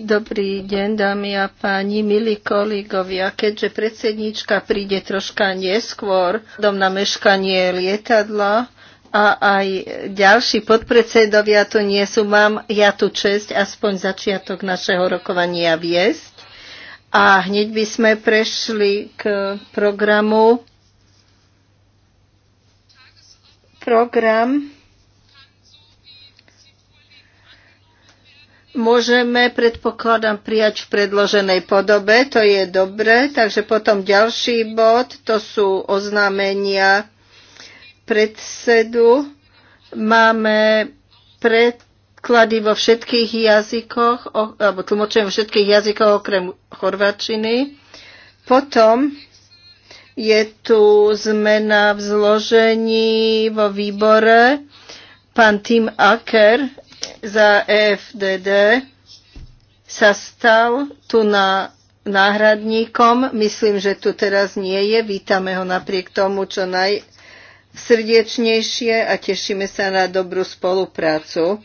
Dobrý deň, dámy a páni, milí kolegovia. Keďže predsednička príde troška neskôr, dom na meškanie lietadla a aj ďalší podpredsedovia tu nie sú, mám ja tu čest aspoň začiatok našeho rokovania viesť. A hneď by sme prešli k programu. Program môžeme, predpokladám, prijať v predloženej podobe, to je dobre. Takže potom ďalší bod, to sú oznámenia predsedu. Máme preklady vo všetkých jazykoch, alebo tlmočujem vo všetkých jazykoch okrem chorvačiny. Potom je tu zmena v zložení vo výbore. Pán Tim Aker za EFDD sa stal tu na náhradníkom. Myslím, že tu teraz nie je. Vítame ho napriek tomu, čo najsrdečnejšie a tešíme sa na dobrú spoluprácu.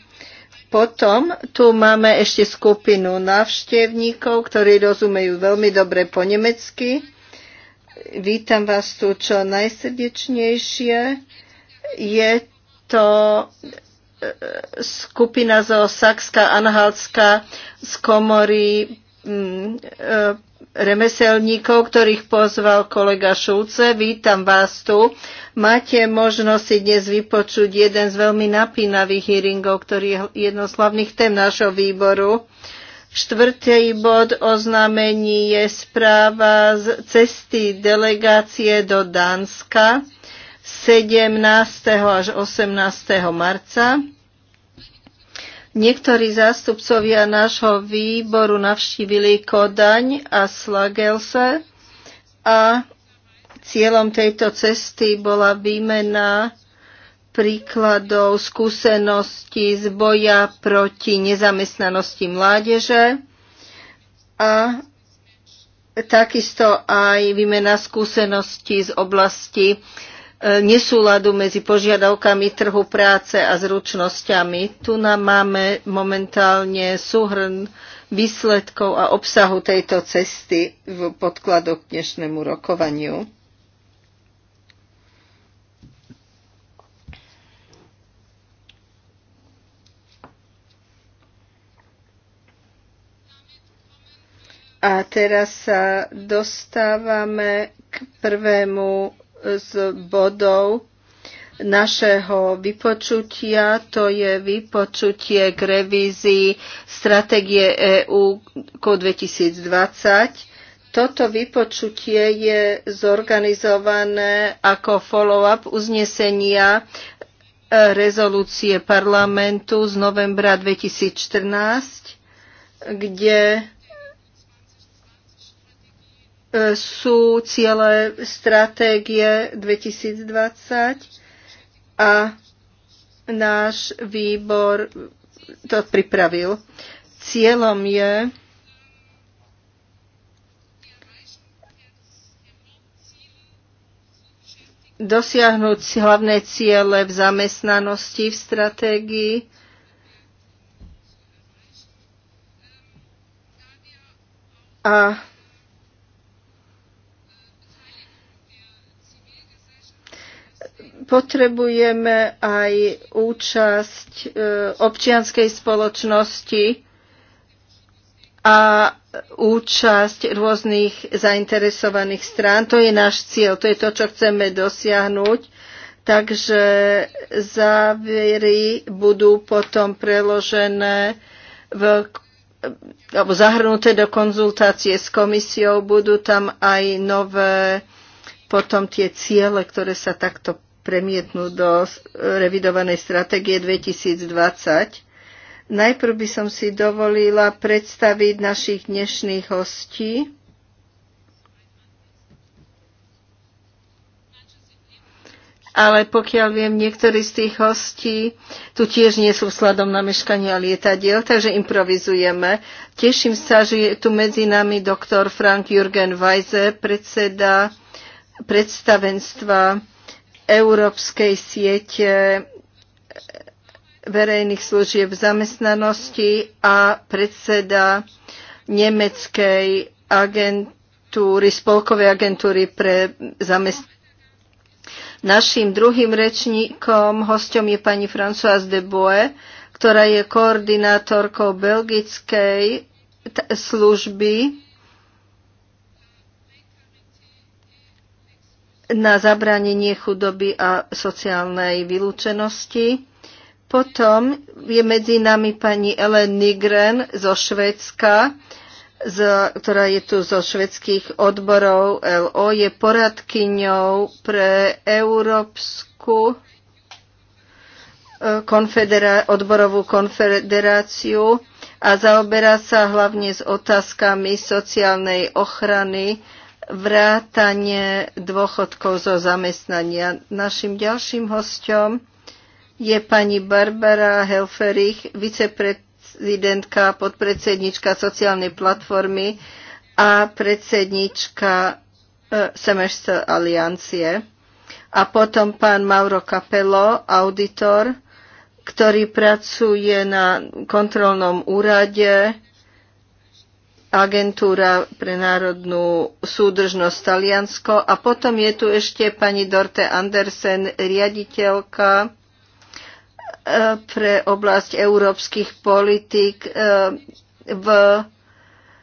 Potom tu máme ešte skupinu návštevníkov, ktorí rozumejú veľmi dobre po nemecky. Vítam vás tu čo najsrdečnejšie. Je to skupina zo Saxka Anhalska, z komory mm, e, remeselníkov, ktorých pozval kolega Šulce. Vítam vás tu. Máte možnosť si dnes vypočuť jeden z veľmi napínavých hearingov, ktorý je jedno z hlavných tém nášho výboru. Štvrtý bod oznámení je správa z cesty delegácie do Dánska 17. až 18. marca. Niektorí zástupcovia nášho výboru navštívili Kodaň a Slagelse a cieľom tejto cesty bola výmena príkladov skúseností z boja proti nezamestnanosti mládeže a takisto aj výmena skúseností z oblasti E, nesúladu medzi požiadavkami trhu práce a zručnosťami. Tu nám máme momentálne súhrn výsledkov a obsahu tejto cesty v podkladoch k dnešnému rokovaniu. A teraz sa dostávame k prvému z bodov našeho vypočutia. To je vypočutie k revízii stratégie EÚ 2020. Toto vypočutie je zorganizované ako follow-up uznesenia rezolúcie parlamentu z novembra 2014, kde E, sú ciele stratégie 2020 a náš výbor to pripravil. Cieľom je dosiahnuť hlavné ciele v zamestnanosti, v stratégii, a Potrebujeme aj účasť e, občianskej spoločnosti a účasť rôznych zainteresovaných strán. To je náš cieľ, to je to, čo chceme dosiahnuť. Takže závery budú potom preložené v, alebo zahrnuté do konzultácie s komisiou. Budú tam aj nové potom tie ciele, ktoré sa takto premietnúť do revidovanej stratégie 2020. Najprv by som si dovolila predstaviť našich dnešných hostí. Ale pokiaľ viem, niektorí z tých hostí tu tiež nie sú sladom na meškanie a lietadiel, takže improvizujeme. Teším sa, že je tu medzi nami doktor Frank Jürgen Weiser, predseda predstavenstva európskej siete verejných služieb v zamestnanosti a predseda nemeckej agentúry, spolkovej agentúry pre zamestnanosti. Naším druhým rečníkom, hostom je pani Françoise de Boe, ktorá je koordinátorkou belgickej služby na zabránenie chudoby a sociálnej vylúčenosti. Potom je medzi nami pani Ellen Nigren zo Švédska, z, ktorá je tu zo švedských odborov LO, je poradkyňou pre Európsku e, konfedera- odborovú konfederáciu a zaoberá sa hlavne s otázkami sociálnej ochrany vrátanie dôchodkov zo zamestnania. Našim ďalším hostom je pani Barbara Helferich, viceprezidentka, podpredsednička sociálnej platformy a predsednička e, Semester aliancie. A potom pán Mauro Capello, auditor, ktorý pracuje na kontrolnom úrade agentúra pre národnú súdržnosť Taliansko a potom je tu ešte pani Dorte Andersen, riaditeľka e, pre oblasť európskych politík e, v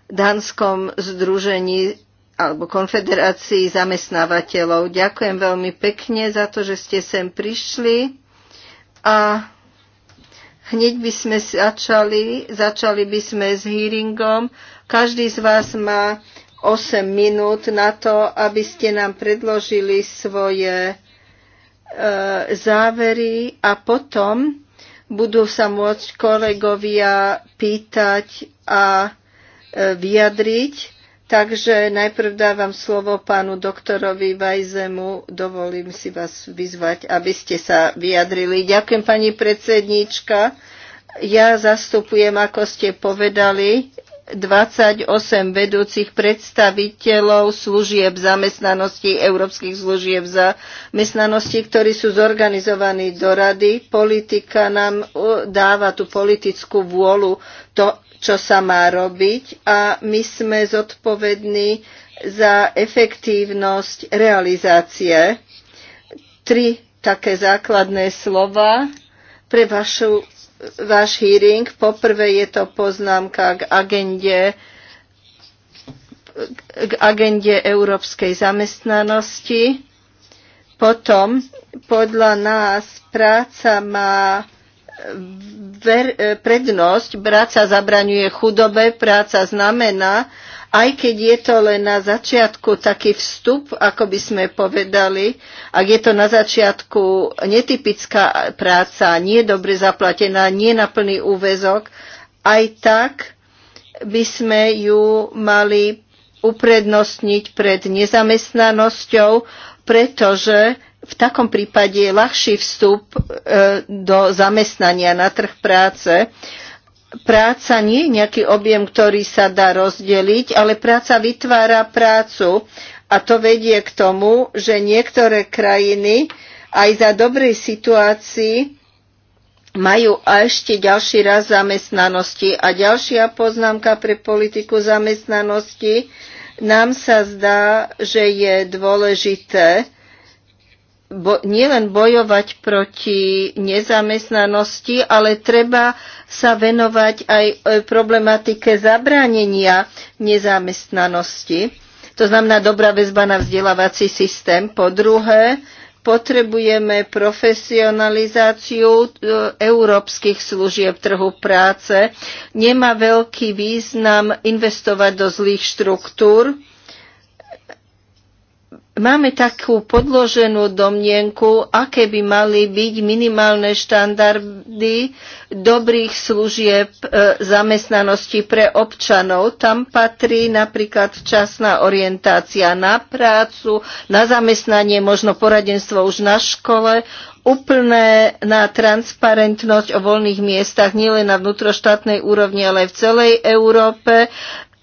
Danskom združení alebo konfederácii zamestnávateľov. Ďakujem veľmi pekne za to, že ste sem prišli a hneď by sme začali, začali by sme s hearingom každý z vás má 8 minút na to, aby ste nám predložili svoje e, závery a potom budú sa môcť kolegovia pýtať a e, vyjadriť. Takže najprv dávam slovo pánu doktorovi Vajzemu. Dovolím si vás vyzvať, aby ste sa vyjadrili. Ďakujem, pani predsedníčka. Ja zastupujem, ako ste povedali, 28 vedúcich predstaviteľov služieb zamestnanosti, európskych služieb zamestnanosti, ktorí sú zorganizovaní do rady. Politika nám dáva tú politickú vôľu, to, čo sa má robiť a my sme zodpovední za efektívnosť realizácie. Tri také základné slova pre vašu váš hearing. Poprvé je to poznámka k agende k agende európskej zamestnanosti. Potom podľa nás práca má ver, prednosť, práca zabraňuje chudobe, práca znamená, aj keď je to len na začiatku taký vstup, ako by sme povedali, ak je to na začiatku netypická práca, nie dobre zaplatená, nie na plný úvezok, aj tak by sme ju mali uprednostniť pred nezamestnanosťou, pretože v takom prípade je ľahší vstup e, do zamestnania na trh práce práca nie je nejaký objem, ktorý sa dá rozdeliť, ale práca vytvára prácu a to vedie k tomu, že niektoré krajiny aj za dobrej situácii majú ešte ďalší raz zamestnanosti. A ďalšia poznámka pre politiku zamestnanosti. Nám sa zdá, že je dôležité bo, nielen bojovať proti nezamestnanosti, ale treba sa venovať aj e, problematike zabránenia nezamestnanosti. To znamená dobrá väzba na vzdelávací systém. Po druhé, potrebujeme profesionalizáciu e, európskych služieb trhu práce. Nemá veľký význam investovať do zlých štruktúr Máme takú podloženú domnienku, aké by mali byť minimálne štandardy dobrých služieb e, zamestnanosti pre občanov. Tam patrí napríklad včasná orientácia na prácu, na zamestnanie, možno poradenstvo už na škole, úplné na transparentnosť o voľných miestach nielen na vnútroštátnej úrovni, ale aj v celej Európe,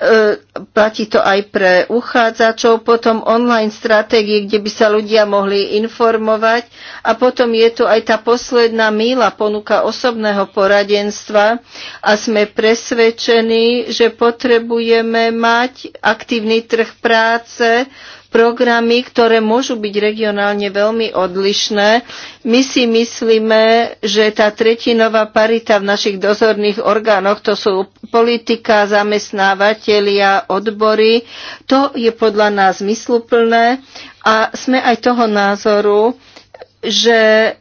E, platí to aj pre uchádzačov, potom online stratégie, kde by sa ľudia mohli informovať a potom je tu aj tá posledná míla ponuka osobného poradenstva a sme presvedčení, že potrebujeme mať aktívny trh práce, programy, ktoré môžu byť regionálne veľmi odlišné. My si myslíme, že tá tretinová parita v našich dozorných orgánoch, to sú politika, zamestnávateľia, odbory, to je podľa nás mysluplné a sme aj toho názoru, že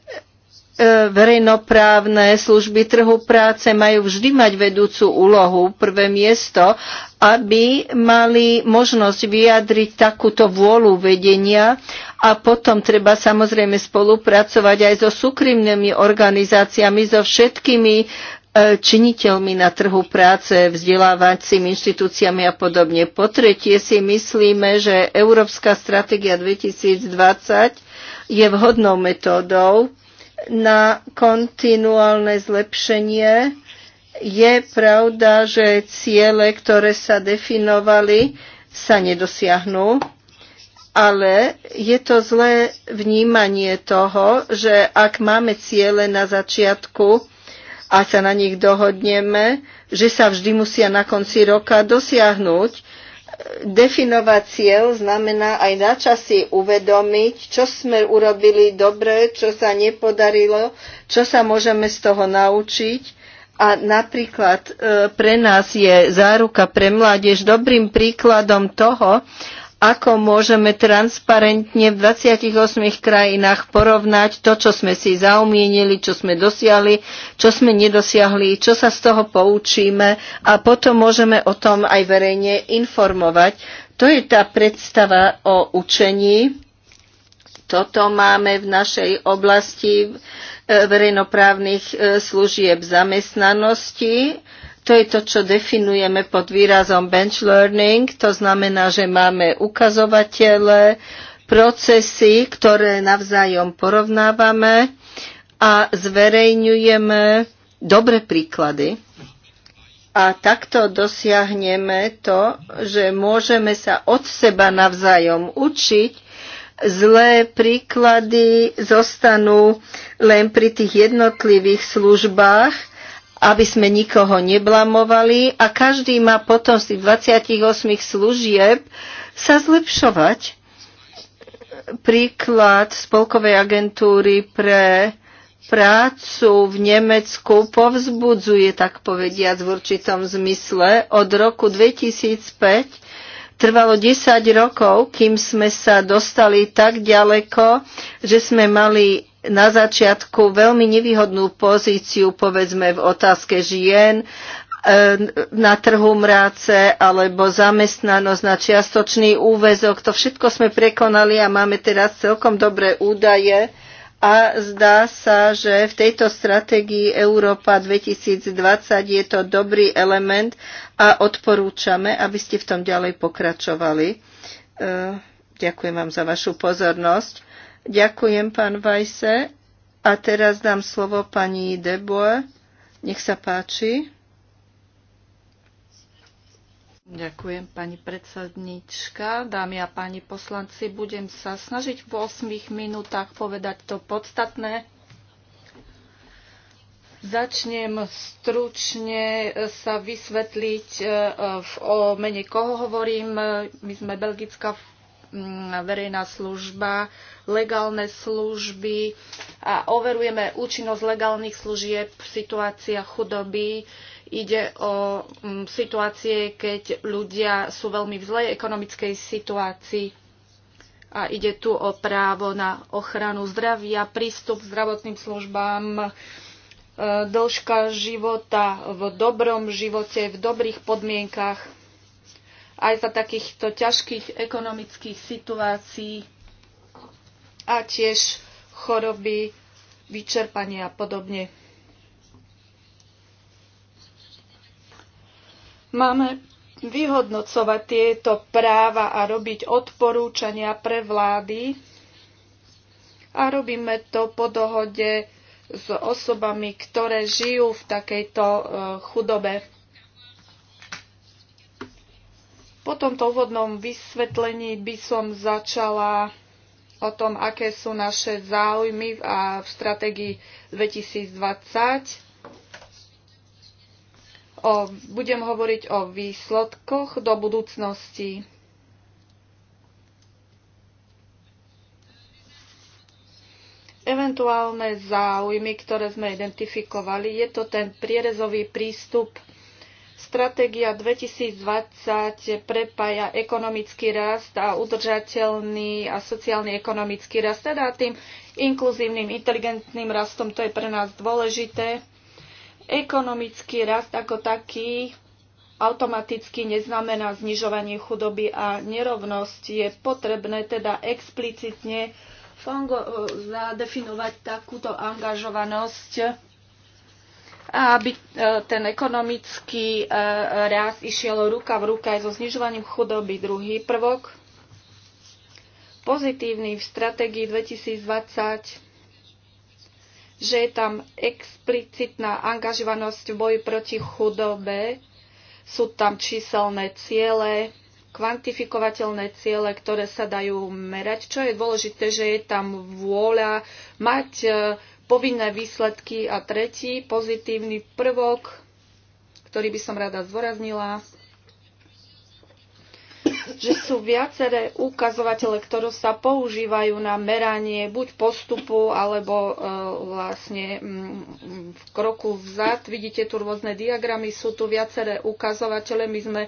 E, verejnoprávne služby trhu práce majú vždy mať vedúcu úlohu, prvé miesto, aby mali možnosť vyjadriť takúto vôľu vedenia a potom treba samozrejme spolupracovať aj so súkrymnými organizáciami, so všetkými e, činiteľmi na trhu práce, vzdelávacími inštitúciami a podobne. Po tretie si myslíme, že Európska stratégia 2020 je vhodnou metódou na kontinuálne zlepšenie. Je pravda, že ciele, ktoré sa definovali, sa nedosiahnu, ale je to zlé vnímanie toho, že ak máme ciele na začiatku a sa na nich dohodneme, že sa vždy musia na konci roka dosiahnuť definovať cieľ znamená aj na časy uvedomiť, čo sme urobili dobre, čo sa nepodarilo, čo sa môžeme z toho naučiť. A napríklad e, pre nás je záruka pre mládež dobrým príkladom toho, ako môžeme transparentne v 28 krajinách porovnať to, čo sme si zaumienili, čo sme dosiahli, čo sme nedosiahli, čo sa z toho poučíme a potom môžeme o tom aj verejne informovať. To je tá predstava o učení. Toto máme v našej oblasti e, verejnoprávnych e, služieb zamestnanosti to je to, čo definujeme pod výrazom bench learning. To znamená, že máme ukazovatele, procesy, ktoré navzájom porovnávame a zverejňujeme dobre príklady. A takto dosiahneme to, že môžeme sa od seba navzájom učiť zlé príklady zostanú len pri tých jednotlivých službách aby sme nikoho neblamovali a každý má potom z tých 28 služieb sa zlepšovať. Príklad Spolkovej agentúry pre prácu v Nemecku povzbudzuje, tak povediať, v určitom zmysle. Od roku 2005 Trvalo 10 rokov, kým sme sa dostali tak ďaleko, že sme mali na začiatku veľmi nevýhodnú pozíciu, povedzme, v otázke žien e, na trhu mráce alebo zamestnanosť na čiastočný úvezok. To všetko sme prekonali a máme teraz celkom dobré údaje a zdá sa, že v tejto stratégii Európa 2020 je to dobrý element a odporúčame, aby ste v tom ďalej pokračovali. E, ďakujem vám za vašu pozornosť. Ďakujem, pán Vajse. A teraz dám slovo pani Deboe. Nech sa páči. Ďakujem, pani predsednička. Dámy a páni poslanci, budem sa snažiť v 8 minútach povedať to podstatné. Začnem stručne sa vysvetliť, eh, o mene koho hovorím. My sme belgická Mm, verejná služba, legálne služby a overujeme účinnosť legálnych služieb, situácia chudoby. Ide o mm, situácie, keď ľudia sú veľmi v zlej ekonomickej situácii a ide tu o právo na ochranu zdravia, prístup k zdravotným službám, e, dĺžka života v dobrom živote, v dobrých podmienkach aj za takýchto ťažkých ekonomických situácií a tiež choroby, vyčerpanie a podobne. Máme vyhodnocovať tieto práva a robiť odporúčania pre vlády a robíme to po dohode s osobami, ktoré žijú v takejto e, chudobe. Po tomto úvodnom vysvetlení by som začala o tom, aké sú naše záujmy a v stratégii 2020. O, budem hovoriť o výsledkoch do budúcnosti. Eventuálne záujmy, ktoré sme identifikovali, je to ten prierezový prístup Stratégia 2020 prepája ekonomický rast a udržateľný a sociálny ekonomický rast, teda tým inkluzívnym, inteligentným rastom, to je pre nás dôležité. Ekonomický rast ako taký automaticky neznamená znižovanie chudoby a nerovnosť. Je potrebné teda explicitne eh, zadefinovať takúto angažovanosť a aby e, ten ekonomický e, rast išiel ruka v ruka aj so znižovaním chudoby. Druhý prvok, pozitívny v stratégii 2020 že je tam explicitná angažovanosť v boji proti chudobe, sú tam číselné ciele, kvantifikovateľné ciele, ktoré sa dajú merať. Čo je dôležité, že je tam vôľa mať e, povinné výsledky a tretí pozitívny prvok, ktorý by som rada zdôraznila, že sú viaceré ukazovatele, ktoré sa používajú na meranie buď postupu alebo e, vlastne m, mm, v kroku vzad. Vidíte tu rôzne diagramy, sú tu viaceré ukazovatele. My sme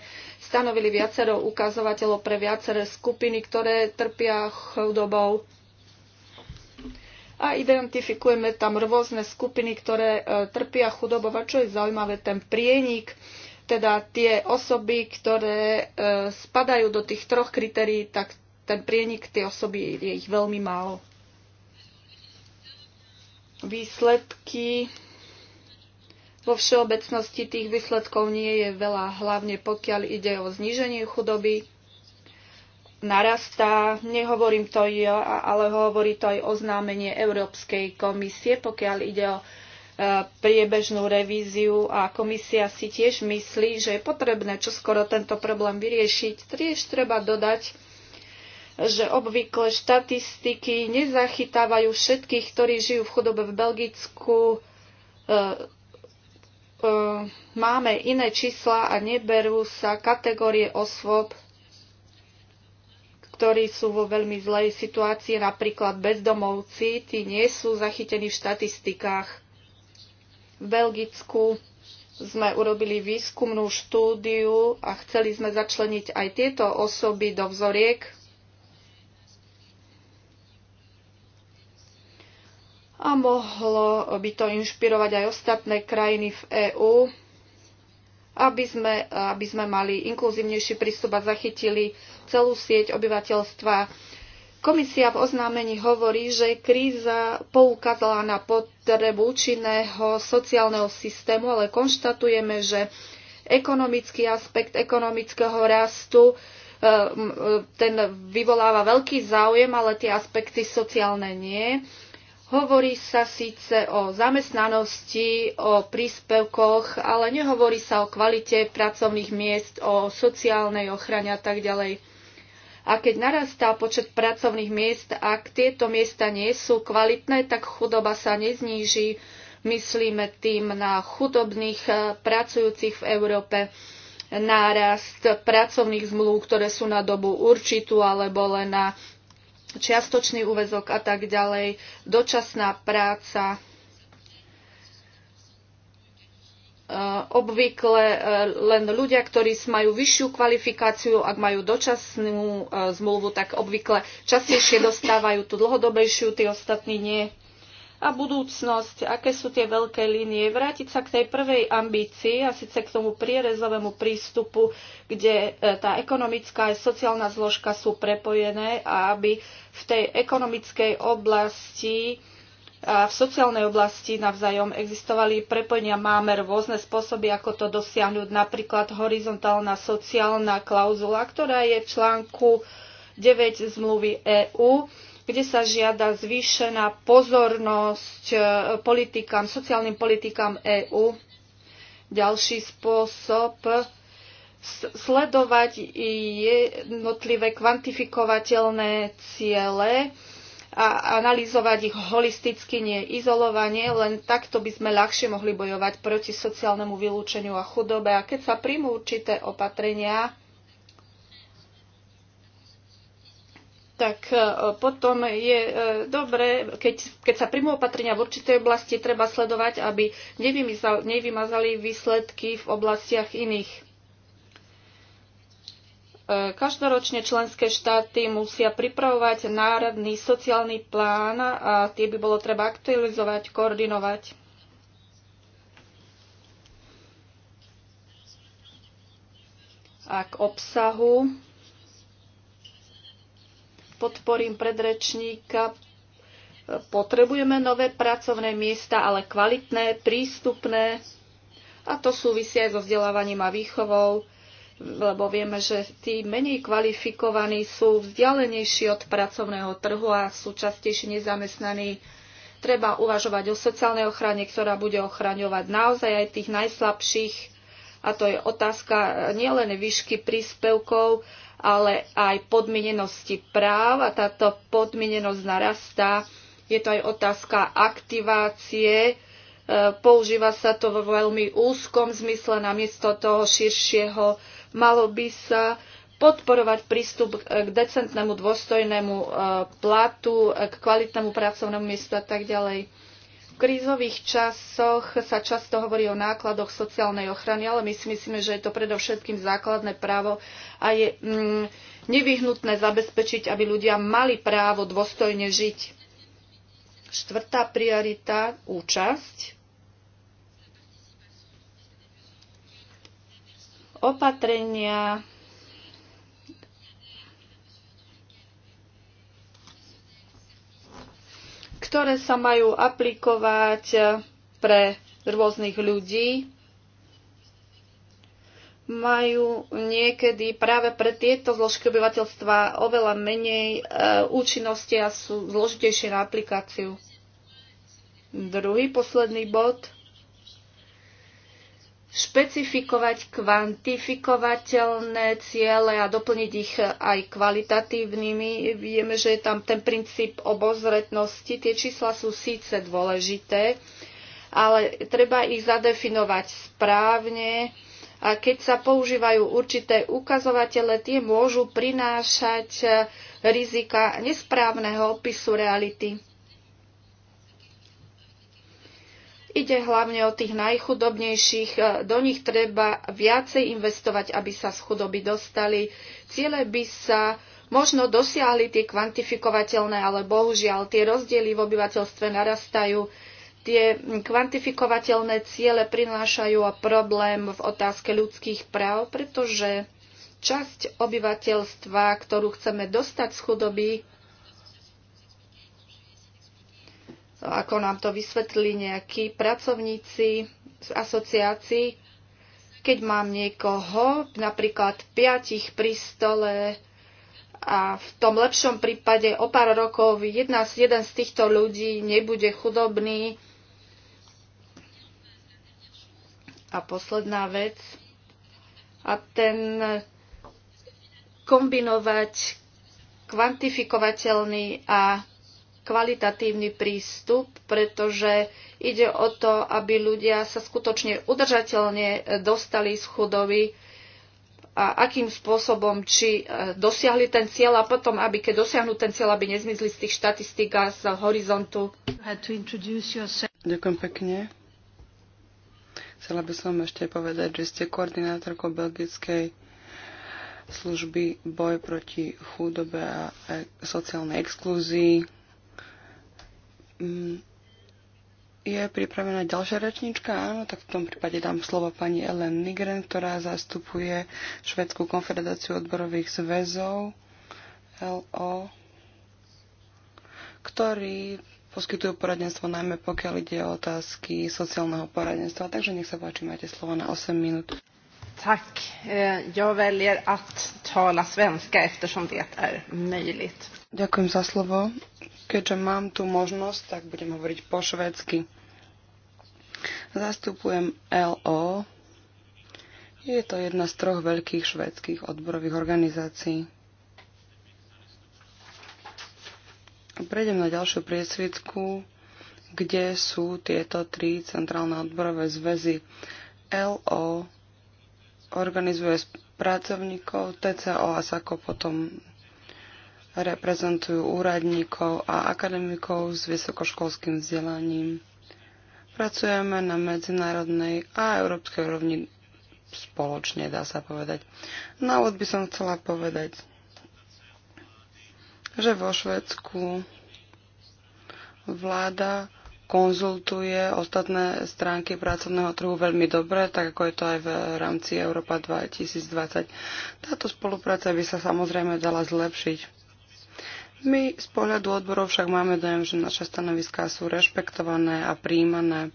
stanovili viacero ukazovateľov pre viaceré skupiny, ktoré trpia chudobou a identifikujeme tam rôzne skupiny, ktoré e, trpia chudobou. A čo je zaujímavé, ten prienik, teda tie osoby, ktoré e, spadajú do tých troch kritérií, tak ten prienik, tie osoby, je ich veľmi málo. Výsledky vo všeobecnosti tých výsledkov nie je veľa, hlavne pokiaľ ide o zníženie chudoby, narastá. Nehovorím to aj, ale hovorí to aj oznámenie Európskej komisie, pokiaľ ide o e, priebežnú revíziu a komisia si tiež myslí, že je potrebné čoskoro tento problém vyriešiť. Tiež treba dodať, že obvykle štatistiky nezachytávajú všetkých, ktorí žijú v chudobe v Belgicku. E, e, máme iné čísla a neberú sa kategórie osôb ktorí sú vo veľmi zlej situácii, napríklad bezdomovci, tí nie sú zachytení v štatistikách. V Belgicku sme urobili výskumnú štúdiu a chceli sme začleniť aj tieto osoby do vzoriek. A mohlo by to inšpirovať aj ostatné krajiny v EÚ, aby sme, aby sme mali inkluzívnejší prístup a zachytili celú sieť obyvateľstva. Komisia v oznámení hovorí, že kríza poukázala na potrebu účinného sociálneho systému, ale konštatujeme, že ekonomický aspekt ekonomického rastu e, e, ten vyvoláva veľký záujem, ale tie aspekty sociálne nie. Hovorí sa síce o zamestnanosti, o príspevkoch, ale nehovorí sa o kvalite pracovných miest, o sociálnej ochrane a tak ďalej. A keď narastá počet pracovných miest, ak tieto miesta nie sú kvalitné, tak chudoba sa nezníži. Myslíme tým na chudobných eh, pracujúcich v Európe nárast pracovných zmluv, ktoré sú na dobu určitú alebo len na čiastočný úvezok a tak ďalej, dočasná práca Eh, obvykle eh, len ľudia, ktorí majú vyššiu kvalifikáciu, ak majú dočasnú eh, zmluvu, tak obvykle častejšie dostávajú tú dlhodobejšiu, tí ostatní nie. A budúcnosť, aké sú tie veľké línie? Vrátiť sa k tej prvej ambícii a síce k tomu prierezovému prístupu, kde tá ekonomická aj sociálna zložka sú prepojené a aby v tej ekonomickej oblasti v sociálnej oblasti navzájom existovali prepojenia. Máme rôzne spôsoby, ako to dosiahnuť, napríklad horizontálna sociálna klauzula, ktorá je v článku 9 zmluvy EÚ, kde sa žiada zvýšená pozornosť e, politikám, sociálnym politikám EÚ. Ďalší spôsob sledovať jednotlivé kvantifikovateľné ciele, a analyzovať ich holisticky, nie izolovanie, len takto by sme ľahšie mohli bojovať proti sociálnemu vylúčeniu a chudobe. A keď sa príjmú určité opatrenia, tak e, potom je e, dobre, keď, keď sa príjmú opatrenia v určitej oblasti, treba sledovať, aby nevymazali výsledky v oblastiach iných. E, každoročne členské štáty musia pripravovať národný sociálny plán a tie by bolo treba aktualizovať, koordinovať. A k obsahu podporím predrečníka. Potrebujeme nové pracovné miesta, ale kvalitné, prístupné. A to súvisia aj so vzdelávaním a výchovou lebo vieme, že tí menej kvalifikovaní sú vzdialenejší od pracovného trhu a sú častejšie nezamestnaní. Treba uvažovať o sociálnej ochrane, ktorá bude ochraňovať naozaj aj tých najslabších. A to je otázka nielen výšky príspevkov, ale aj podmienenosti práv. A táto podmienenosť narastá. Je to aj otázka aktivácie e, používa sa to vo veľmi úzkom zmysle namiesto toho širšieho Malo by sa podporovať prístup k decentnému, dôstojnému e, platu, k kvalitnému pracovnému miestu a tak ďalej. V krízových časoch sa často hovorí o nákladoch sociálnej ochrany, ale my si myslíme, že je to predovšetkým základné právo a je mm, nevyhnutné zabezpečiť, aby ľudia mali právo dôstojne žiť. Štvrtá priorita účasť opatrenia, ktoré sa majú aplikovať pre rôznych ľudí, majú niekedy práve pre tieto zložky obyvateľstva oveľa menej e, účinnosti a sú zložitejšie na aplikáciu. Druhý, posledný bod – špecifikovať kvantifikovateľné ciele a doplniť ich aj kvalitatívnymi. Vieme, že je tam ten princíp obozretnosti. Tie čísla sú síce dôležité, ale treba ich zadefinovať správne a keď sa používajú určité ukazovatele, tie môžu prinášať rizika nesprávneho opisu reality. Ide hlavne o tých najchudobnejších, e, do nich treba viacej investovať, aby sa z chudoby dostali. Ciele by sa možno dosiahli tie kvantifikovateľné, ale bohužiaľ tie rozdiely v obyvateľstve narastajú. Tie kvantifikovateľné ciele prinášajú problém v otázke ľudských práv, pretože časť obyvateľstva, ktorú chceme dostať z chudoby, ako nám to vysvetli nejakí pracovníci z asociácií, keď mám niekoho, napríklad piatich pri stole a v tom lepšom prípade o pár rokov jedna, jeden z týchto ľudí nebude chudobný. A posledná vec. A ten kombinovať kvantifikovateľný a kvalitatívny prístup, pretože ide o to, aby ľudia sa skutočne udržateľne e, dostali z chudoby a akým spôsobom, či e, dosiahli ten cieľ a potom, aby keď dosiahnu ten cieľ, aby nezmizli z tých štatistík a z horizontu. Ďakujem pekne. Chcela by som ešte povedať, že ste koordinátorkou belgickej služby boj proti chudobe a e, sociálnej exklúzii. Mm, je pripravená ďalšia rečnička? Áno, tak v tom prípade dám slovo pani Ellen Nigren, ktorá zastupuje Švedskú konfederáciu odborových zväzov LO, ktorí poskytujú poradenstvo najmä pokiaľ ide o otázky sociálneho poradenstva. Takže nech sa páči, máte slovo na 8 minút. Tak, eh, ja väljer att tala svenska eftersom det är möjligt. Ďakujem za slovo. Keďže mám tu možnosť, tak budem hovoriť po švedsky. Zastupujem LO. Je to jedna z troch veľkých švedských odborových organizácií. Prejdem na ďalšiu priesvitku, kde sú tieto tri centrálne odborové zväzy. LO organizuje pracovníkov, TCO a SAKO potom reprezentujú úradníkov a akademikov s vysokoškolským vzdelaním. Pracujeme na medzinárodnej a európskej úrovni spoločne, dá sa povedať. Na úvod by som chcela povedať, že vo Švedsku vláda konzultuje ostatné stránky pracovného trhu veľmi dobre, tak ako je to aj v rámci Európa 2020. Táto spolupráca by sa samozrejme dala zlepšiť my z pohľadu odborov však máme dojem, že naše stanoviská sú rešpektované a príjmané.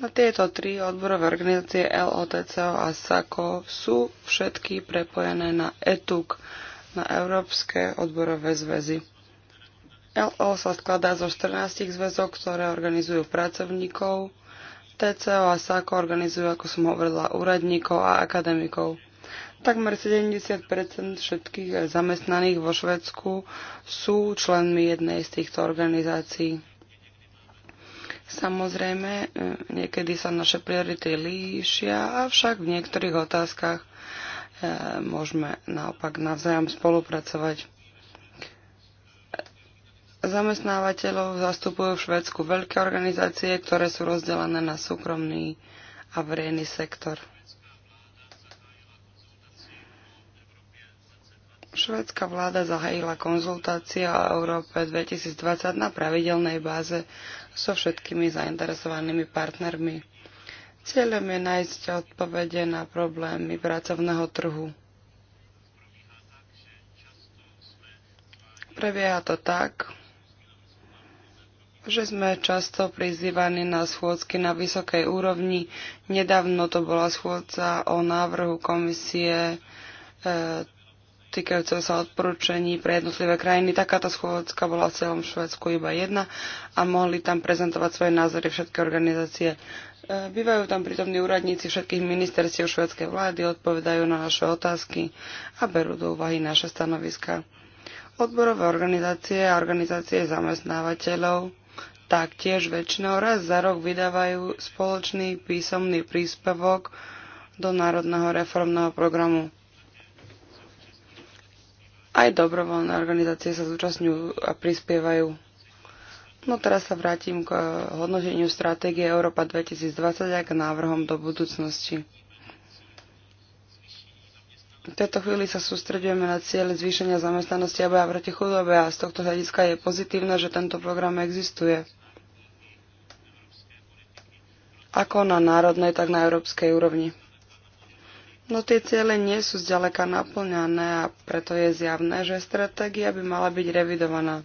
Na tieto tri odborové organizácie LOTCO a SACO sú všetky prepojené na ETUK, na Európske odborové zväzy. LO sa skladá zo 14 zväzov, ktoré organizujú pracovníkov, TCO a SACO organizujú, ako som hovorila, úradníkov a akademikov. Takmer 70 všetkých zamestnaných vo Švedsku sú členmi jednej z týchto organizácií. Samozrejme, e, niekedy sa naše priority líšia, avšak v niektorých otázkach e, môžeme naopak navzájom spolupracovať. Zamestnávateľov zastupujú v Švedsku veľké organizácie, ktoré sú rozdelené na súkromný a verejný sektor. Švedská vláda zahájila konzultácia o Európe 2020 na pravidelnej báze so všetkými zainteresovanými partnermi. Cieľom je nájsť odpovede na problémy pracovného trhu. Prebieha to tak, že sme často prizývaní na schôdzky na vysokej úrovni. Nedávno to bola schôdza o návrhu komisie e, týkajúce sa odporúčení pre jednotlivé krajiny. Takáto schôdzka bola v celom Švedsku iba jedna a mohli tam prezentovať svoje názory všetky organizácie. E, bývajú tam prítomní úradníci všetkých ministerstiev švedskej vlády, odpovedajú na naše otázky a berú do úvahy naše stanoviska. Odborové organizácie a organizácie zamestnávateľov taktiež väčšinou raz za rok vydávajú spoločný písomný príspevok do Národného reformného programu. Aj dobrovoľné organizácie sa zúčastňujú a prispievajú. No teraz sa vrátim k hodnoteniu stratégie Európa 2020 a k návrhom do budúcnosti. V tejto chvíli sa sústredujeme na cieľ zvýšenia zamestnanosti a boja proti chudobe a z tohto hľadiska je pozitívne, že tento program existuje. Ako na národnej, tak na európskej úrovni. No tie ciele nie sú zďaleka naplňané a preto je zjavné, že stratégia by mala byť revidovaná.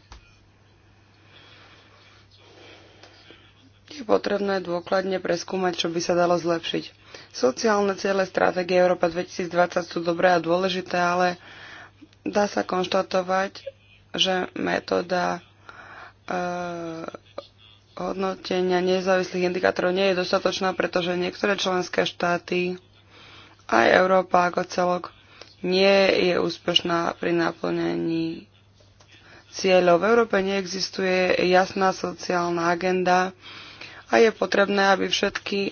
Je potrebné dôkladne preskúmať, čo by sa dalo zlepšiť. Sociálne ciele stratégie Európa 2020 sú dobré a dôležité, ale dá sa konštatovať, že metóda e, hodnotenia nezávislých indikátorov nie je dostatočná, pretože niektoré členské štáty aj Európa ako celok nie je úspešná pri naplňaní cieľov. V Európe neexistuje jasná sociálna agenda a je potrebné, aby všetky e,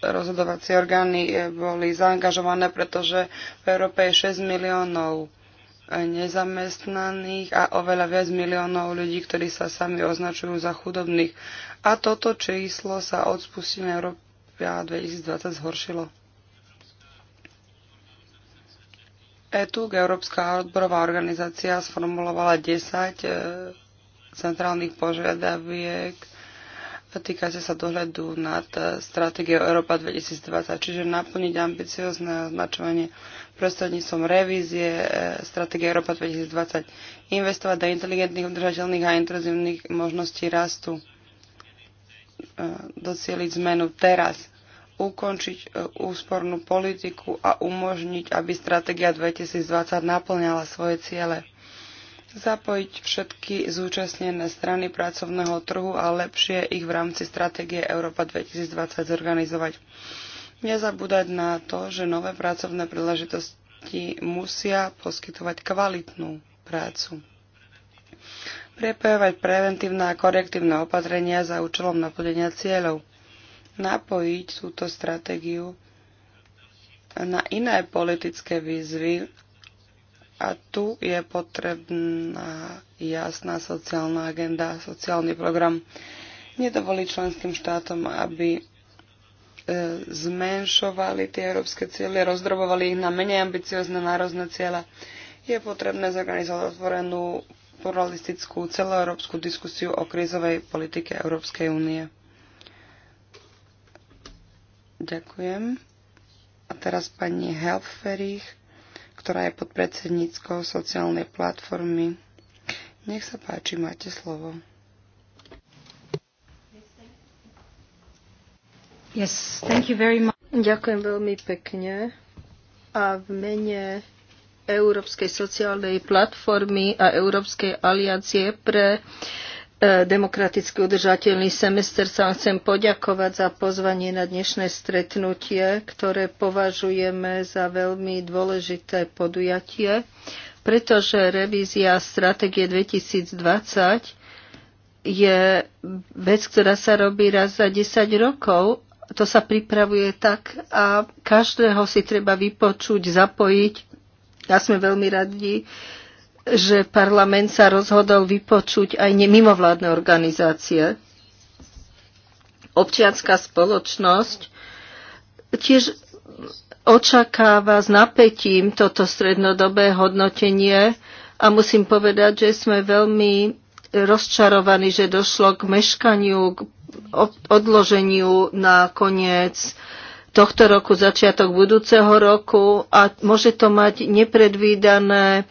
rozhodovacie orgány e, boli zaangažované, pretože v Európe je 6 miliónov e, nezamestnaných a oveľa viac miliónov ľudí, ktorí sa sami označujú za chudobných. A toto číslo sa od spustenia Európy 2020 zhoršilo. ETUG, Európska odborová organizácia, sformulovala 10 e, centrálnych požiadaviek týkajúce sa dohľadu nad e, stratégiou Európa 2020, čiže naplniť ambiciozne označovanie prostredníctvom revízie e, stratégie Európa 2020, investovať do inteligentných, udržateľných a intruzívnych možností rastu, docieliť zmenu teraz ukončiť e, úspornú politiku a umožniť, aby stratégia 2020 naplňala svoje ciele. Zapojiť všetky zúčastnené strany pracovného trhu a lepšie ich v rámci stratégie Európa 2020 zorganizovať. Nezabúdať na to, že nové pracovné príležitosti musia poskytovať kvalitnú prácu prepojovať preventívne a korektívne opatrenia za účelom naplnenia cieľov napojiť túto stratégiu na iné politické výzvy a tu je potrebná jasná sociálna agenda, sociálny program. Nedovolí členským štátom, aby e, zmenšovali tie európske ciele, rozdrobovali ich na menej ambiciozne národné ciele. Je potrebné zorganizovať otvorenú pluralistickú celoeurópsku diskusiu o krízovej politike Európskej únie. Ďakujem. A teraz pani Helferich, ktorá je podpredsedníckou sociálnej platformy. Nech sa páči, máte slovo. Yes, thank you very much. Ďakujem veľmi pekne. A v mene Európskej sociálnej platformy a Európskej aliancie pre uh, E, demokraticky udržateľný semester sa vám chcem poďakovať za pozvanie na dnešné stretnutie, ktoré považujeme za veľmi dôležité podujatie, pretože revízia stratégie 2020 je vec, ktorá sa robí raz za 10 rokov. To sa pripravuje tak a každého si treba vypočuť, zapojiť. Ja sme veľmi radi, že parlament sa rozhodol vypočuť aj mimovládne organizácie. Občianská spoločnosť tiež očakáva s napätím toto strednodobé hodnotenie a musím povedať, že sme veľmi rozčarovaní, že došlo k meškaniu, k odloženiu na koniec tohto roku, začiatok budúceho roku a môže to mať nepredvídané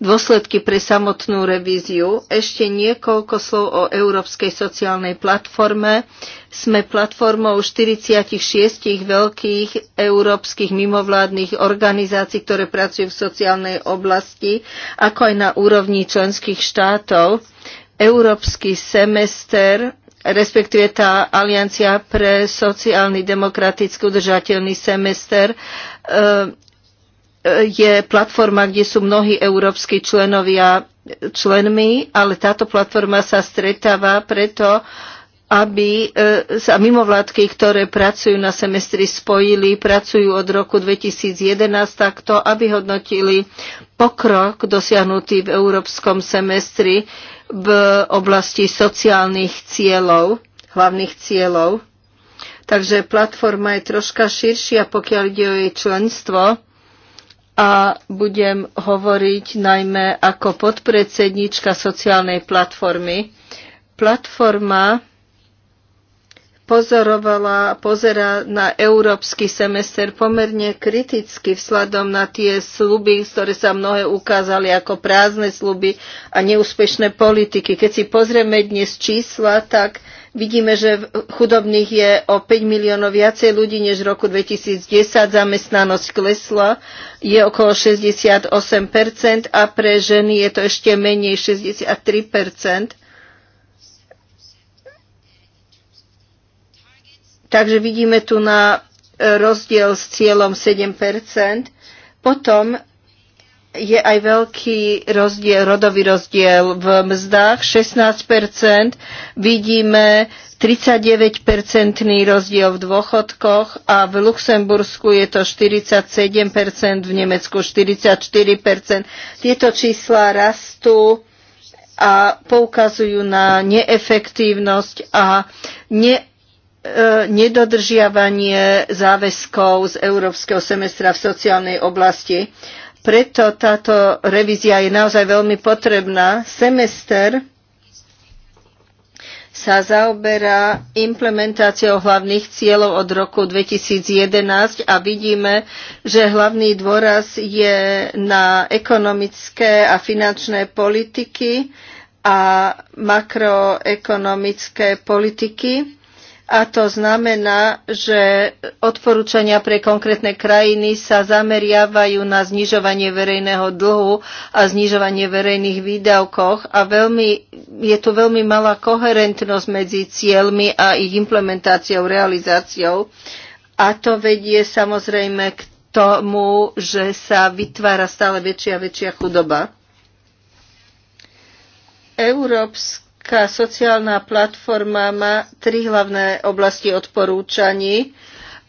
dôsledky pre samotnú revíziu. Ešte niekoľko slov o Európskej sociálnej platforme. Sme platformou 46 veľkých európskych mimovládnych organizácií, ktoré pracujú v sociálnej oblasti, ako aj na úrovni členských štátov. Európsky semester respektíve tá aliancia pre sociálny demokratický udržateľný semester je platforma, kde sú mnohí európsky členovia členmi, ale táto platforma sa stretáva preto, aby e, sa mimovládky, ktoré pracujú na semestri, spojili, pracujú od roku 2011 takto, aby hodnotili pokrok dosiahnutý v európskom semestri v oblasti sociálnych cieľov, hlavných cieľov. Takže platforma je troška širšia, pokiaľ ide o jej členstvo a budem hovoriť najmä ako podpredsednička sociálnej platformy. Platforma pozorovala, pozera na európsky semester pomerne kriticky vzhľadom na tie sluby, ktoré sa mnohé ukázali ako prázdne sluby a neúspešné politiky. Keď si pozrieme dnes čísla, tak Vidíme, že chudobných je o 5 miliónov viacej ľudí než v roku 2010. Zamestnanosť klesla, je okolo 68% a pre ženy je to ešte menej 63%. Takže vidíme tu na e, rozdiel s cieľom 7%. Potom je aj veľký rozdiel, rodový rozdiel v mzdách, 16%, vidíme 39-percentný rozdiel v dôchodkoch a v Luxembursku je to 47%, v Nemecku 44%. Tieto čísla rastú a poukazujú na neefektívnosť a ne, e, nedodržiavanie záväzkov z Európskeho semestra v sociálnej oblasti. Preto táto revízia je naozaj veľmi potrebná. Semester sa zaoberá implementáciou hlavných cieľov od roku 2011 a vidíme, že hlavný dôraz je na ekonomické a finančné politiky a makroekonomické politiky a to znamená, že odporúčania pre konkrétne krajiny sa zameriavajú na znižovanie verejného dlhu a znižovanie verejných výdavkoch a veľmi, je tu veľmi malá koherentnosť medzi cieľmi a ich implementáciou, realizáciou. A to vedie samozrejme k tomu, že sa vytvára stále väčšia a väčšia chudoba. Európska Európska sociálna platforma má tri hlavné oblasti odporúčaní.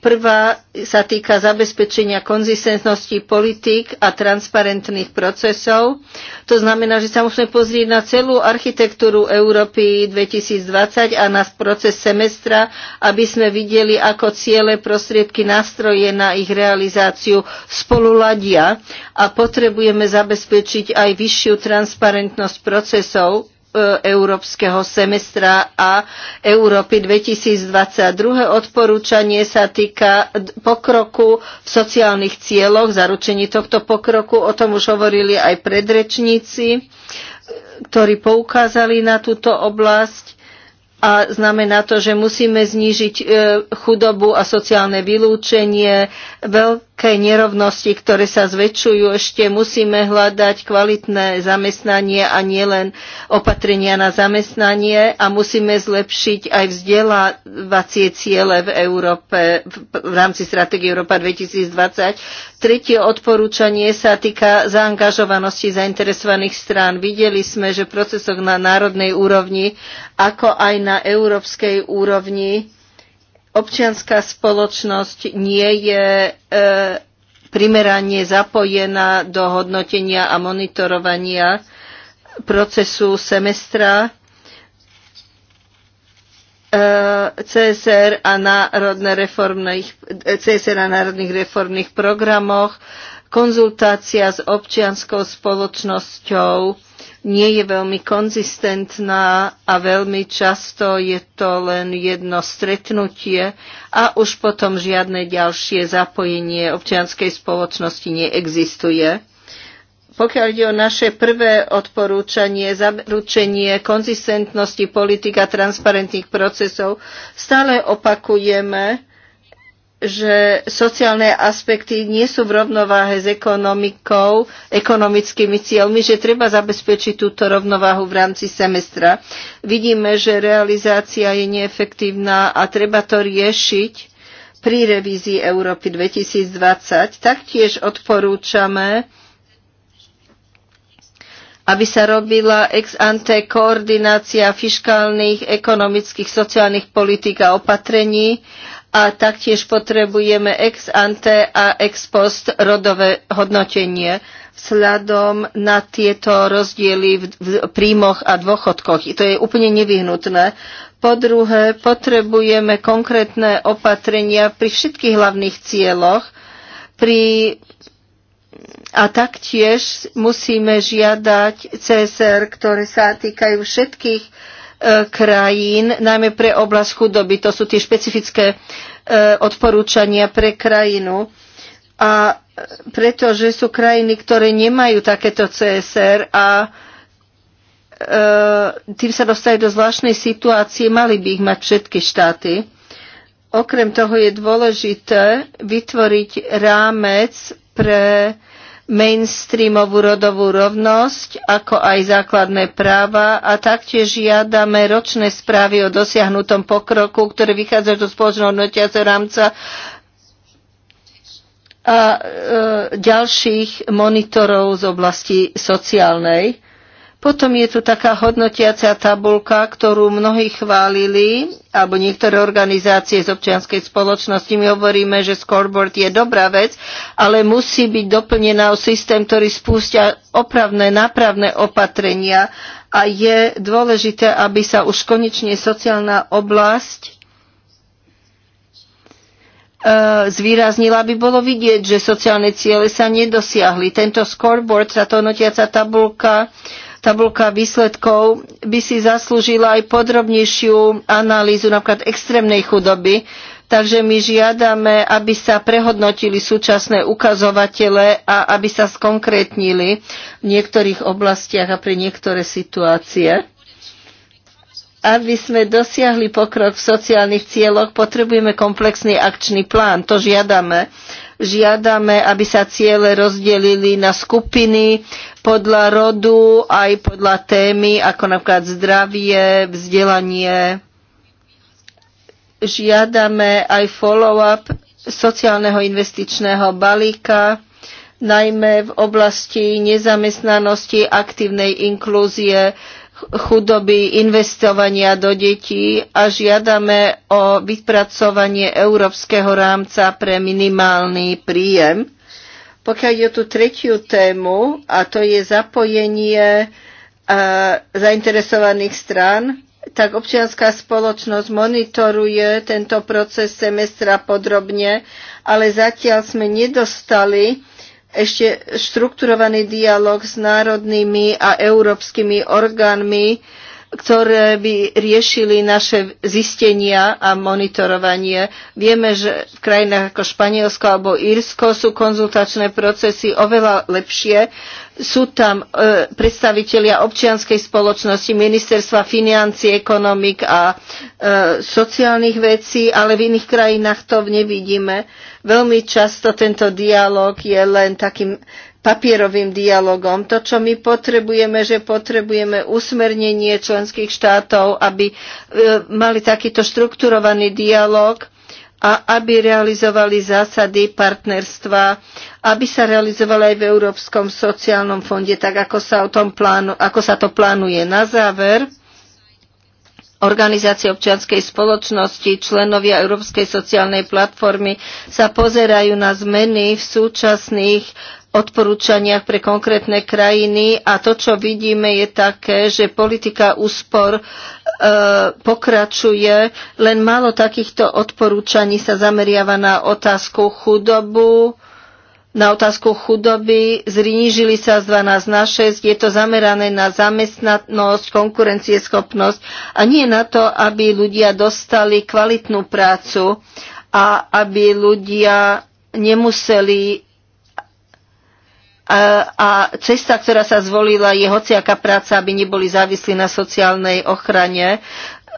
Prvá sa týka zabezpečenia konzistentnosti politík a transparentných procesov. To znamená, že sa musíme pozrieť na celú architektúru Európy 2020 a na proces semestra, aby sme videli, ako ciele, prostriedky, nástroje na ich realizáciu spolu ladia a potrebujeme zabezpečiť aj vyššiu transparentnosť procesov E, európskeho semestra a Európy 2022. Odporúčanie sa týka pokroku v sociálnych cieľoch, zaručení tohto pokroku, o tom už hovorili aj predrečníci, e, ktorí poukázali na túto oblasť a znamená to, že musíme znížiť e, chudobu a sociálne vylúčenie, veľ, veľké nerovnosti, ktoré sa zväčšujú, ešte musíme hľadať kvalitné zamestnanie a nielen opatrenia na zamestnanie a musíme zlepšiť aj vzdelávacie ciele v Európe v rámci stratégie Európa 2020. Tretie odporúčanie sa týka zaangažovanosti zainteresovaných strán. Videli sme, že procesok na národnej úrovni, ako aj na európskej úrovni občianská spoločnosť nie je e, primerane zapojená do hodnotenia a monitorovania procesu semestra. E, CSR a, národné reformných, CSR a národných reformných programoch, konzultácia s občianskou spoločnosťou, nie je veľmi konzistentná a veľmi často je to len jedno stretnutie a už potom žiadne ďalšie zapojenie občianskej spoločnosti neexistuje. Pokiaľ ide o naše prvé odporúčanie, zaručenie konzistentnosti politik a transparentných procesov, stále opakujeme, že sociálne aspekty nie sú v rovnováhe s ekonomikou, ekonomickými cieľmi, že treba zabezpečiť túto rovnováhu v rámci semestra. Vidíme, že realizácia je neefektívna a treba to riešiť pri revízii Európy 2020. Taktiež odporúčame, aby sa robila ex ante koordinácia fiskálnych, ekonomických, sociálnych politík a opatrení a taktiež potrebujeme ex ante a ex post rodové hodnotenie vzhľadom na tieto rozdiely v, v príjmoch a dôchodkoch. I to je úplne nevyhnutné. Po druhé, potrebujeme konkrétne opatrenia pri všetkých hlavných cieľoch pri, a taktiež musíme žiadať CSR, ktoré sa týkajú všetkých E, krajín, najmä pre oblasť chudoby. To sú tie špecifické e, odporúčania pre krajinu. A pretože sú krajiny, ktoré nemajú takéto CSR a e, tým sa dostajú do zvláštnej situácie, mali by ich mať všetky štáty. Okrem toho je dôležité vytvoriť rámec pre mainstreamovú rodovú rovnosť, ako aj základné práva a taktiež žiadame ročné správy o dosiahnutom pokroku, ktoré vychádza do spoločného hodnotiaceho rámca a e, ďalších monitorov z oblasti sociálnej. Potom je tu taká hodnotiacia tabulka, ktorú mnohí chválili, alebo niektoré organizácie z občianskej spoločnosti. My hovoríme, že scoreboard je dobrá vec, ale musí byť doplnená o systém, ktorý spúšťa opravné, nápravné opatrenia a je dôležité, aby sa už konečne sociálna oblasť e, zvýraznila, aby bolo vidieť, že sociálne ciele sa nedosiahli. Tento scoreboard, táto notiaca tabulka, tabulka výsledkov by si zaslúžila aj podrobnejšiu analýzu napríklad extrémnej chudoby. Takže my žiadame, aby sa prehodnotili súčasné ukazovatele a aby sa skonkrétnili v niektorých oblastiach a pre niektoré situácie aby sme dosiahli pokrok v sociálnych cieľoch, potrebujeme komplexný akčný plán. To žiadame. Žiadame, aby sa ciele rozdelili na skupiny podľa rodu, aj podľa témy, ako napríklad zdravie, vzdelanie. Žiadame aj follow-up sociálneho investičného balíka, najmä v oblasti nezamestnanosti, aktívnej inklúzie, chudoby, investovania do detí a žiadame o vypracovanie európskeho rámca pre minimálny príjem. Pokiaľ je tu tretiu tému, a to je zapojenie zainteresovaných strán, tak občianská spoločnosť monitoruje tento proces semestra podrobne, ale zatiaľ sme nedostali ešte štrukturovaný dialog s národnými a európskymi orgánmi ktoré by riešili naše zistenia a monitorovanie. Vieme, že v krajinách ako Španielsko alebo Írsko sú konzultačné procesy oveľa lepšie. Sú tam e, predstavitelia občianskej spoločnosti, ministerstva financí, ekonomik a e, sociálnych vecí, ale v iných krajinách to nevidíme. Veľmi často tento dialog je len takým papierovým dialogom. To, čo my potrebujeme, že potrebujeme usmernenie členských štátov, aby e, mali takýto štrukturovaný dialog a aby realizovali zásady partnerstva, aby sa realizovali aj v Európskom sociálnom fonde, tak ako sa, o tom plánu, ako sa to plánuje. Na záver, Organizácie občianskej spoločnosti, členovia Európskej sociálnej platformy sa pozerajú na zmeny v súčasných odporúčaniach pre konkrétne krajiny a to, čo vidíme, je také, že politika úspor e, pokračuje. Len málo takýchto odporúčaní sa zameriava na otázku chudobu, na otázku chudoby. Znížili sa z 12 na 6. Je to zamerané na zamestnanosť, konkurencieschopnosť a nie na to, aby ľudia dostali kvalitnú prácu a aby ľudia nemuseli a cesta, ktorá sa zvolila, je hociaká práca, aby neboli závislí na sociálnej ochrane.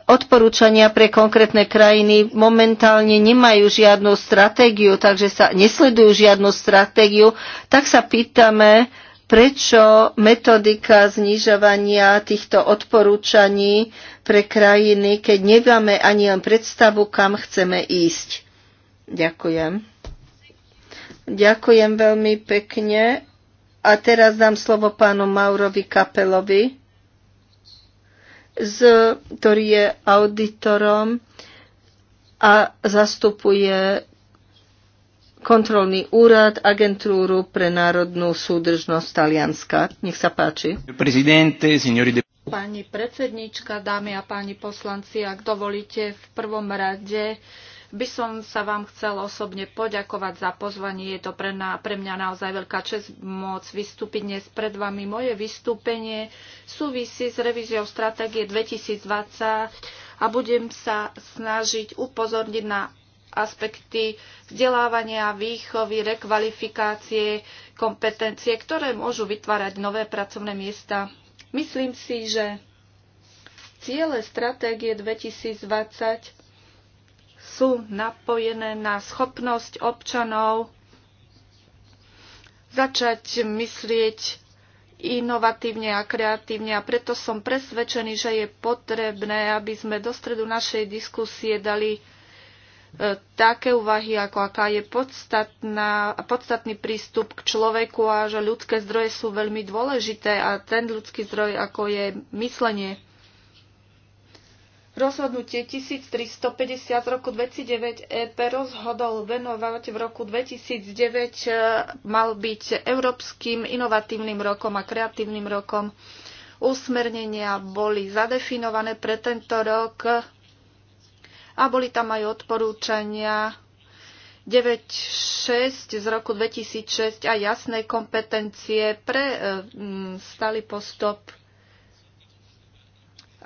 Odporúčania pre konkrétne krajiny momentálne nemajú žiadnu stratégiu, takže sa nesledujú žiadnu stratégiu. Tak sa pýtame, prečo metodika znižovania týchto odporúčaní pre krajiny, keď nemáme ani len predstavu, kam chceme ísť. Ďakujem. Ďakujem veľmi pekne a teraz dám slovo pánu Maurovi Kapelovi, z, ktorý je auditorom a zastupuje kontrolný úrad, agentúru pre národnú súdržnosť Talianska. Nech sa páči. Pani predsednička, dámy a páni poslanci, ak dovolíte, v prvom rade by som sa vám chcel osobne poďakovať za pozvanie. Je to pre, na, pre mňa naozaj veľká čest môcť vystúpiť dnes pred vami. Moje vystúpenie súvisí s revíziou stratégie 2020 a budem sa snažiť upozorniť na aspekty vzdelávania, výchovy, rekvalifikácie, kompetencie, ktoré môžu vytvárať nové pracovné miesta. Myslím si, že ciele stratégie 2020 sú napojené na schopnosť občanov začať myslieť inovatívne a kreatívne a preto som presvedčený, že je potrebné, aby sme do stredu našej diskusie dali e, také úvahy, ako aká je podstatná, podstatný prístup k človeku a že ľudské zdroje sú veľmi dôležité a ten ľudský zdroj, ako je myslenie. Rozhodnutie 1350 z roku 2009 EP rozhodol venovať v roku 2009 e, mal byť Európskym inovatívnym rokom a kreatívnym rokom. Usmernenia boli zadefinované pre tento rok a boli tam aj odporúčania 9.6 z roku 2006 a jasné kompetencie pre e, stály postup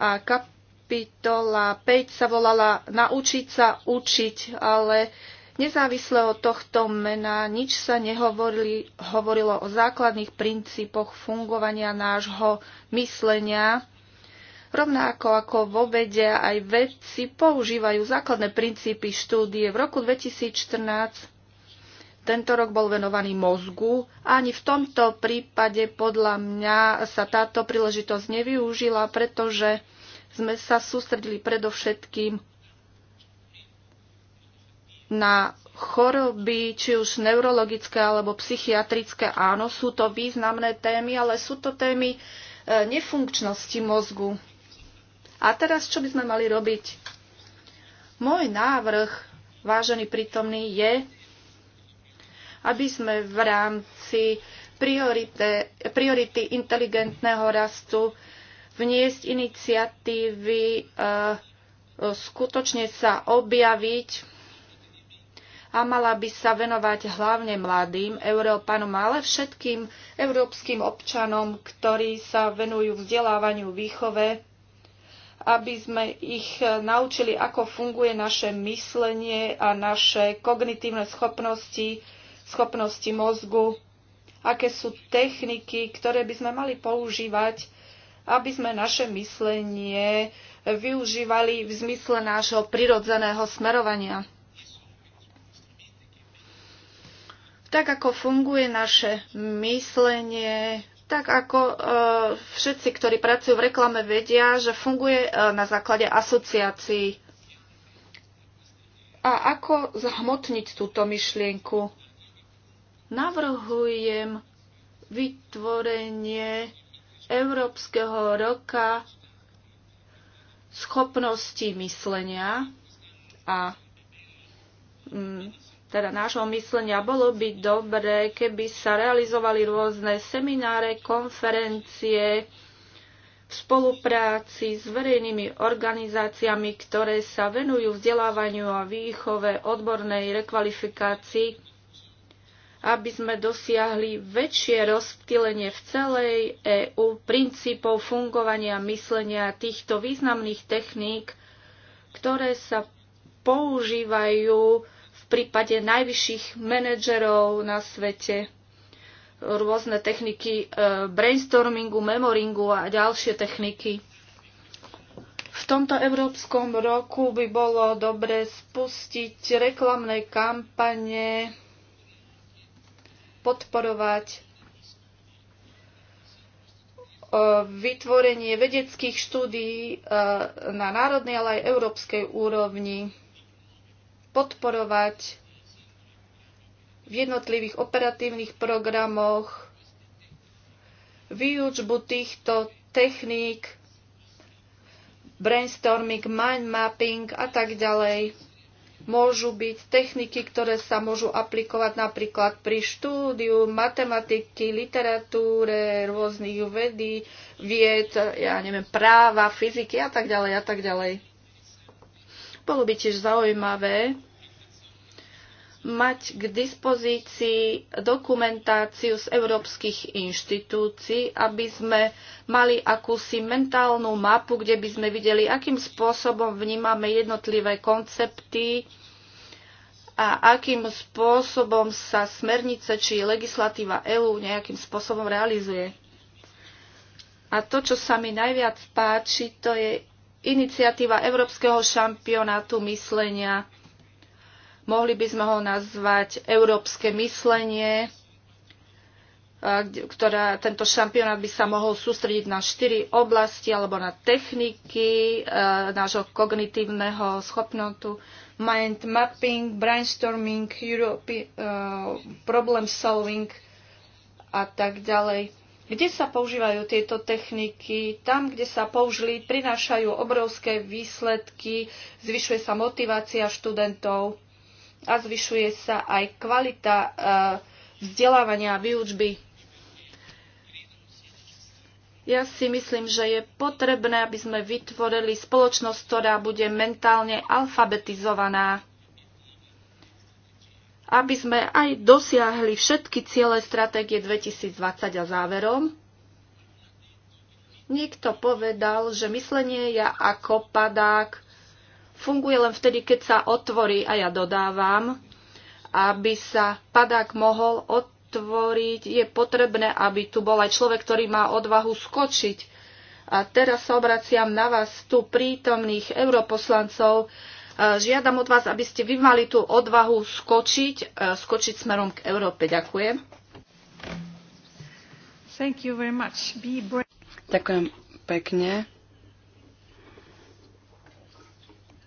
a kap- kapitola 5 sa volala Naučiť sa učiť, ale nezávisle od tohto mena nič sa nehovorili, hovorilo o základných princípoch fungovania nášho myslenia. Rovnako ako vo vede aj vedci používajú základné princípy štúdie. V roku 2014 tento rok bol venovaný mozgu ani v tomto prípade podľa mňa sa táto príležitosť nevyužila, pretože sme sa sústredili predovšetkým na choroby, či už neurologické alebo psychiatrické. Áno, sú to významné témy, ale sú to témy e, nefunkčnosti mozgu. A teraz, čo by sme mali robiť? Môj návrh, vážený prítomný, je, aby sme v rámci priorite, priority inteligentného rastu vniesť iniciatívy, e, skutočne sa objaviť a mala by sa venovať hlavne mladým Európanom, ale všetkým európskym občanom, ktorí sa venujú vzdelávaniu, výchove, aby sme ich naučili, ako funguje naše myslenie a naše kognitívne schopnosti, schopnosti mozgu, aké sú techniky, ktoré by sme mali používať aby sme naše myslenie využívali v zmysle nášho prirodzeného smerovania. Tak ako funguje naše myslenie, tak ako e, všetci, ktorí pracujú v reklame, vedia, že funguje e, na základe asociácií. A ako zhmotniť túto myšlienku? Navrhujem vytvorenie Európskeho roka schopnosti myslenia a mm, teda nášho myslenia. Bolo by dobré, keby sa realizovali rôzne semináre, konferencie v spolupráci s verejnými organizáciami, ktoré sa venujú vzdelávaniu a výchove odbornej rekvalifikácii aby sme dosiahli väčšie rozptýlenie v celej EÚ princípov fungovania myslenia týchto významných techník, ktoré sa používajú v prípade najvyšších manažerov na svete. Rôzne techniky e, brainstormingu, memoringu a ďalšie techniky. V tomto európskom roku by bolo dobre spustiť reklamné kampane podporovať vytvorenie vedeckých štúdií e, na národnej, ale aj európskej úrovni, podporovať v jednotlivých operatívnych programoch výučbu týchto techník, brainstorming, mind mapping a tak ďalej môžu byť techniky, ktoré sa môžu aplikovať napríklad pri štúdiu matematiky, literatúre, rôznych vedy, vied, ja neviem, práva, fyziky a tak ďalej a tak ďalej. Bolo by tiež zaujímavé mať k dispozícii dokumentáciu z európskych inštitúcií, aby sme mali akúsi mentálnu mapu, kde by sme videli, akým spôsobom vnímame jednotlivé koncepty a akým spôsobom sa smernice či legislatíva EÚ nejakým spôsobom realizuje. A to, čo sa mi najviac páči, to je iniciatíva Európskeho šampionátu myslenia Mohli by sme ho nazvať európske myslenie, ktorá, tento šampionát by sa mohol sústrediť na štyri oblasti alebo na techniky e, nášho kognitívneho schopnotu, mind mapping, brainstorming, Europe, e, problem solving a tak ďalej. Kde sa používajú tieto techniky? Tam, kde sa použili, prinášajú obrovské výsledky, zvyšuje sa motivácia študentov a zvyšuje sa aj kvalita e, vzdelávania a výučby. Ja si myslím, že je potrebné, aby sme vytvorili spoločnosť, ktorá bude mentálne alfabetizovaná, aby sme aj dosiahli všetky ciele stratégie 2020 a záverom. Niekto povedal, že myslenie je ako padák funguje len vtedy, keď sa otvorí, a ja dodávam, aby sa padák mohol otvoriť, je potrebné, aby tu bol aj človek, ktorý má odvahu skočiť. A teraz sa obraciam na vás, tu prítomných europoslancov. E, žiadam od vás, aby ste vy mali tú odvahu skočiť, e, skočiť smerom k Európe. Ďakujem. Thank you very much. Be brave. Ďakujem pekne.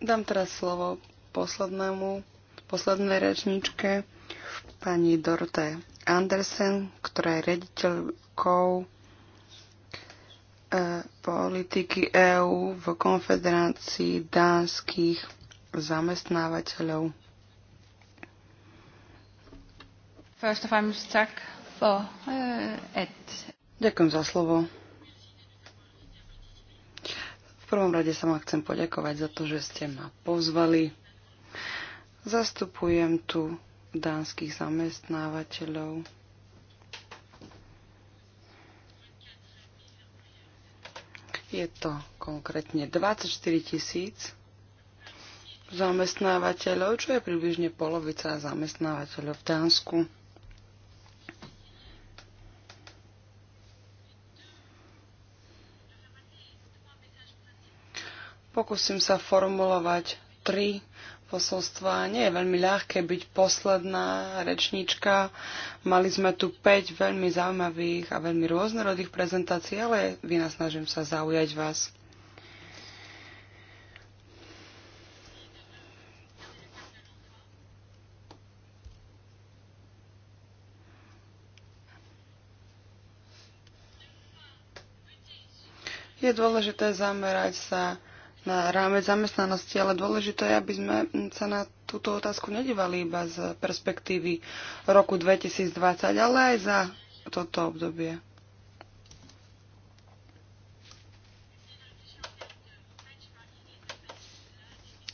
Dám teraz slovo poslednému, poslednej rečničke, pani Dorte Andersen, ktorá je rediteľkou e, politiky EÚ v Konfederácii dánskych zamestnávateľov. First of all, for, uh, Ďakujem za slovo. V prvom rade sa vám chcem poďakovať za to, že ste ma pozvali. Zastupujem tu dánskych zamestnávateľov. Je to konkrétne 24 tisíc zamestnávateľov, čo je približne polovica zamestnávateľov v Dánsku. Pokúsim sa formulovať tri posolstva. Nie je veľmi ľahké byť posledná rečníčka. Mali sme tu 5 veľmi zaujímavých a veľmi rôznorodých prezentácií, ale vynasnažím sa zaujať vás. Je dôležité zamerať sa na rámec zamestnanosti, ale dôležité je, aby sme sa na túto otázku nedívali iba z perspektívy roku 2020, ale aj za toto obdobie.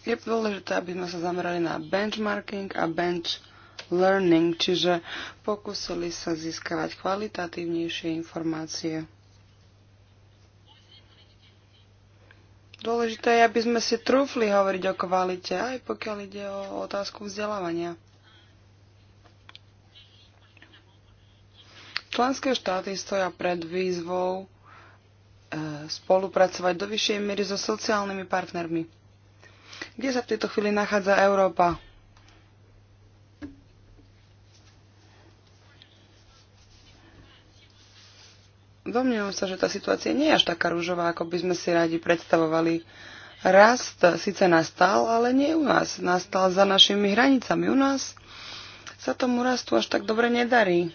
Je dôležité, aby sme sa zamerali na benchmarking a bench learning, čiže pokúsili sa získavať kvalitatívnejšie informácie. Dôležité je, aby sme si trúfli hovoriť o kvalite, aj pokiaľ ide o otázku vzdelávania. Členské štáty stoja pred výzvou e, spolupracovať do vyššej miery so sociálnymi partnermi. Kde sa v tejto chvíli nachádza Európa? Domnievam sa, že tá situácia nie je až taká rúžová, ako by sme si radi predstavovali. Rast síce nastal, ale nie u nás. Nastal za našimi hranicami. U nás sa tomu rastu až tak dobre nedarí.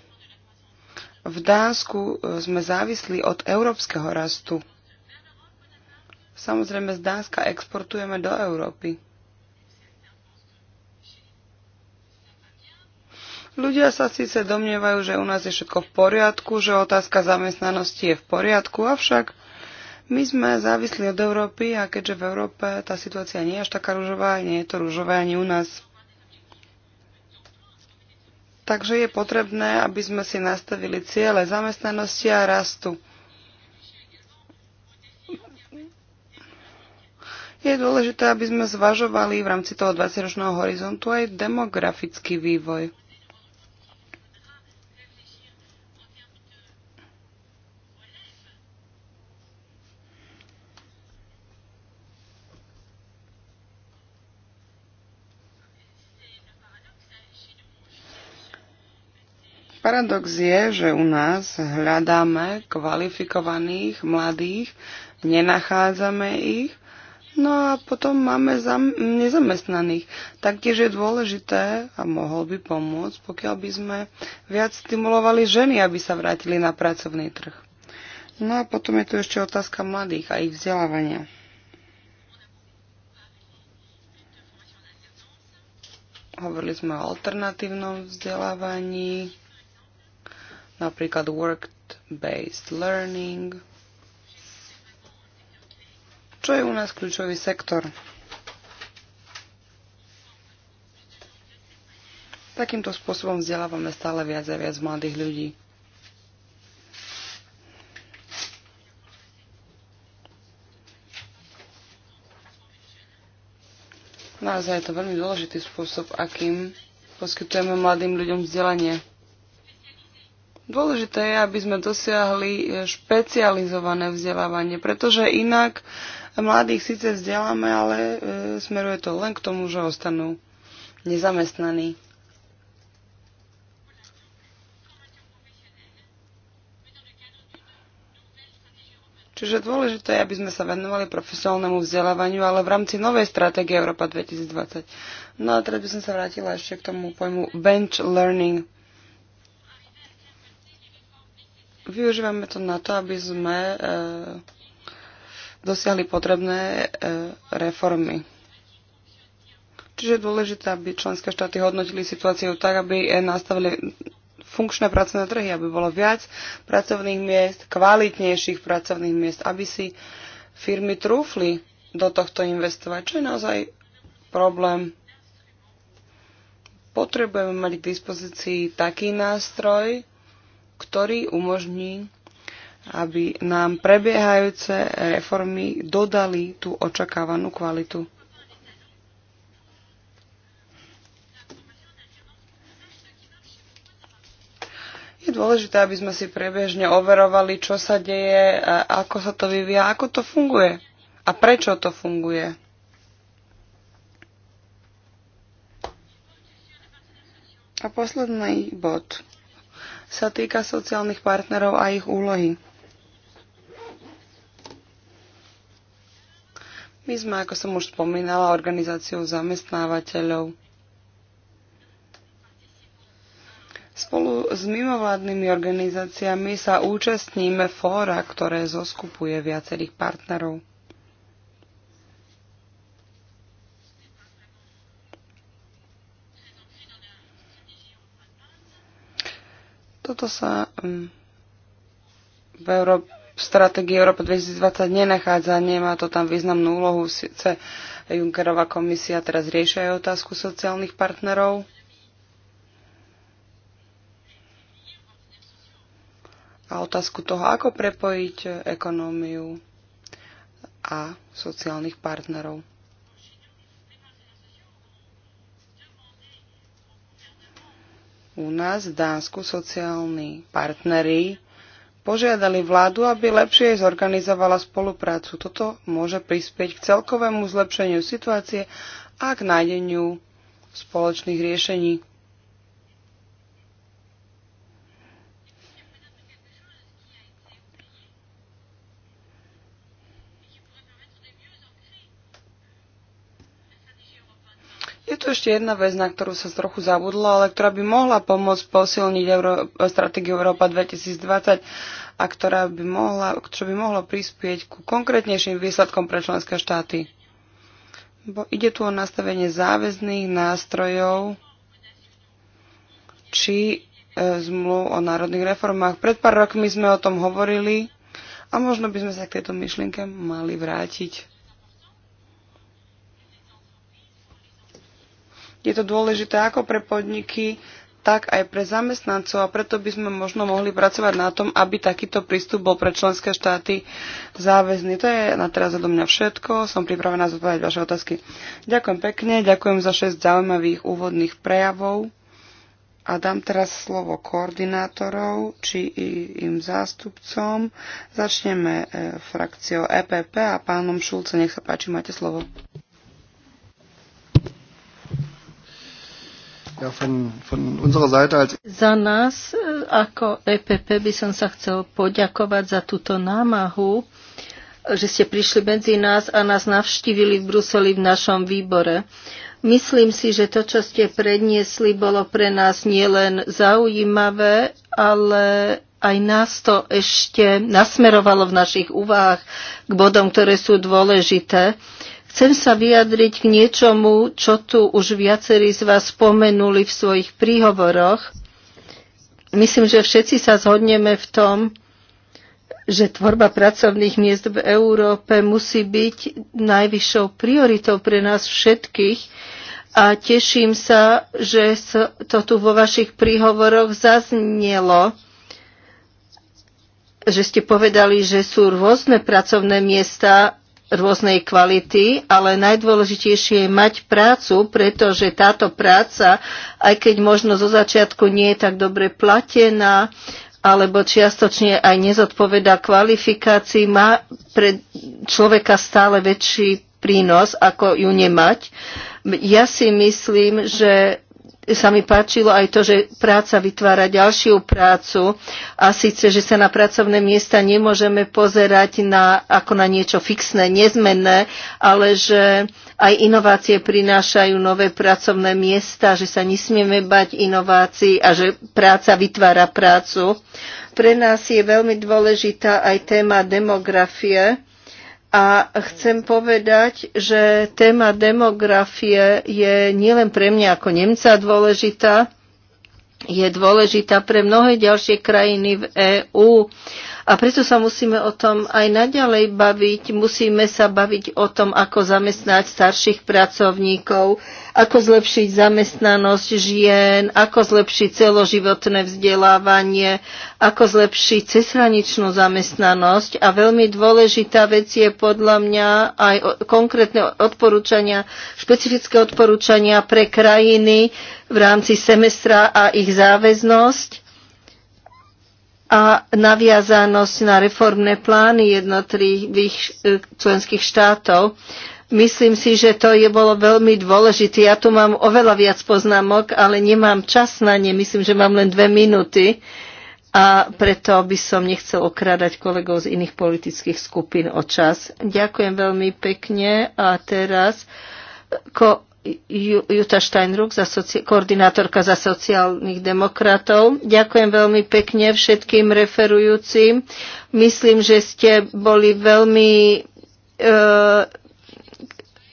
V Dánsku e, sme závisli od európskeho rastu. Samozrejme, z Dánska exportujeme do Európy. Ľudia sa síce domnievajú, že u nás je všetko v poriadku, že otázka zamestnanosti je v poriadku, avšak my sme závislí od Európy a keďže v Európe tá situácia nie je až taká rúžová, nie je to rúžové ani u nás. Takže je potrebné, aby sme si nastavili ciele zamestnanosti a rastu. Je dôležité, aby sme zvažovali v rámci toho 20-ročného horizontu aj demografický vývoj. Paradox je, že u nás hľadáme kvalifikovaných mladých, nenachádzame ich, no a potom máme nezamestnaných. Taktiež je dôležité a mohol by pomôcť, pokiaľ by sme viac stimulovali ženy, aby sa vrátili na pracovný trh. No a potom je tu ešte otázka mladých a ich vzdelávania. Hovorili sme o alternatívnom vzdelávaní napríklad work-based learning, čo je u nás kľúčový sektor. Takýmto spôsobom vzdelávame stále viac a viac mladých ľudí. Naozaj je to veľmi dôležitý spôsob, akým poskytujeme mladým ľuďom vzdelanie. Dôležité je, aby sme dosiahli e, špecializované vzdelávanie, pretože inak mladých síce vzdeláme, ale e, smeruje to len k tomu, že ostanú nezamestnaní. Čiže dôležité je, aby sme sa venovali profesionálnemu vzdelávaniu, ale v rámci novej stratégie Európa 2020. No a teraz by som sa vrátila ešte k tomu pojmu bench learning. Využívame to na to, aby sme e, dosiahli potrebné e, reformy. Čiže je dôležité, aby členské štáty hodnotili situáciu tak, aby e, nastavili funkčné pracovné trhy, aby bolo viac pracovných miest, kvalitnejších pracovných miest, aby si firmy trúfli do tohto investovať, čo je naozaj problém. Potrebujeme mať k dispozícii taký nástroj, ktorý umožní, aby nám prebiehajúce reformy dodali tú očakávanú kvalitu. Je dôležité, aby sme si priebežne overovali, čo sa deje, ako sa to vyvíja, ako to funguje a prečo to funguje. A posledný bod sa týka sociálnych partnerov a ich úlohy. My sme, ako som už spomínala, organizáciou zamestnávateľov. Spolu s mimovládnymi organizáciami sa účastníme fóra, ktoré zoskupuje viacerých partnerov. Toto sa mm, v Euró- v stratégii Európa 2020 nenachádza, nemá to tam významnú úlohu. Sice Junckerová komisia teraz riešia aj otázku sociálnych partnerov. A otázku toho, ako prepojiť ekonómiu a sociálnych partnerov. U nás v Dánsku sociálni partneri požiadali vládu, aby lepšie zorganizovala spoluprácu. Toto môže prispieť k celkovému zlepšeniu situácie a k nájdeniu spoločných riešení. tu ešte jedna vec, na ktorú sa trochu zabudla, ale ktorá by mohla pomôcť posilniť Euró- stratégiu Európa 2020 a ktorá by mohla, čo by mohlo prispieť ku konkrétnejším výsledkom pre členské štáty. Bo ide tu o nastavenie záväzných nástrojov či e, zmluv o národných reformách. Pred pár rokmi sme o tom hovorili a možno by sme sa k tejto myšlienke mali vrátiť. Je to dôležité ako pre podniky, tak aj pre zamestnancov a preto by sme možno mohli pracovať na tom, aby takýto prístup bol pre členské štáty záväzný. To je na teraz odo mňa všetko. Som pripravená zodpovedať vaše otázky. Ďakujem pekne, ďakujem za 6 zaujímavých úvodných prejavov a dám teraz slovo koordinátorov či im zástupcom. Začneme e, frakciou EPP a pánom Šulce, nech sa páči, máte slovo. Ja, von, von unserer Seite als za nás e, ako EPP by som sa chcel poďakovať za túto námahu, že ste prišli medzi nás a nás navštívili v Bruseli v našom výbore. Myslím si, že to, čo ste predniesli, bolo pre nás nielen zaujímavé, ale aj nás to ešte nasmerovalo v našich úvahách k bodom, ktoré sú dôležité. Chcem sa vyjadriť k niečomu, čo tu už viacerí z vás spomenuli v svojich príhovoroch. Myslím, že všetci sa zhodneme v tom, že tvorba pracovných miest v Európe musí byť najvyššou prioritou pre nás všetkých a teším sa, že to tu vo vašich príhovoroch zaznelo, že ste povedali, že sú rôzne pracovné miesta rôznej kvality, ale najdôležitejšie je mať prácu, pretože táto práca, aj keď možno zo začiatku nie je tak dobre platená, alebo čiastočne aj nezodpoveda kvalifikácii, má pre človeka stále väčší prínos, ako ju nemať. Ja si myslím, že sa mi páčilo aj to, že práca vytvára ďalšiu prácu a síce, že sa na pracovné miesta nemôžeme pozerať na, ako na niečo fixné, nezmenné, ale že aj inovácie prinášajú nové pracovné miesta, že sa nesmieme bať inovácií a že práca vytvára prácu. Pre nás je veľmi dôležitá aj téma demografie a chcem povedať, že téma demografie je nielen pre mňa ako Nemca dôležitá, je dôležitá pre mnohé ďalšie krajiny v EÚ. A preto sa musíme o tom aj naďalej baviť. Musíme sa baviť o tom, ako zamestnať starších pracovníkov, ako zlepšiť zamestnanosť žien, ako zlepšiť celoživotné vzdelávanie, ako zlepšiť cezhraničnú zamestnanosť. A veľmi dôležitá vec je podľa mňa aj konkrétne odporúčania, špecifické odporúčania pre krajiny v rámci semestra a ich záväznosť a naviazanosť na reformné plány jednotlivých eh, členských štátov. Myslím si, že to je bolo veľmi dôležité. Ja tu mám oveľa viac poznámok, ale nemám čas na ne. Myslím, že mám len dve minúty a preto by som nechcel okrádať kolegov z iných politických skupín o čas. Ďakujem veľmi pekne a teraz ko, Juta Steinruck, za soci- koordinátorka za sociálnych demokratov. Ďakujem veľmi pekne všetkým referujúcim. Myslím, že ste boli veľmi e,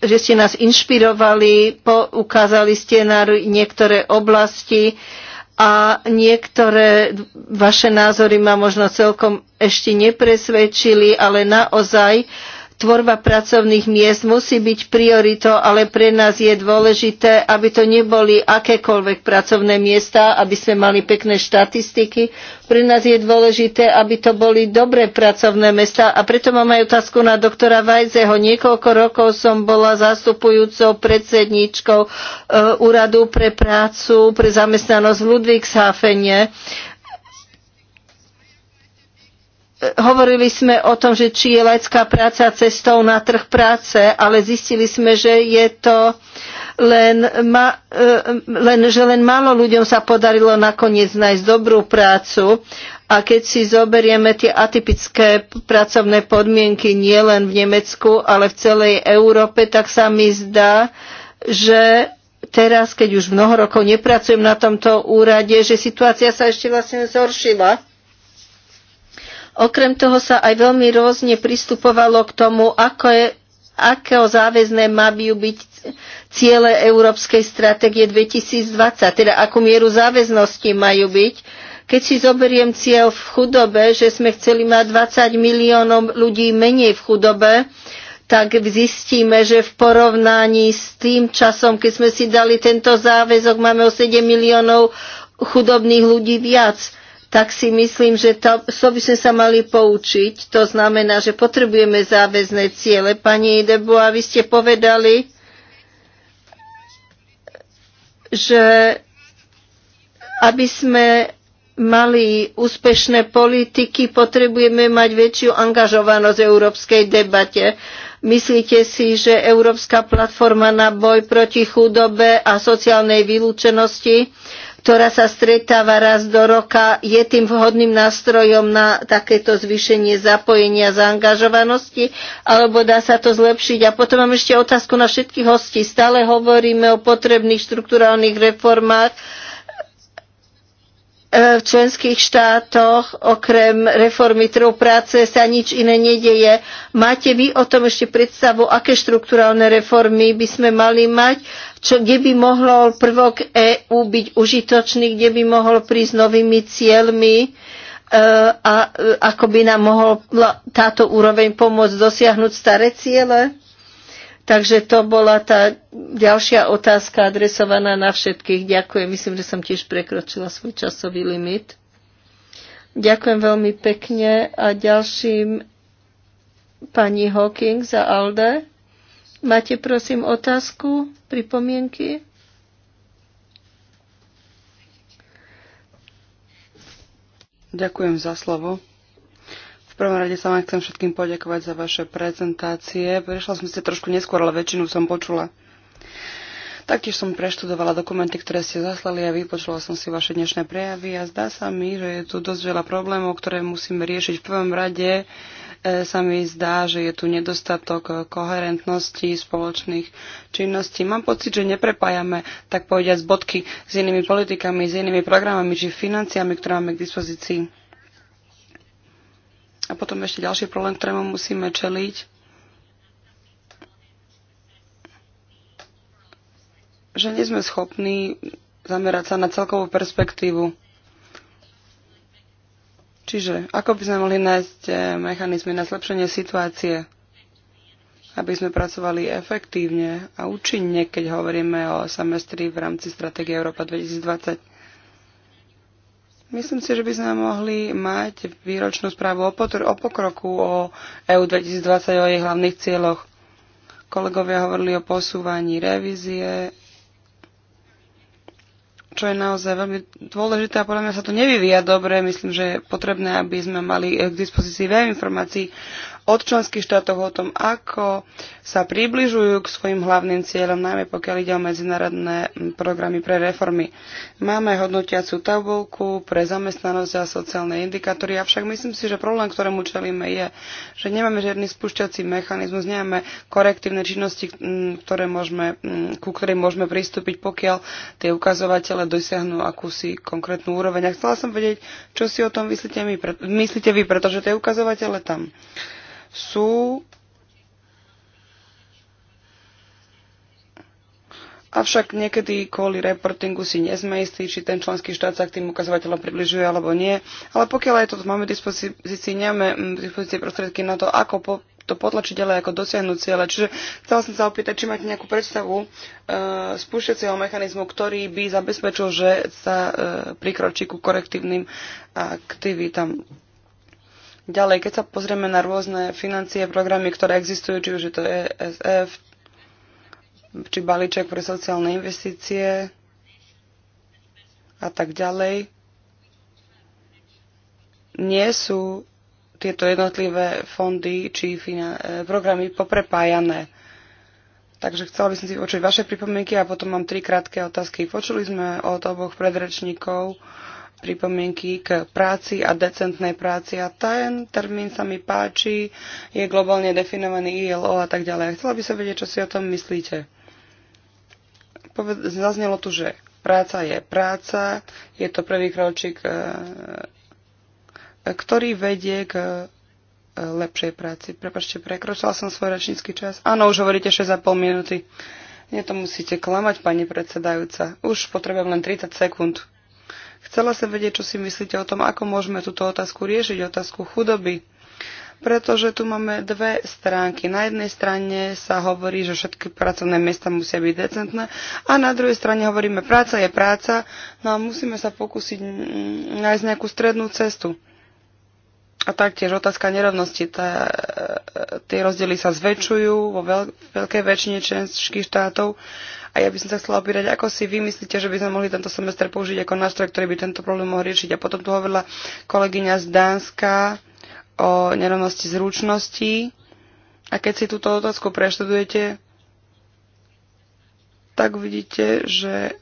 že ste nás inšpirovali, poukázali ste na niektoré oblasti a niektoré vaše názory ma možno celkom ešte nepresvedčili, ale naozaj uh, Tvorba pracovných miest musí byť prioritou, ale pre nás je dôležité, aby to neboli akékoľvek pracovné miesta, aby sme mali pekné štatistiky. Pre nás je dôležité, aby to boli dobré pracovné mesta a preto mám aj otázku na doktora Vajzeho. Niekoľko rokov som bola zastupujúcou predsedníčkou e, Úradu pre prácu, pre zamestnanosť v Ludwigshafene hovorili sme o tom, že či je laická práca cestou na trh práce, ale zistili sme, že je to len, ma, e, len, že len málo ľuďom sa podarilo nakoniec nájsť dobrú prácu. A keď si zoberieme tie atypické pracovné podmienky nielen v Nemecku, ale v celej Európe, tak sa mi zdá, že teraz, keď už mnoho rokov nepracujem na tomto úrade, že situácia sa ešte vlastne zhoršila Okrem toho sa aj veľmi rôzne pristupovalo k tomu, ako je, akého záväzné majú byť ciele Európskej stratégie 2020, teda akú mieru záväznosti majú byť. Keď si zoberiem cieľ v chudobe, že sme chceli mať 20 miliónov ľudí menej v chudobe, tak zistíme, že v porovnaní s tým časom, keď sme si dali tento záväzok, máme o 7 miliónov chudobných ľudí viac tak si myslím, že to, to by sme sa mali poučiť. To znamená, že potrebujeme záväzné ciele. Pani Debo, a vy ste povedali, že aby sme mali úspešné politiky, potrebujeme mať väčšiu angažovanosť v európskej debate. Myslíte si, že Európska platforma na boj proti chudobe a sociálnej vylúčenosti ktorá sa stretáva raz do roka, je tým vhodným nástrojom na takéto zvýšenie zapojenia, zaangažovanosti, alebo dá sa to zlepšiť. A potom mám ešte otázku na všetkých hostí. Stále hovoríme o potrebných štruktúrálnych reformách, E, v členských štátoch okrem reformy trhu práce sa nič iné nedeje. Máte vy o tom ešte predstavu, aké štruktúralne reformy by sme mali mať, čo, kde by mohol prvok EÚ byť užitočný, kde by mohol prísť novými cieľmi e, a e, ako by nám mohol táto úroveň pomôcť dosiahnuť staré ciele? Takže to bola tá ďalšia otázka adresovaná na všetkých. Ďakujem, myslím, že som tiež prekročila svoj časový limit. Ďakujem veľmi pekne a ďalším pani Hawking za Alde. Máte prosím otázku, pripomienky? Ďakujem za slovo. V prvom rade sa vám chcem všetkým poďakovať za vaše prezentácie. Prešla som ste trošku neskôr, ale väčšinu som počula. Taktiež som preštudovala dokumenty, ktoré ste zaslali a vypočula som si vaše dnešné prejavy a zdá sa mi, že je tu dosť veľa problémov, ktoré musíme riešiť. V prvom rade e, sa mi zdá, že je tu nedostatok koherentnosti spoločných činností. Mám pocit, že neprepájame, tak povediať, z bodky s inými politikami, s inými programami či financiami, ktoré máme k dispozícii a potom ešte ďalší problém, ktorému musíme čeliť, že nie sme schopní zamerať sa na celkovú perspektívu. Čiže ako by sme mohli nájsť eh, mechanizmy na zlepšenie situácie, aby sme pracovali efektívne a účinne, keď hovoríme o semestri v rámci stratégie Európa 2020. Myslím si, že by sme mohli mať výročnú správu o, o pokroku o EU 2020, o jej hlavných cieľoch. Kolegovia hovorili o posúvaní revízie, čo je naozaj veľmi dôležité a podľa mňa sa to nevyvíja dobre. Myslím, že je potrebné, aby sme mali k dispozícii veľa informácií od členských štátov o tom, ako sa približujú k svojim hlavným cieľom, najmä pokiaľ ide o medzinárodné programy pre reformy. Máme hodnotiacu tabulku pre zamestnanosť a sociálne indikátory, avšak myslím si, že problém, ktorému čelíme, je, že nemáme žiadny spúšťací mechanizmus, nemáme korektívne činnosti, ktoré môžeme, ku ktorým môžeme pristúpiť, pokiaľ tie ukazovatele dosiahnu akúsi konkrétnu úroveň. A chcela som vedieť, čo si o tom myslíte, my, myslíte vy, pretože tie ukazovatele tam sú Avšak niekedy kvôli reportingu si nezme istí, či ten členský štát sa k tým ukazovateľom približuje alebo nie. Ale pokiaľ aj to máme dispozícii, nemáme mm, dispozícii prostriedky na to, ako po, to potlačiť, ale ako dosiahnuť cieľe. Čiže chcela som sa opýtať, či máte nejakú predstavu e, spúšťacieho mechanizmu, ktorý by zabezpečil, že sa e, prikročí ku korektívnym aktivitám. Ďalej, keď sa pozrieme na rôzne financie, programy, ktoré existujú, či už je to ESF, či balíček pre sociálne investície a tak ďalej, nie sú tieto jednotlivé fondy či e, programy poprepájané. Takže chcela by som si počuť vaše pripomienky a potom mám tri krátke otázky. Počuli sme od oboch predrečníkov pripomienky k práci a decentnej práci a ten termín sa mi páči, je globálne definovaný ILO a tak ďalej. Chcela by som vedieť, čo si o tom myslíte. zaznelo tu, že práca je práca, je to prvý kročík, e, ktorý vedie k e, lepšej práci. Prepašte, prekročila som svoj rečnícky čas. Áno, už hovoríte 6,5 minúty. Nie to musíte klamať, pani predsedajúca. Už potrebujem len 30 sekúnd. Chcela som vedieť, čo si myslíte o tom, ako môžeme túto otázku riešiť, otázku chudoby. Pretože tu máme dve stránky. Na jednej strane sa hovorí, že všetky pracovné miesta musia byť decentné a na druhej strane hovoríme, práca je práca, no a musíme sa pokúsiť nájsť nejakú strednú cestu. A taktiež otázka nerovnosti. Tá, e, tie rozdiely sa zväčšujú vo veľ, veľkej väčšine členských štátov. A ja by som sa chcela opýtať, ako si vy myslíte, že by sme mohli tento semester použiť ako nástroj, ktorý by tento problém mohol riešiť. A potom tu hovorila kolegyňa z Dánska o nerovnosti zručností. A keď si túto otázku preštudujete, tak vidíte, že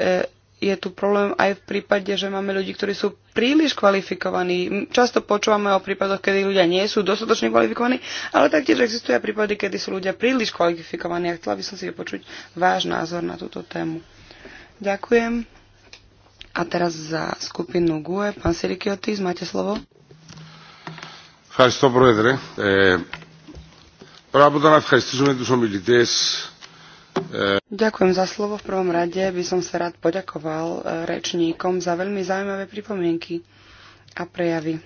e, je tu problém aj v prípade, že máme ľudí, ktorí sú príliš kvalifikovaní. Často počúvame o prípadoch, kedy ľudia nie sú dostatočne kvalifikovaní, ale taktiež existujú aj prípady, kedy sú ľudia príliš kvalifikovaní. A chcela by som si vypočuť váš názor na túto tému. Ďakujem. A teraz za skupinu GUE, pán Sirikiotis, máte slovo. Ευχαριστώ, Πρόεδρε. Ε, Πρέπει να ευχαριστήσουμε τους ομιλητές Ďakujem za slovo. V prvom rade by som sa rád poďakoval e, rečníkom za veľmi zaujímavé pripomienky a prejavy.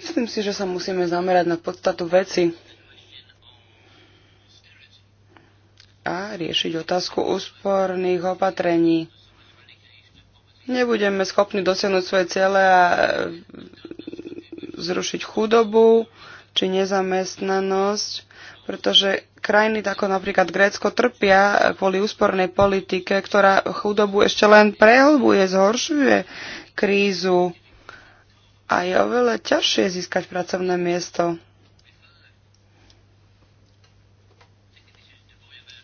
Myslím si, že sa musíme zamerať na podstatu veci a riešiť otázku úsporných opatrení. Nebudeme schopní dosiahnuť svoje ciele a e, zrušiť chudobu či nezamestnanosť, pretože krajiny ako napríklad Grécko trpia kvôli úspornej politike, ktorá chudobu ešte len prehlbuje, zhoršuje krízu a je oveľa ťažšie získať pracovné miesto.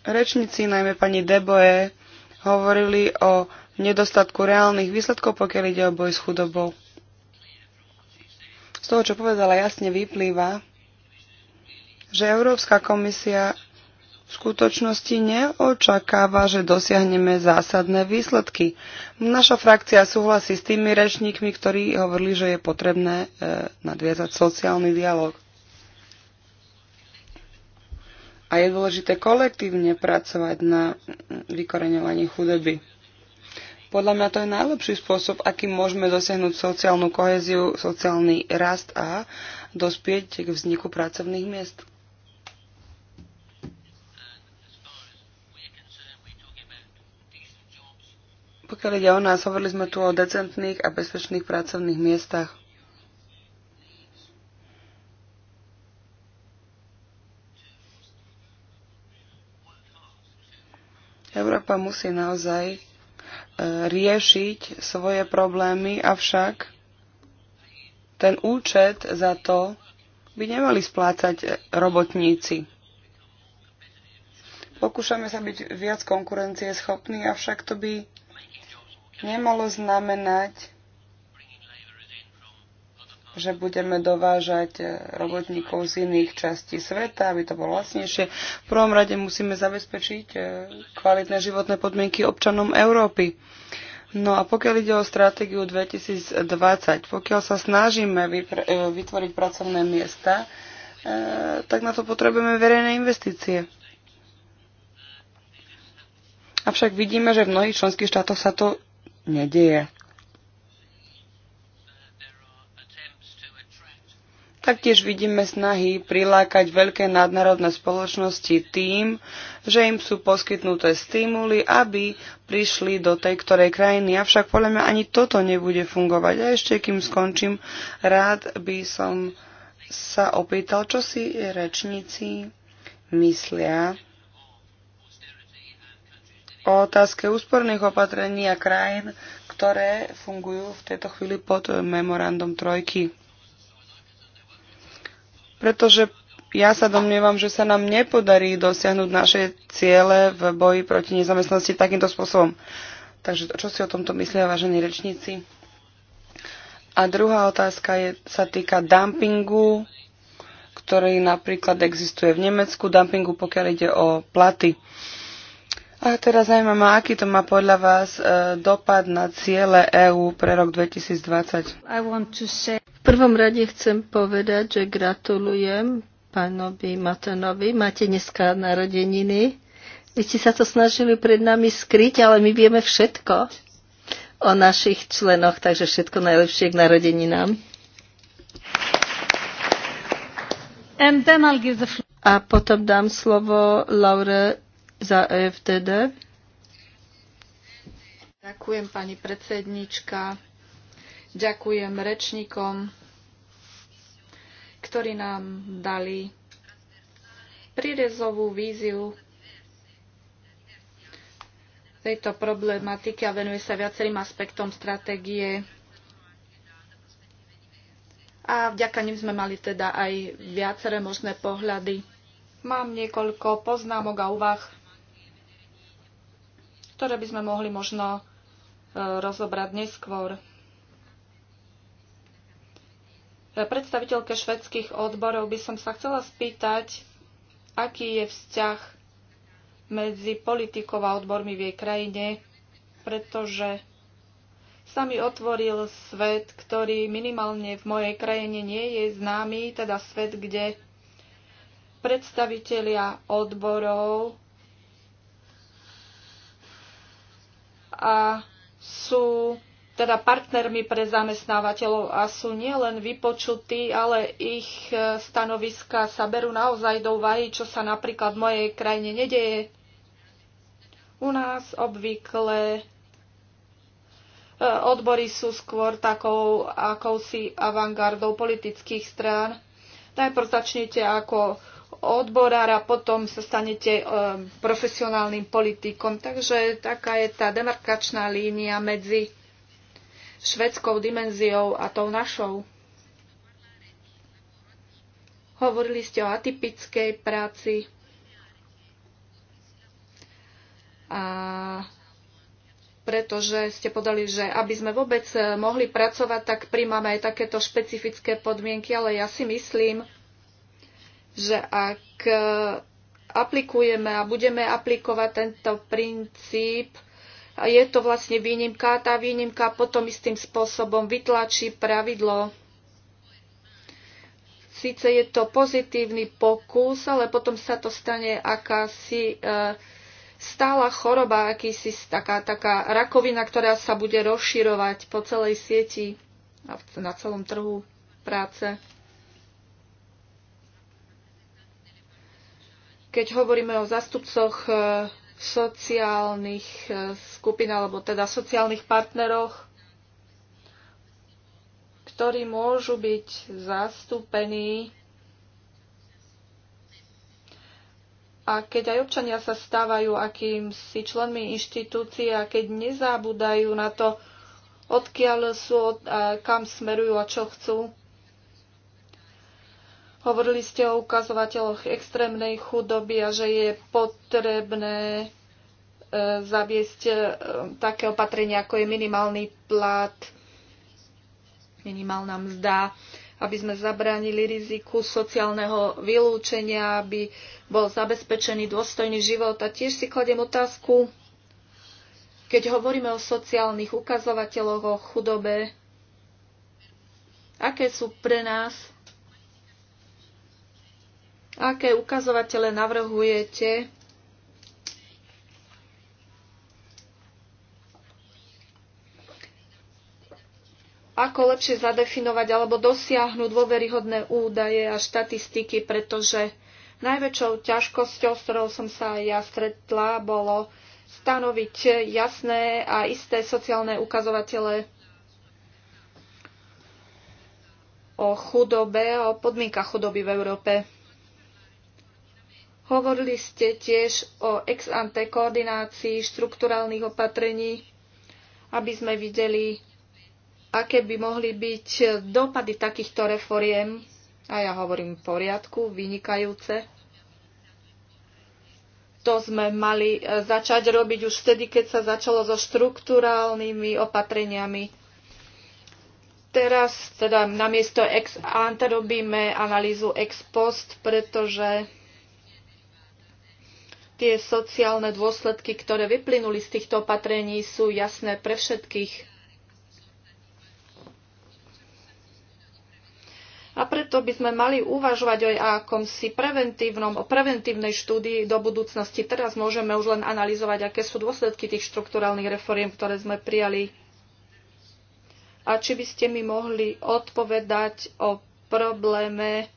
Rečníci, najmä pani Deboe hovorili o nedostatku reálnych výsledkov, pokiaľ ide o boj s chudobou. Z toho, čo povedala, jasne vyplýva, že Európska komisia v skutočnosti neočakáva, že dosiahneme zásadné výsledky. Naša frakcia súhlasí s tými rečníkmi, ktorí hovorili, že je potrebné e, nadviazať sociálny dialog. A je dôležité kolektívne pracovať na vykoreňovaní chudoby. Podľa mňa to je najlepší spôsob, akým môžeme dosiahnuť sociálnu koheziu, sociálny rast a dospieť k vzniku pracovných miest. Pokiaľ ide o nás, hovorili sme tu o decentných a bezpečných pracovných miestach. Európa musí naozaj riešiť svoje problémy, avšak ten účet za to by nemali splácať robotníci. Pokúšame sa byť viac konkurencie schopní, avšak to by nemalo znamenať že budeme dovážať e, robotníkov z iných častí sveta, aby to bolo lacnejšie. V prvom rade musíme zabezpečiť e, kvalitné životné podmienky občanom Európy. No a pokiaľ ide o stratégiu 2020, pokiaľ sa snažíme e, vytvoriť pracovné miesta, tak na to potrebujeme verejné investície. Avšak vidíme, že v mnohých členských štátoch sa to nedieje. Taktiež vidíme snahy prilákať veľké nadnárodné spoločnosti tým, že im sú poskytnuté stimuly, aby prišli do tej ktorej krajiny. Avšak podľa mňa ani toto nebude fungovať. A ešte kým skončím, rád by som sa opýtal, čo si rečníci myslia o otázke úsporných opatrení a krajín, ktoré fungujú v tejto chvíli pod memorandum trojky pretože ja sa domnievam, že sa nám nepodarí dosiahnuť naše ciele v boji proti nezamestnanosti takýmto spôsobom. Takže čo si o tomto myslia vážení rečníci? A druhá otázka je, sa týka dumpingu, ktorý napríklad existuje v Nemecku, dumpingu, pokiaľ ide o platy. Uh, a teraz zaujímavé ma, aký to má podľa vás uh, dopad na ciele EÚ pre rok 2020. V prvom rade chcem povedať, že gratulujem pánovi Matanovi. Máte dneska narodeniny. Vy ste sa to snažili pred nami skryť, ale my vieme všetko o našich členoch, takže všetko najlepšie k narodeninám. A potom dám slovo Laure za EFTD. Ďakujem pani predsednička. Ďakujem rečníkom, ktorí nám dali prírezovú víziu tejto problematiky a venuje sa viacerým aspektom stratégie. A vďaka nim sme mali teda aj viaceré možné pohľady. Mám niekoľko poznámok a úvah ktoré by sme mohli možno e, rozobrať neskôr. E, predstaviteľke švedských odborov by som sa chcela spýtať, aký je vzťah medzi politikou a odbormi v jej krajine, pretože sa mi otvoril svet, ktorý minimálne v mojej krajine nie je známy, teda svet, kde predstavitelia odborov a sú teda partnermi pre zamestnávateľov a sú nielen vypočutí, ale ich e, stanoviska sa berú naozaj do úvahy, čo sa napríklad v mojej krajine nedeje. U nás obvykle e, odbory sú skôr takou akousi avantgardou politických strán. Najprv začnete ako odborára, potom sa stanete eh, profesionálnym politikom. Takže taká je tá demarkačná línia medzi švedskou dimenziou a tou našou. Hovorili ste o atypickej práci a pretože ste podali, že aby sme vôbec eh, mohli pracovať, tak príjmame aj takéto špecifické podmienky, ale ja si myslím, že ak e, aplikujeme a budeme aplikovať tento princíp, je to vlastne výnimka a tá výnimka potom istým spôsobom vytlačí pravidlo. Síce je to pozitívny pokus, ale potom sa to stane akási e, stála choroba, akýsi taká, taká rakovina, ktorá sa bude rozširovať po celej sieti a na celom trhu práce. Keď hovoríme o zastupcoch e, sociálnych e, skupín alebo teda sociálnych partneroch, ktorí môžu byť zastúpení A keď aj občania sa stávajú akýmsi členmi inštitúcií a keď nezabúdajú na to, odkiaľ sú, kam smerujú a čo chcú, Hovorili ste o ukazovateľoch extrémnej chudoby a že je potrebné e, zaviesť e, také opatrenia, ako je minimálny plat, minimálna mzda, aby sme zabránili riziku sociálneho vylúčenia, aby bol zabezpečený dôstojný život. A tiež si kladem otázku, keď hovoríme o sociálnych ukazovateľoch, o chudobe, aké sú pre nás Aké ukazovatele navrhujete? Ako lepšie zadefinovať alebo dosiahnuť dôveryhodné údaje a štatistiky, pretože najväčšou ťažkosťou, s ktorou som sa ja stretla, bolo stanoviť jasné a isté sociálne ukazovatele o chudobe, o podmienkach chudoby v Európe. Hovorili ste tiež o ex ante koordinácii štrukturálnych opatrení, aby sme videli, aké by mohli byť dopady takýchto reforiem. A ja hovorím v poriadku, vynikajúce. To sme mali e, začať robiť už vtedy, keď sa začalo so štruktúrálnymi opatreniami. Teraz teda namiesto ex ante robíme analýzu ex post, pretože Tie sociálne dôsledky, ktoré vyplynuli z týchto opatrení, sú jasné pre všetkých. A preto by sme mali uvažovať aj akomsi preventívnom, o preventívnej štúdii do budúcnosti. Teraz môžeme už len analyzovať, aké sú dôsledky tých štrukturálnych reforiem, ktoré sme prijali. A či by ste mi mohli odpovedať o probléme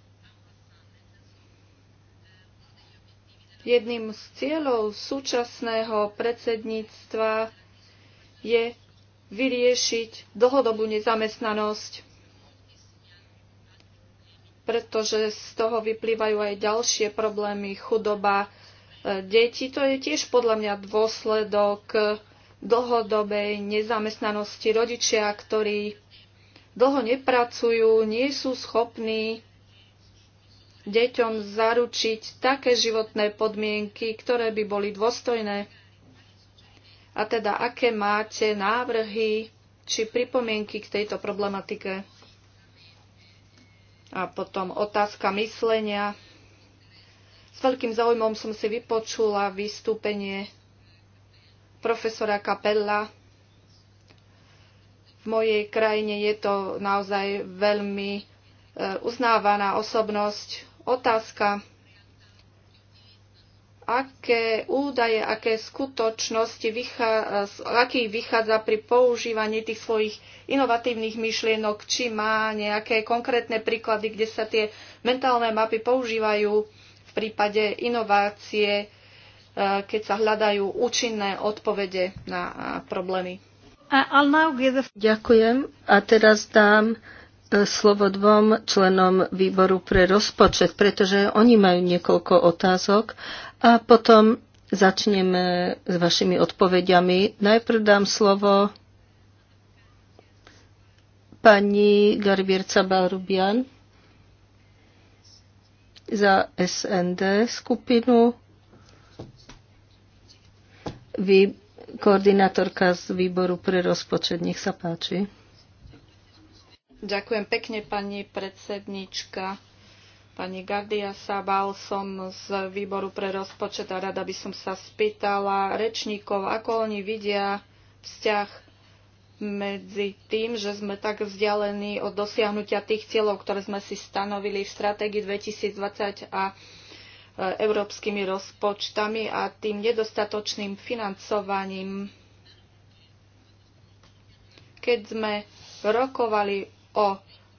Jedným z cieľov súčasného predsedníctva je vyriešiť dlhodobú nezamestnanosť, pretože z toho vyplývajú aj ďalšie problémy, chudoba e, detí. To je tiež podľa mňa dôsledok dlhodobej nezamestnanosti rodičia, ktorí dlho nepracujú, nie sú schopní deťom zaručiť také životné podmienky, ktoré by boli dôstojné. A teda, aké máte návrhy či pripomienky k tejto problematike? A potom otázka myslenia. S veľkým záujmom som si vypočula vystúpenie profesora Kapella. V mojej krajine je to naozaj veľmi e, uznávaná osobnosť, Otázka, aké údaje, aké skutočnosti, vychá, vychádza pri používaní tých svojich inovatívnych myšlienok, či má nejaké konkrétne príklady, kde sa tie mentálne mapy používajú v prípade inovácie, e, keď sa hľadajú účinné odpovede na e, problémy. Ďakujem a teraz dám slovo dvom členom výboru pre rozpočet, pretože oni majú niekoľko otázok a potom začneme s vašimi odpovediami. Najprv dám slovo pani Garbierca Barubian za SND skupinu. Vy, koordinátorka z výboru pre rozpočet, nech sa páči. Ďakujem pekne, pani predsednička. Pani Gardia Sabal, som z výboru pre rozpočet a rada by som sa spýtala rečníkov, ako oni vidia vzťah medzi tým, že sme tak vzdialení od dosiahnutia tých cieľov, ktoré sme si stanovili v stratégii 2020 a e, európskymi rozpočtami a tým nedostatočným financovaním. Keď sme rokovali o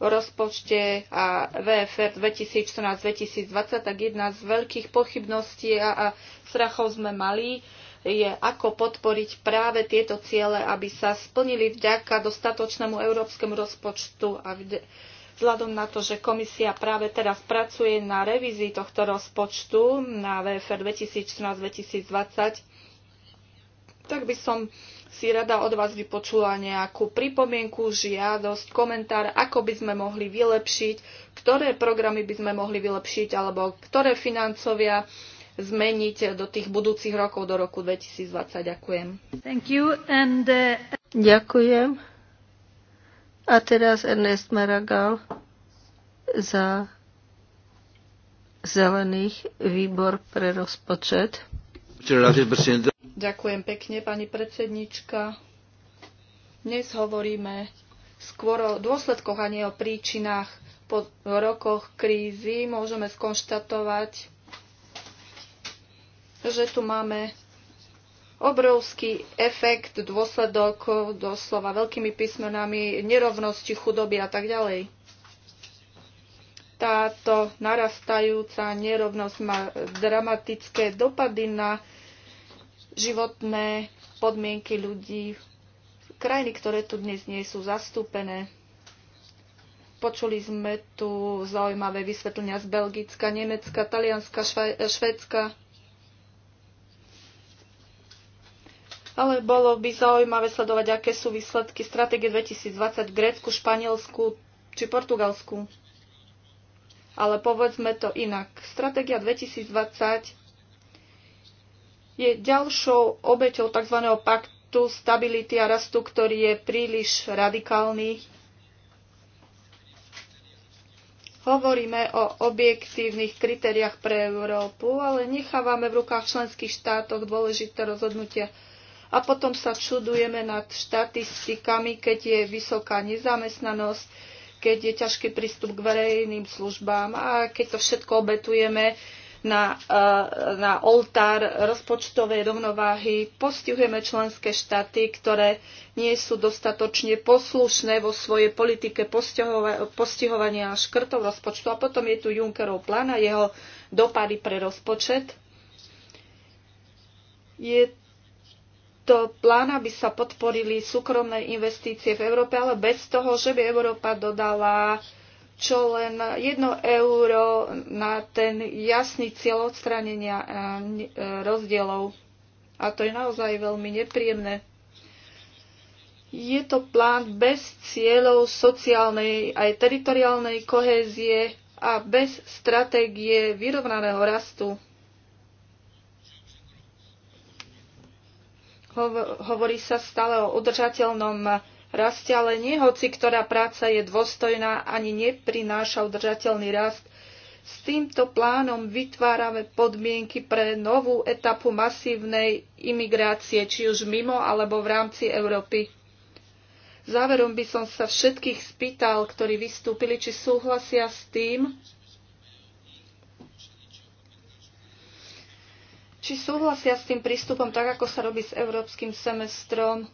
rozpočte a VFR 2014-2020, tak jedna z veľkých pochybností a, a strachov sme mali, je ako podporiť práve tieto ciele, aby sa splnili vďaka dostatočnému európskemu rozpočtu a vzhľadom na to, že komisia práve teraz pracuje na revízii tohto rozpočtu na VFR 2014-2020, tak by som si rada od vás vypočula nejakú pripomienku, žiadosť, komentár, ako by sme mohli vylepšiť, ktoré programy by sme mohli vylepšiť alebo ktoré financovia zmeniť do tých budúcich rokov, do roku 2020. Ďakujem. Thank you and, uh... Ďakujem. A teraz Ernest Maragal za zelených výbor pre rozpočet. Ďakujem pekne, pani predsednička. Dnes hovoríme skôr o dôsledkoch a nie o príčinách. Po rokoch krízy môžeme skonštatovať, že tu máme obrovský efekt, dôsledok doslova veľkými písmenami nerovnosti, chudoby a tak ďalej. Táto narastajúca nerovnosť má dramatické dopady na životné podmienky ľudí, krajiny, ktoré tu dnes nie sú zastúpené. Počuli sme tu zaujímavé vysvetlenia z Belgicka, Nemecka, Talianska, eh, Švédska. Ale bolo by zaujímavé sledovať, aké sú výsledky stratégie 2020 v Grécku, Španielsku či Portugalsku. Ale povedzme to inak. Stratégia 2020 je ďalšou obeťou tzv. paktu stability a rastu, ktorý je príliš radikálny. Hovoríme o objektívnych kritériách pre Európu, ale nechávame v rukách členských štátoch dôležité rozhodnutia. A potom sa čudujeme nad štatistikami, keď je vysoká nezamestnanosť, keď je ťažký prístup k verejným službám a keď to všetko obetujeme na, e, na oltár rozpočtovej rovnováhy postihujeme členské štáty, ktoré nie sú dostatočne poslušné vo svojej politike postihovania škrtov rozpočtu. A potom je tu Junckerov plán a jeho dopady pre rozpočet. Je to plán, aby sa podporili súkromné investície v Európe, ale bez toho, že by Európa dodala uh, čo len jedno euro na ten jasný cieľ odstranenia eh, eh, rozdielov. A to je naozaj veľmi nepríjemné. Je to plán bez cieľov sociálnej aj teritoriálnej kohézie a bez stratégie vyrovnaného rastu. Hovorí sa stále o udržateľnom raste, ale nie hoci ktorá práca je dôstojná ani neprináša udržateľný rast. S týmto plánom vytvárame podmienky pre novú etapu masívnej imigrácie, či už mimo alebo v rámci Európy. Záverom by som sa všetkých spýtal, ktorí vystúpili, či súhlasia s tým, či súhlasia s tým prístupom, tak ako sa robí s európskym semestrom,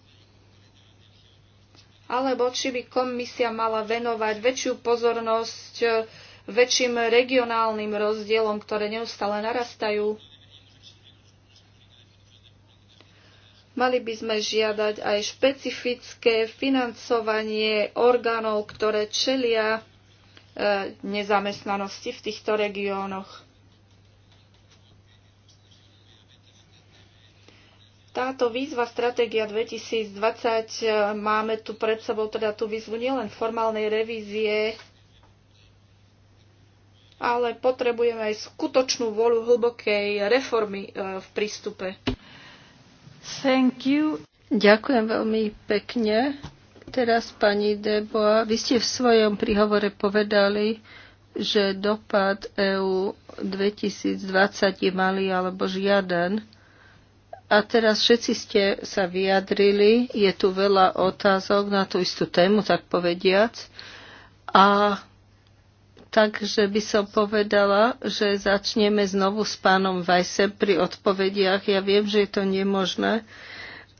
alebo či by komisia mala venovať väčšiu pozornosť e, väčším regionálnym rozdielom, ktoré neustále narastajú. Mali by sme žiadať aj špecifické financovanie orgánov, ktoré čelia e, nezamestnanosti v týchto regiónoch. Táto výzva Stratégia 2020, e, máme tu pred sebou teda tú výzvu nielen formálnej revízie, ale potrebujeme aj skutočnú volu hlbokej reformy e, v prístupe. Thank you. Ďakujem veľmi pekne. Teraz, pani Deboa, vy ste v svojom príhovore povedali, že dopad EU 2020 je malý alebo žiaden a teraz všetci ste sa vyjadrili, je tu veľa otázok na tú istú tému, tak povediac. A takže by som povedala, že začneme znovu s pánom Vajsem pri odpovediach. Ja viem, že je to nemožné,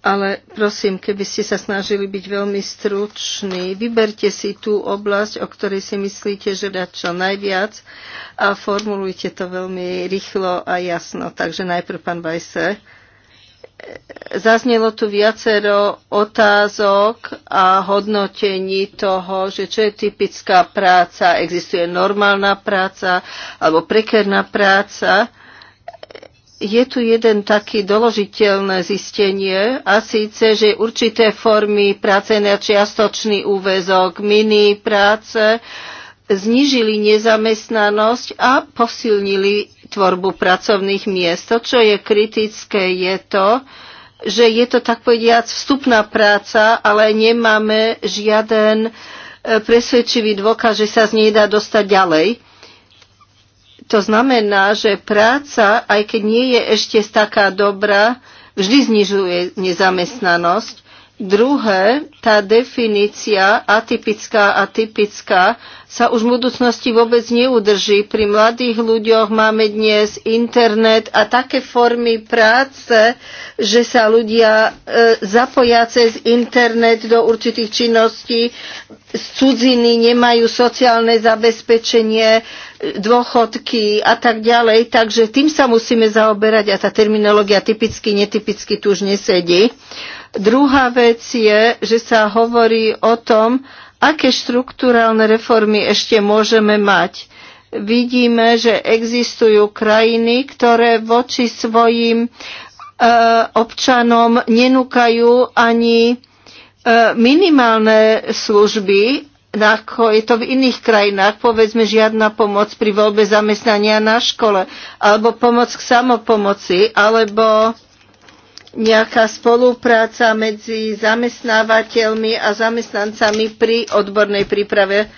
ale prosím, keby ste sa snažili byť veľmi struční, vyberte si tú oblasť, o ktorej si myslíte, že dá čo najviac a formulujte to veľmi rýchlo a jasno. Takže najprv pán Vajse zaznelo tu viacero otázok a hodnotení toho, že čo je typická práca, existuje normálna práca alebo prekerná práca. Je tu jeden taký doložiteľné zistenie a síce, že určité formy práce na čiastočný úvezok, mini práce, znižili nezamestnanosť a posilnili tvorbu pracovných miest. To, čo je kritické, je to, že je to tak povediac vstupná práca, ale nemáme žiaden e, presvedčivý dôkaz, že sa z nej dá dostať ďalej. To znamená, že práca, aj keď nie je ešte taká dobrá, vždy znižuje nezamestnanosť Druhé, tá definícia atypická a typická sa už v budúcnosti vôbec neudrží. Pri mladých ľuďoch máme dnes internet a také formy práce, že sa ľudia e, zapoja cez internet do určitých činností, z cudziny nemajú sociálne zabezpečenie, e, dôchodky a tak ďalej. Takže tým sa musíme zaoberať a tá terminológia typicky, netypicky tu už nesedí. E, Druhá vec je, že sa hovorí o tom, aké štruktúrálne reformy ešte môžeme mať. Vidíme, že existujú krajiny, ktoré voči svojim e, občanom nenúkajú ani e, minimálne služby, ako je to v iných krajinách, povedzme žiadna pomoc pri voľbe zamestnania na škole, alebo pomoc k samopomoci, alebo nejaká spolupráca medzi zamestnávateľmi a zamestnancami pri odbornej príprave.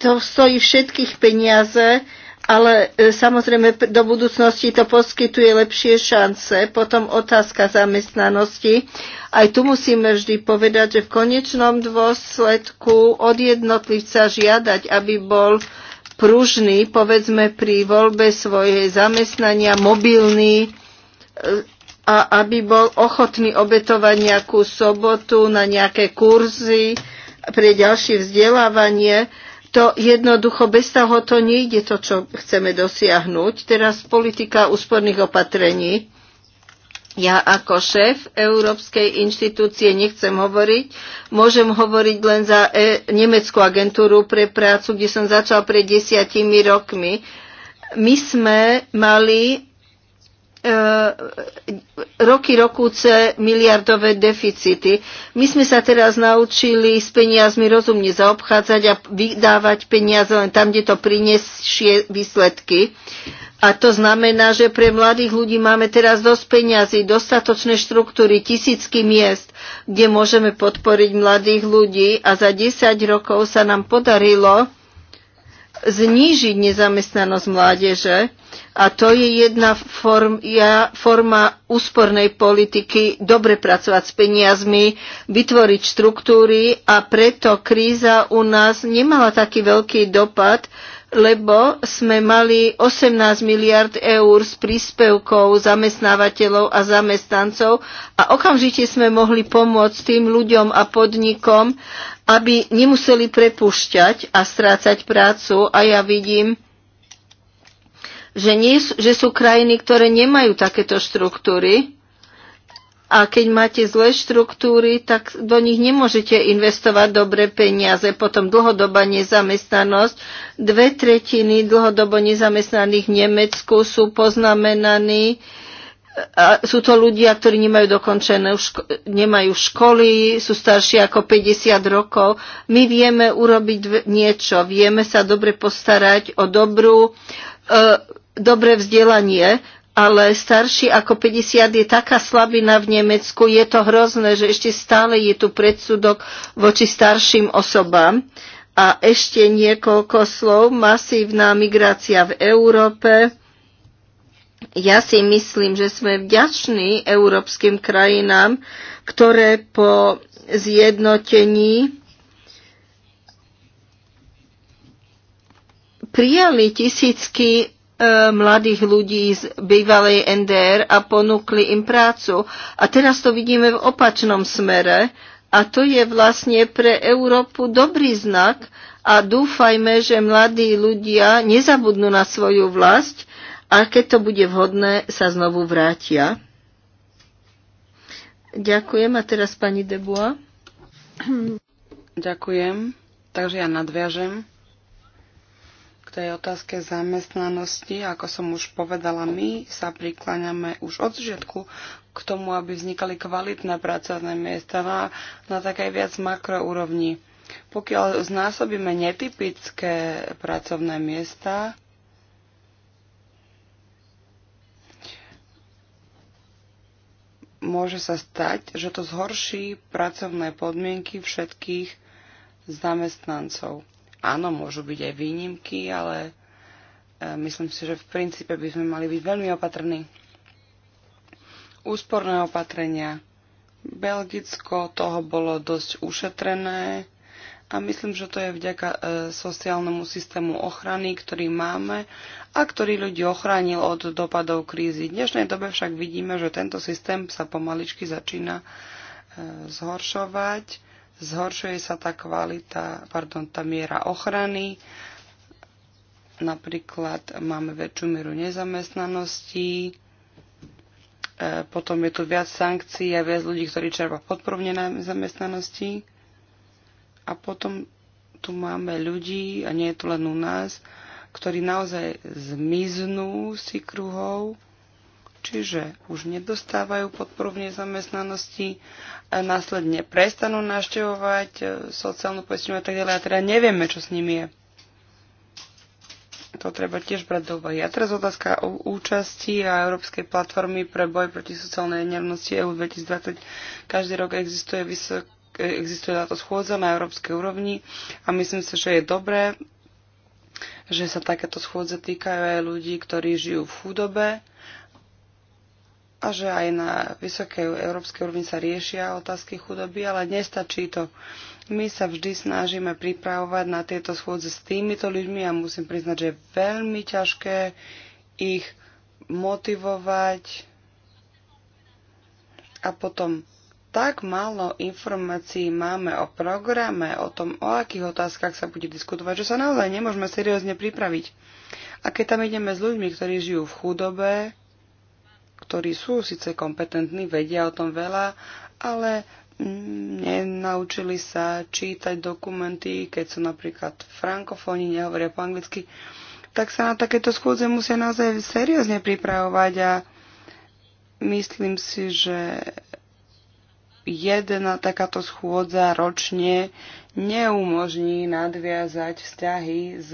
To stojí všetkých peniaze, ale e, samozrejme do budúcnosti to poskytuje lepšie šance. Potom otázka zamestnanosti. Aj tu musíme vždy povedať, že v konečnom dôsledku od jednotlivca žiadať, aby bol pružný, povedzme pri voľbe svojej zamestnania, mobilný, e, a aby bol ochotný obetovať nejakú sobotu na nejaké kurzy pre ďalšie vzdelávanie. To jednoducho bez toho to nejde to, čo chceme dosiahnuť. Teraz politika úsporných opatrení. Ja ako šéf Európskej inštitúcie nechcem hovoriť. Môžem hovoriť len za e- Nemeckú agentúru pre prácu, kde som začal pred desiatimi rokmi. My sme mali E, roky rokúce miliardové deficity. My sme sa teraz naučili s peniazmi rozumne zaobchádzať a vydávať peniaze len tam, kde to prinesie výsledky. A to znamená, že pre mladých ľudí máme teraz dosť peniazy, dostatočné štruktúry, tisícky miest, kde môžeme podporiť mladých ľudí a za 10 rokov sa nám podarilo znížiť nezamestnanosť mládeže a to je jedna form, ja, forma úspornej politiky, dobre pracovať s peniazmi, vytvoriť štruktúry a preto kríza u nás nemala taký veľký dopad, lebo sme mali 18 miliard eur z príspevkov zamestnávateľov a zamestnancov a okamžite sme mohli pomôcť tým ľuďom a podnikom, aby nemuseli prepušťať a strácať prácu. A ja vidím, že, nie, že sú krajiny, ktoré nemajú takéto štruktúry. A keď máte zlé štruktúry, tak do nich nemôžete investovať dobré peniaze. Potom dlhodobá nezamestnanosť. Dve tretiny dlhodobo nezamestnaných v Nemecku sú poznamenaní uh, sú to ľudia, ktorí nemajú dokončené, ško- nemajú školy, sú starší ako 50 rokov. My vieme urobiť niečo, vieme sa dobre postarať o dobrú, e, dobré vzdelanie, ale starší ako 50 je taká slabina v Nemecku, je to hrozné, že ešte stále je tu predsudok voči starším osobám. A ešte niekoľko slov, masívna migrácia v Európe ja si myslím, že sme vďační európskym krajinám, ktoré po zjednotení prijali tisícky e, mladých ľudí z bývalej NDR a ponúkli im prácu. A teraz to vidíme v opačnom smere. A to je vlastne pre Európu dobrý znak a dúfajme, že mladí ľudia nezabudnú na svoju vlast a keď to bude vhodné, sa znovu vrátia. Ďakujem a teraz pani Debua. Ďakujem. Takže ja nadviažem k tej otázke zamestnanosti. Ako som už povedala, my sa prikláňame už od začiatku k tomu, aby vznikali kvalitné pracovné miesta na, na takej viac makroúrovni. Pokiaľ znásobíme netypické pracovné miesta, môže sa stať, že to zhorší pracovné podmienky všetkých zamestnancov. Áno, môžu byť aj výnimky, ale e, myslím si, že v princípe by sme mali byť veľmi opatrní. Úsporné opatrenia. Belgicko toho bolo dosť ušetrené a myslím, že to je vďaka e, sociálnemu systému ochrany, ktorý máme a ktorý ľudí ochránil od dopadov krízy. V dnešnej dobe však vidíme, že tento systém sa pomaličky začína e, zhoršovať, zhoršuje sa tá kvalita, pardon, tá miera ochrany, napríklad máme väčšiu mieru nezamestnanosti, e, potom je tu viac sankcií a viac ľudí, ktorí čerpa podporu v nezamestnanosti a potom tu máme ľudí, a nie je to len u nás, ktorí naozaj zmiznú si kruhov, čiže už nedostávajú podporu v nezamestnanosti, a následne prestanú naštevovať e, sociálnu poistenie a tak ďalej. A teda nevieme, čo s nimi je. To treba tiež brať do úvahy. A teraz otázka o účasti a Európskej platformy pre boj proti sociálnej nerovnosti EU 2020. Každý rok existuje vysok existuje táto schôdza na európskej úrovni a myslím si, že je dobré, že sa takéto schôdze týkajú aj ľudí, ktorí žijú v chudobe a že aj na vysokej európskej úrovni sa riešia otázky chudoby, ale nestačí to. My sa vždy snažíme pripravovať na tieto schôdze s týmito ľuďmi a musím priznať, že je veľmi ťažké ich motivovať a potom tak málo informácií máme o programe, o tom, o akých otázkach sa bude diskutovať, že sa naozaj nemôžeme seriózne pripraviť. A keď tam ideme s ľuďmi, ktorí žijú v chudobe, ktorí sú síce kompetentní, vedia o tom veľa, ale mm, nenaučili sa čítať dokumenty, keď sú napríklad frankofóni, nehovoria po anglicky, tak sa na takéto schôdze musia naozaj seriózne pripravovať a myslím si, že jedna takáto schôdza ročne neumožní nadviazať vzťahy s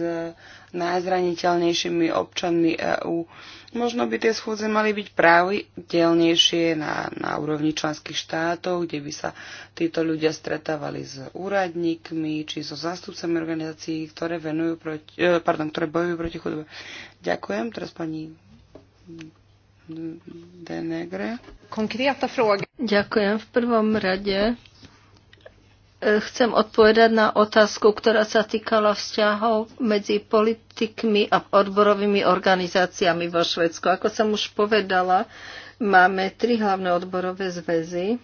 najzraniteľnejšími občanmi EÚ. Možno by tie schôdze mali byť pravidelnejšie na, na úrovni členských štátov, kde by sa títo ľudia stretávali s úradníkmi či so zástupcami organizácií, ktoré, venujú proti, e, pardon, ktoré bojujú proti chudobe. Ďakujem. Teraz pani Denegre. Konkrétna Ďakujem. V prvom rade eh, chcem odpovedať na otázku, ktorá sa týkala vzťahov medzi politikmi a odborovými organizáciami vo Švedsku. Ako som už povedala, máme tri hlavné odborové zväzy.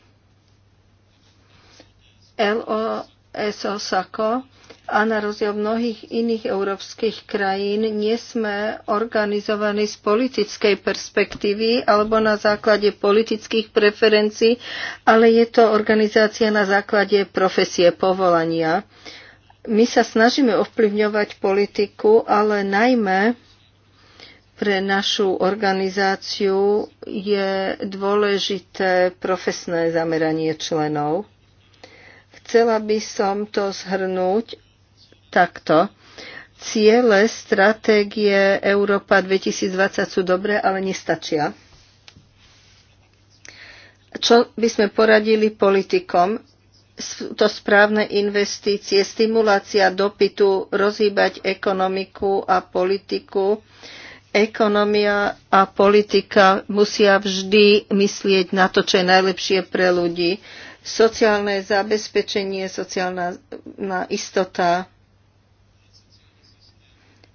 LO, SOSAKO a na rozdiel mnohých iných európskych krajín nie sme organizovaní z politickej perspektívy alebo na základe politických preferencií, ale je to organizácia na základe profesie povolania. My sa snažíme ovplyvňovať politiku, ale najmä pre našu organizáciu je dôležité profesné zameranie členov. Chcela by som to zhrnúť takto. Ciele stratégie Európa 2020 sú dobré, ale nestačia. Čo by sme poradili politikom? to správne investície, stimulácia dopytu, rozhýbať ekonomiku a politiku. Ekonomia a politika musia vždy myslieť na to, čo je najlepšie pre ľudí sociálne zabezpečenie, sociálna istota,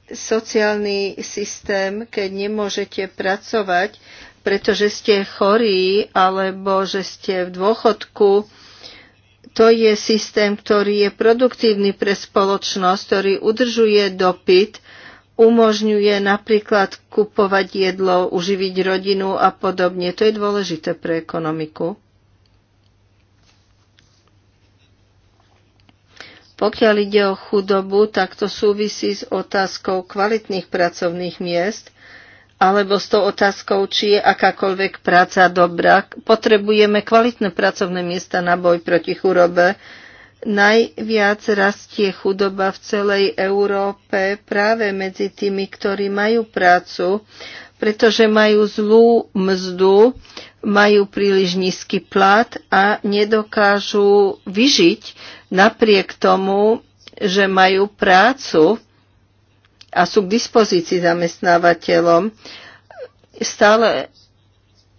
sociálny systém, keď nemôžete pracovať, pretože ste chorí alebo že ste v dôchodku. To je systém, ktorý je produktívny pre spoločnosť, ktorý udržuje dopyt, umožňuje napríklad kupovať jedlo, uživiť rodinu a podobne. To je dôležité pre ekonomiku. Pokiaľ ide o chudobu, tak to súvisí s otázkou kvalitných pracovných miest alebo s tou otázkou, či je akákoľvek práca dobrá. Potrebujeme kvalitné pracovné miesta na boj proti chudobe. Najviac rastie chudoba v celej Európe práve medzi tými, ktorí majú prácu pretože majú zlú mzdu, majú príliš nízky plat a nedokážu vyžiť napriek tomu, že majú prácu a sú k dispozícii zamestnávateľom. Stále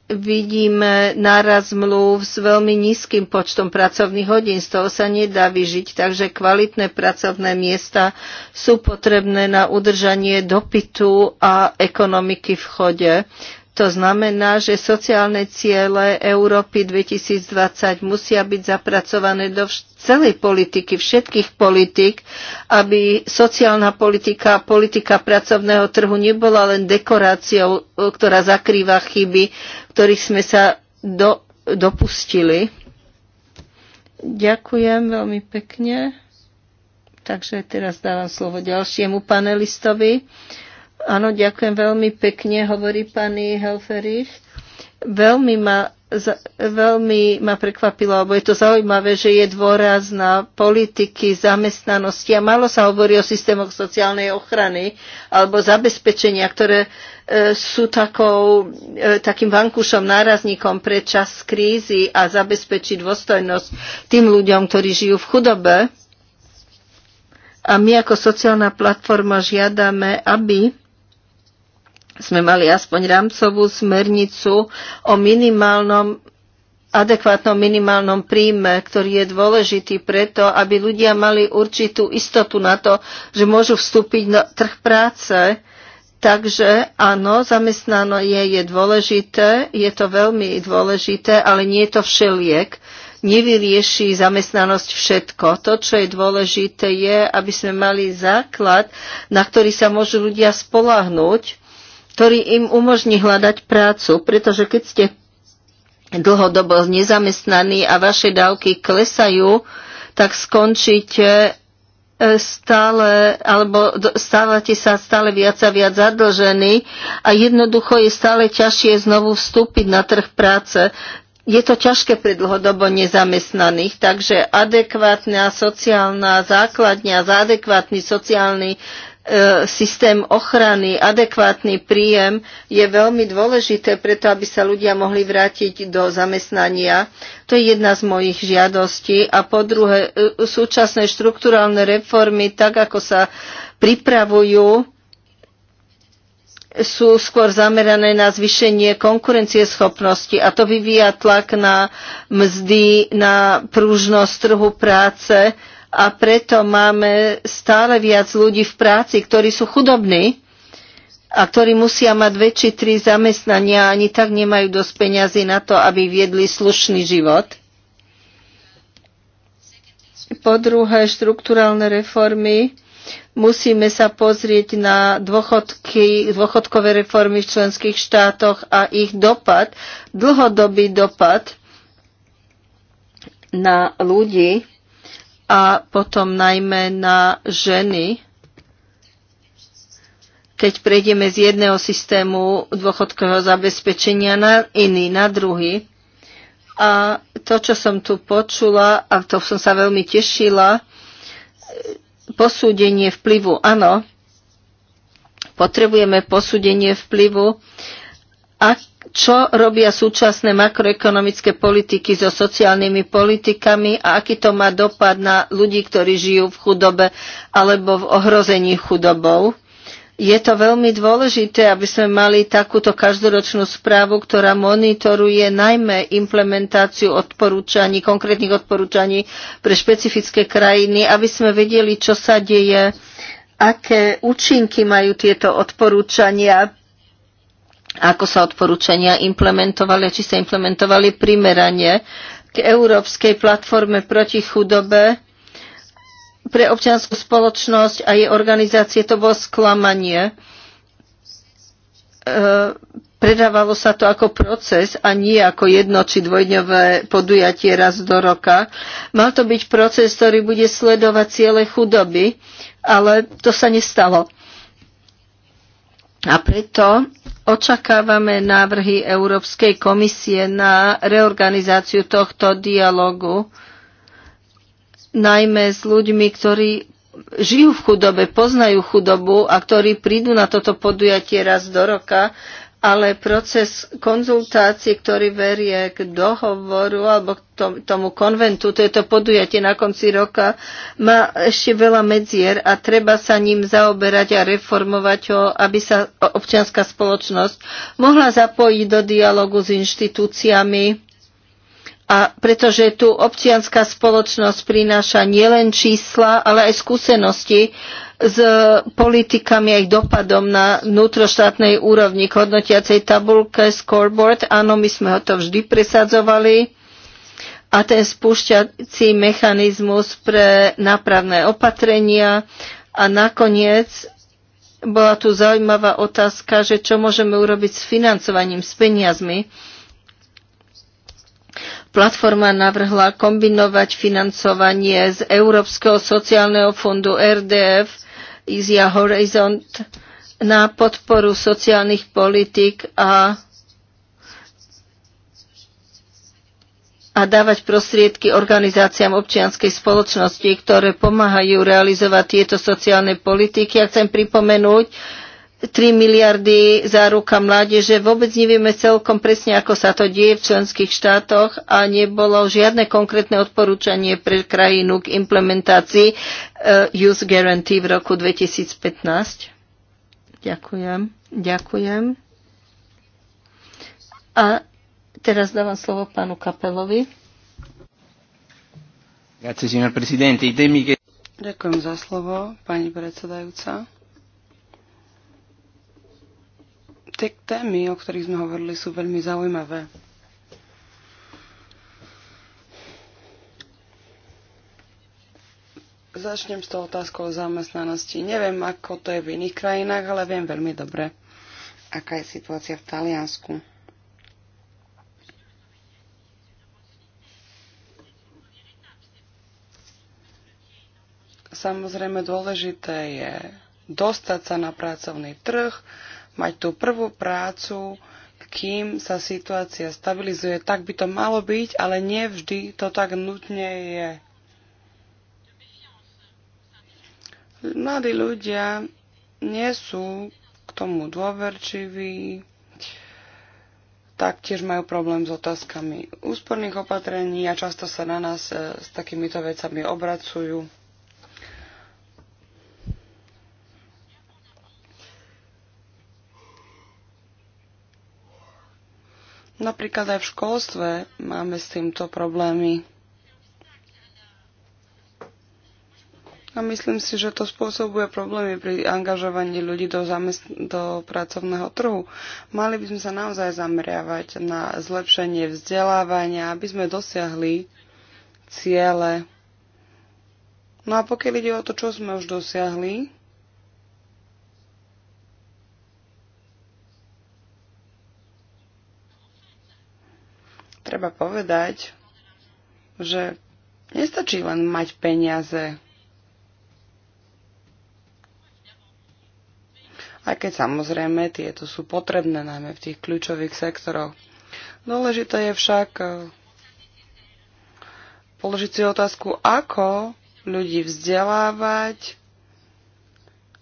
vidíme náraz mluv s veľmi nízkym počtom pracovných hodín. Z toho sa nedá vyžiť, takže kvalitné pracovné miesta sú potrebné na udržanie dopytu a ekonomiky v chode. To znamená, že sociálne ciele Európy 2020 musia byť zapracované do celej politiky, všetkých politik, aby sociálna politika a politika pracovného trhu nebola len dekoráciou, e, ktorá zakrýva chyby, ktorých sme sa do, dopustili. Ďakujem veľmi pekne. Takže teraz dávam slovo ďalšiemu panelistovi. Áno, ďakujem veľmi pekne, hovorí pani Helferich. Veľmi ma, veľmi ma prekvapilo, alebo je to zaujímavé, že je dôraz na politiky zamestnanosti a málo sa hovorí o systémoch sociálnej ochrany alebo zabezpečenia, ktoré e, sú takou, e, takým vankúšom, nárazníkom pre čas krízy a zabezpečiť dôstojnosť tým ľuďom, ktorí žijú v chudobe. A my ako sociálna platforma žiadame, aby sme mali aspoň rámcovú smernicu o minimálnom adekvátnom minimálnom príjme, ktorý je dôležitý preto, aby ľudia mali určitú istotu na to, že môžu vstúpiť na trh práce. Takže áno, zamestnáno je, je dôležité, je to veľmi dôležité, ale nie je to všeliek nevyrieši zamestnanosť všetko. To, čo je dôležité, je, aby sme mali základ, na ktorý sa môžu ľudia spolahnúť ktorý im umožní hľadať prácu, pretože keď ste dlhodobo nezamestnaní a vaše dávky klesajú, tak skončíte e, stále, alebo stávate sa stále viac a viac zadlžený a jednoducho je stále ťažšie znovu vstúpiť na trh práce. Je to ťažké pre dlhodobo nezamestnaných, takže adekvátna sociálna základňa, adekvátny sociálny E, systém ochrany, adekvátny príjem je veľmi dôležité preto, aby sa ľudia mohli vrátiť do zamestnania. To je jedna z mojich žiadostí. A po druhé, e, súčasné štruktúralne reformy, tak ako sa pripravujú, sú skôr zamerané na zvýšenie konkurencieschopnosti a to vyvíja tlak na mzdy, na prúžnosť trhu práce, a preto máme stále viac ľudí v práci, ktorí sú chudobní a ktorí musia mať dve tri zamestnania a ani tak nemajú dosť peňazí na to, aby viedli slušný život. Po druhé, štruktúralne reformy. Musíme sa pozrieť na dôchodky, dôchodkové reformy v členských štátoch a ich dopad, dlhodobý dopad na ľudí, a potom najmä na ženy, keď prejdeme z jedného systému dôchodkového zabezpečenia na iný, na druhý. A to, čo som tu počula, a to som sa veľmi tešila, posúdenie vplyvu, áno, potrebujeme posúdenie vplyvu, ak čo robia súčasné makroekonomické politiky so sociálnymi politikami a aký to má dopad na ľudí, ktorí žijú v chudobe alebo v ohrození chudobou. Je to veľmi dôležité, aby sme mali takúto každoročnú správu, ktorá monitoruje najmä implementáciu odporúčaní, konkrétnych odporúčaní pre špecifické krajiny, aby sme vedeli, čo sa deje aké účinky majú tieto odporúčania ako sa odporúčania implementovali, či sa implementovali primerane k Európskej platforme proti chudobe pre občianskú spoločnosť a jej organizácie to bolo sklamanie. E, predávalo sa to ako proces a nie ako jedno či dvojdňové podujatie raz do roka. Mal to byť proces, ktorý bude sledovať ciele chudoby, ale to sa nestalo. A preto Očakávame návrhy Európskej komisie na reorganizáciu tohto dialogu, najmä s ľuďmi, ktorí žijú v chudobe, poznajú chudobu a ktorí prídu na toto podujatie raz do roka, ale proces konzultácie, ktorý verie k dohovoru alebo k tomu konventu, to je to podujatie na konci roka, má ešte veľa medzier a treba sa ním zaoberať a reformovať ho, aby sa občianská spoločnosť mohla zapojiť do dialogu s inštitúciami. A pretože tu občianská spoločnosť prináša nielen čísla, ale aj skúsenosti s politikami a ich dopadom na vnútroštátnej úrovni k hodnotiacej tabulke scoreboard. Áno, my sme ho to vždy presadzovali a ten spúšťací mechanizmus pre nápravné opatrenia a nakoniec bola tu zaujímavá otázka, že čo môžeme urobiť s financovaním, s peniazmi. Platforma navrhla kombinovať financovanie z Európskeho sociálneho fondu RDF Izia Horizont na podporu sociálnych politik a, a dávať prostriedky organizáciám občianskej spoločnosti, ktoré pomáhajú realizovať tieto sociálne politiky. Ja chcem pripomenúť, 3 miliardy záruka mládeže. Vôbec nevieme celkom presne, ako sa to deje v členských štátoch a nebolo žiadne konkrétne odporúčanie pre krajinu k implementácii Youth eh, Guarantee v roku 2015. Ďakujem. Ďakujem. A teraz dávam slovo pánu Kapelovi. Ďakujem za slovo, pani predsedajúca. Tie témy, o ktorých sme hovorili, sú veľmi zaujímavé. Začnem s tou otázkou o zamestnanosti. Neviem, ako to je v iných krajinách, ale viem veľmi dobre, aká je situácia v Taliansku. Samozrejme dôležité je dostať sa na pracovný trh, mať tú prvú prácu, kým sa situácia stabilizuje. Tak by to malo byť, ale nie vždy to tak nutne je. Mladí ľudia nie sú k tomu dôverčiví, taktiež majú problém s otázkami úsporných opatrení a často sa na nás eh, s takýmito vecami obracujú. Napríklad aj v školstve máme s týmto problémy. A myslím si, že to spôsobuje problémy pri angažovaní ľudí do, zamest- do pracovného trhu. Mali by sme sa naozaj zameriavať na zlepšenie vzdelávania, aby sme dosiahli ciele. No a pokiaľ ide o to, čo sme už dosiahli, treba povedať, že nestačí len mať peniaze. Aj keď samozrejme tieto sú potrebné, najmä v tých kľúčových sektoroch. Dôležité je však eh, položiť si otázku, ako ľudí vzdelávať,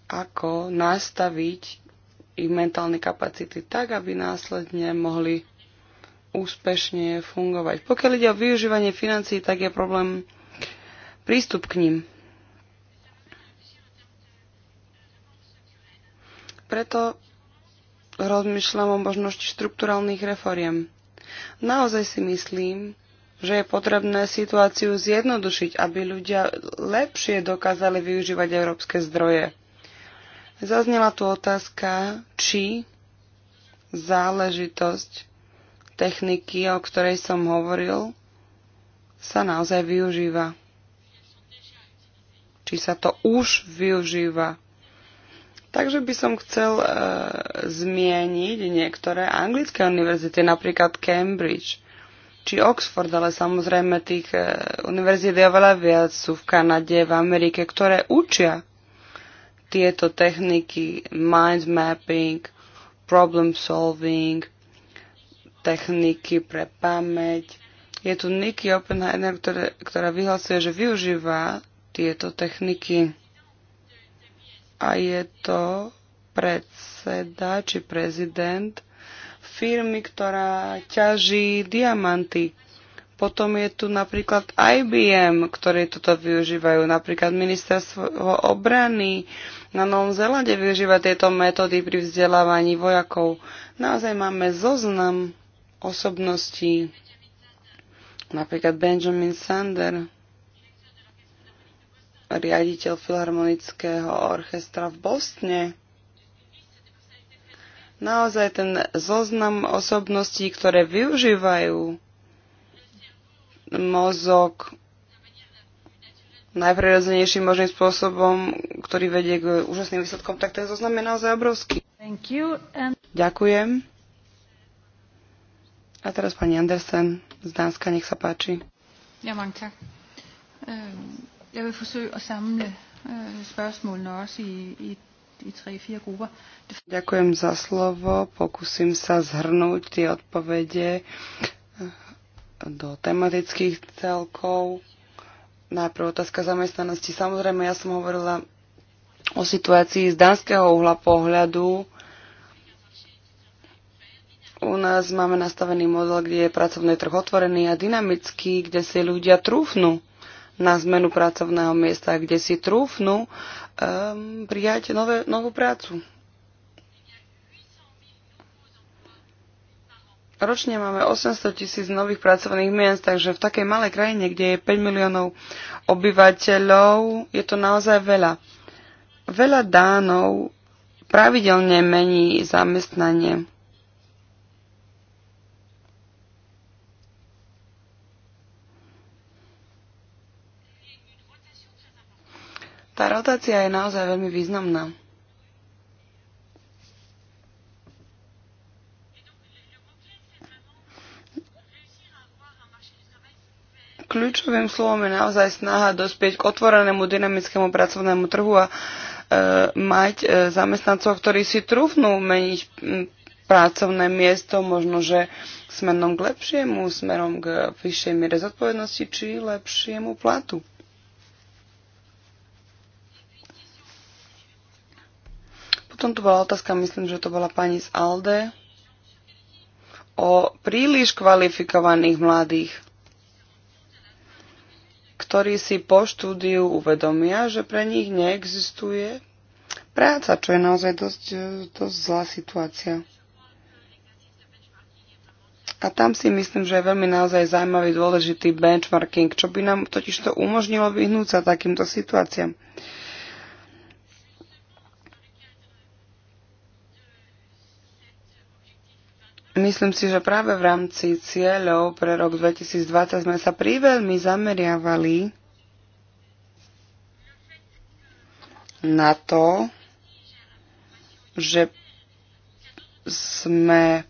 ako nastaviť ich mentálne kapacity tak, aby následne mohli úspešne fungovať. Pokiaľ ide o využívanie financií, tak je problém prístup k ním. Preto rozmýšľam o možnosti štrukturálnych reforiem. Naozaj si myslím, že je potrebné situáciu zjednodušiť, aby ľudia lepšie dokázali využívať európske zdroje. Zaznela tu otázka, či záležitosť techniky, o ktorej som hovoril, sa naozaj využíva. Či sa to už využíva. Takže by som chcel e, zmieniť niektoré anglické univerzity, napríklad Cambridge či Oxford, ale samozrejme tých e, univerzít je veľa viac, sú v Kanade, v Amerike, ktoré učia tieto techniky, mind mapping, problem solving, techniky pre pamäť. Je tu Nikki Oppenheimer, ktoré, ktorá vyhlasuje, že využíva tieto techniky. A je to predseda či prezident firmy, ktorá ťaží diamanty. Potom je tu napríklad IBM, ktorí toto využívajú, napríklad ministerstvo obrany na Novom Zelande využíva tieto metódy pri vzdelávaní vojakov. Naozaj máme zoznam osobnosti, napríklad Benjamin Sander, riaditeľ filharmonického orchestra v Bostne. Naozaj ten zoznam osobností, ktoré využívajú mozog najprirodzenejším možným spôsobom, ktorý vedie k úžasným výsledkom, tak ten zoznam je naozaj obrovský. And... Ďakujem. A teraz pani Andersen z Dánska, nech sa páči. Ja mám tak. Ja vil forsøge at samle øh, spørgsmålene også i, i Ďakujem za slovo. Pokúsim sa zhrnúť tie odpovede eh, do tematických celkov. Najprv otázka zamestnanosti. Samozrejme, ja som hovorila o situácii z dánskeho uhla pohľadu. U nás máme nastavený model, kde je pracovný trh otvorený a dynamický, kde si ľudia trúfnú na zmenu pracovného miesta, kde si trúfnú um, prijať nové, novú prácu. Ročne máme 800 tisíc nových pracovných miest, takže v takej malej krajine, kde je 5 miliónov obyvateľov, je to naozaj veľa. Veľa dánov pravidelne mení zamestnanie. Tá rotácia je naozaj veľmi významná. Kľúčovým slovom je naozaj snaha dospieť k otvorenému dynamickému pracovnému trhu a e, mať e, zamestnancov, ktorí si trúfnú meniť m, pracovné miesto, možno že smerom k lepšiemu, smerom k vyššej miere zodpovednosti či lepšiemu platu. Potom tu bola otázka, myslím, že to bola pani z Alde, o príliš kvalifikovaných mladých, ktorí si po štúdiu uvedomia, že pre nich neexistuje práca, čo je naozaj dosť, e, dosť zlá situácia. A tam si myslím, že je veľmi naozaj zaujímavý dôležitý benchmarking, čo by nám totiž to umožnilo vyhnúť sa takýmto situáciám. Uh, Myslím si, že práve v rámci cieľov pre rok 2020 sme sa priveľmi zameriavali na to, že sme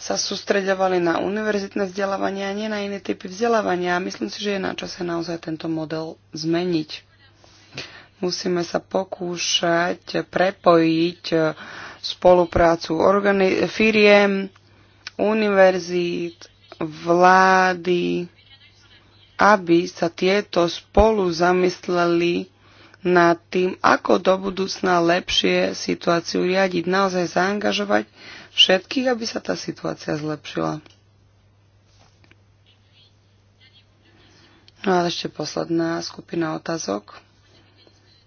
sa sústreďovali na univerzitné vzdelávanie a nie na iné typy vzdelávania. Myslím si, že je na čase naozaj tento model zmeniť. Musíme sa pokúšať prepojiť spoluprácu organi- firiem, univerzít, vlády, aby sa tieto spolu zamysleli nad tým, ako do budúcna lepšie situáciu riadiť, naozaj zaangažovať všetkých, aby sa tá situácia zlepšila. No a ešte posledná skupina otázok.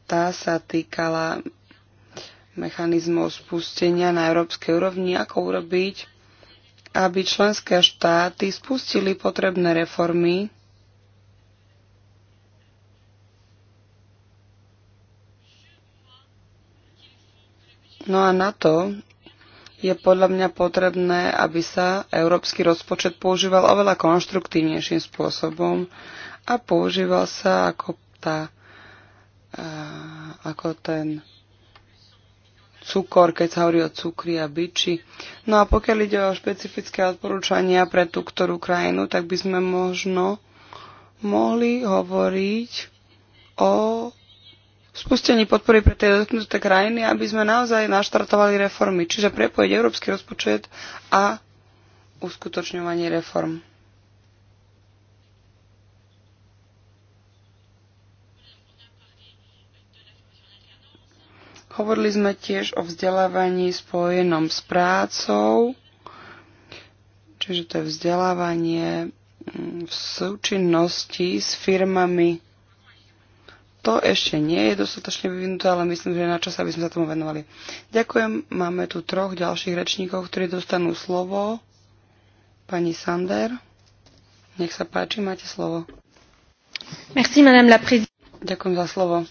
Tá sa týkala mechanizmov spustenia na európskej úrovni, ako urobiť, aby členské štáty spustili potrebné reformy No a na to je podľa mňa potrebné, aby sa európsky rozpočet používal oveľa konštruktívnejším spôsobom a používal sa ako, tá, eh, ako ten cukor, keď sa hovorí o cukri a biči. No a pokiaľ ide o špecifické odporúčania pre tú ktorú krajinu, tak by sme možno mohli hovoriť o spustení podpory pre tie dotknuté krajiny, aby sme naozaj naštartovali reformy, čiže prepojiť európsky rozpočet a uskutočňovanie reform. Hovorili sme tiež o vzdelávaní spojenom s prácou, čiže to je vzdelávanie mm, v súčinnosti s firmami. To ešte nie je dostatočne vyvinuté, ale myslím, že je na čas, aby sme sa tomu venovali. Ďakujem. Máme tu troch ďalších rečníkov, ktorí dostanú slovo. Pani Sander, nech sa páči, máte slovo. Merci, madame la Ďakujem za slovo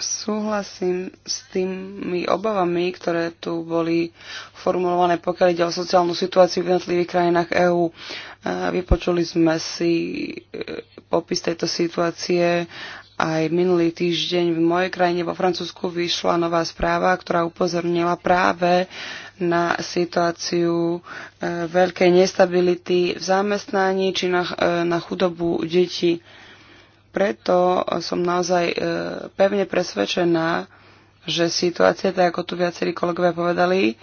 súhlasím s tými obavami, ktoré tu boli formulované, pokiaľ ide o sociálnu situáciu v jednotlivých krajinách EÚ. E, vypočuli sme si e, popis tejto situácie aj minulý týždeň v mojej krajine vo Francúzsku vyšla nová správa, ktorá upozornila práve na situáciu e, veľkej nestability v zamestnaní či na, na chudobu detí preto som naozaj e, pevne presvedčená, že situácia, tak ako tu viacerí kolegovia povedali, e,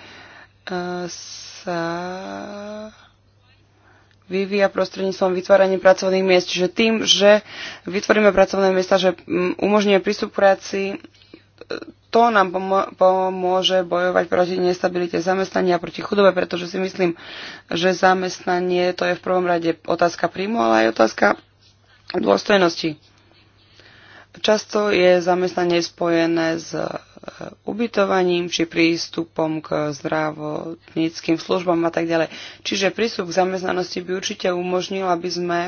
sa vyvíja prostredníctvom vytvárania pracovných miest. Čiže tým, že vytvoríme pracovné miesta, že umožníme prístup práci, e, to nám pomôže bojovať proti nestabilite zamestnania a proti chudobe, pretože si myslím, že zamestnanie to je v prvom rade otázka príjmu, ale aj otázka dôstojnosti. Často je zamestnanie spojené s e, ubytovaním či prístupom k zdravotníckým službám a tak ďalej. Čiže prístup k zamestnanosti by určite umožnil, aby sme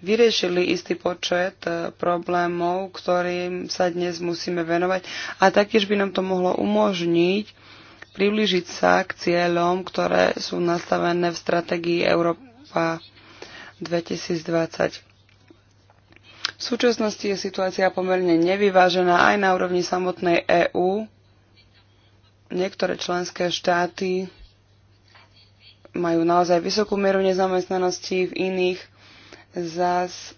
vyriešili istý počet e, problémov, ktorým sa dnes musíme venovať a taktiež by nám to mohlo umožniť priblížiť sa k cieľom, ktoré sú nastavené v stratégii Európa 2020. V súčasnosti je situácia pomerne nevyvážená aj na úrovni samotnej EÚ. Niektoré členské štáty majú naozaj vysokú mieru nezamestnanosti, v iných zás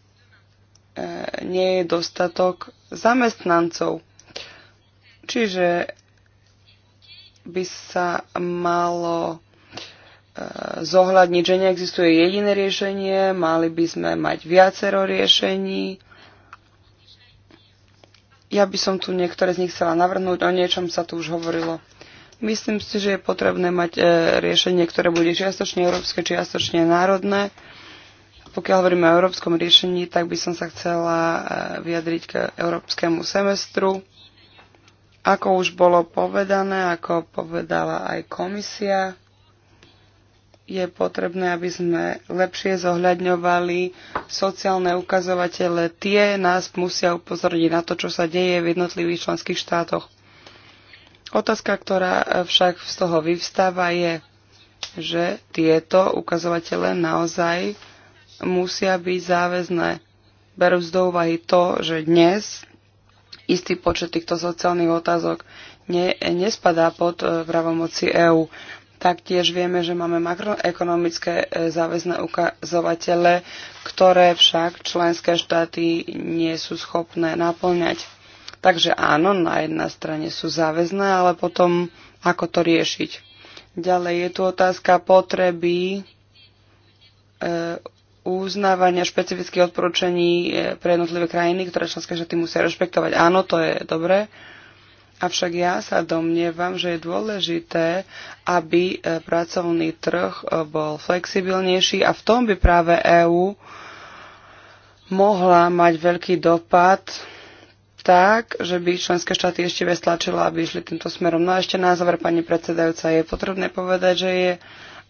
e, nie je dostatok zamestnancov. Čiže by sa malo e, zohľadniť, že neexistuje jediné riešenie, mali by sme mať viacero riešení ja by som tu niektoré z nich chcela navrhnúť, o niečom sa tu už hovorilo. Myslím si, že je potrebné mať e, riešenie, ktoré bude čiastočne európske, čiastočne národné. Pokiaľ hovoríme o európskom riešení, tak by som sa chcela e, vyjadriť k európskemu semestru. Ako už bolo povedané, ako povedala aj komisia, je potrebné, aby sme lepšie zohľadňovali sociálne ukazovatele. Tie nás musia upozorniť na to, čo sa deje v jednotlivých členských štátoch. Otázka, ktorá však z toho vyvstáva, je, že tieto ukazovatele naozaj musia byť záväzné. Berú do úvahy to, že dnes istý počet týchto sociálnych otázok ne, nespadá pod eh, pravomoci EÚ. Taktiež vieme, že máme makroekonomické e, záväzné ukazovatele, ktoré však členské štáty nie sú schopné naplňať. Takže áno, na jednej strane sú záväzné, ale potom ako to riešiť. Ďalej je tu otázka potreby e, uznávania špecifických odporúčaní e, pre jednotlivé krajiny, ktoré členské štáty musia rešpektovať. Áno, to je dobré. E, Avšak ja sa domnievam, že je dôležité, aby e, pracovný trh e, bol flexibilnejší a v tom by práve EÚ mohla mať veľký dopad tak, že by členské štáty ešte viac tlačilo, aby išli týmto smerom. No a ešte na záver, pani predsedajúca, je potrebné povedať, že je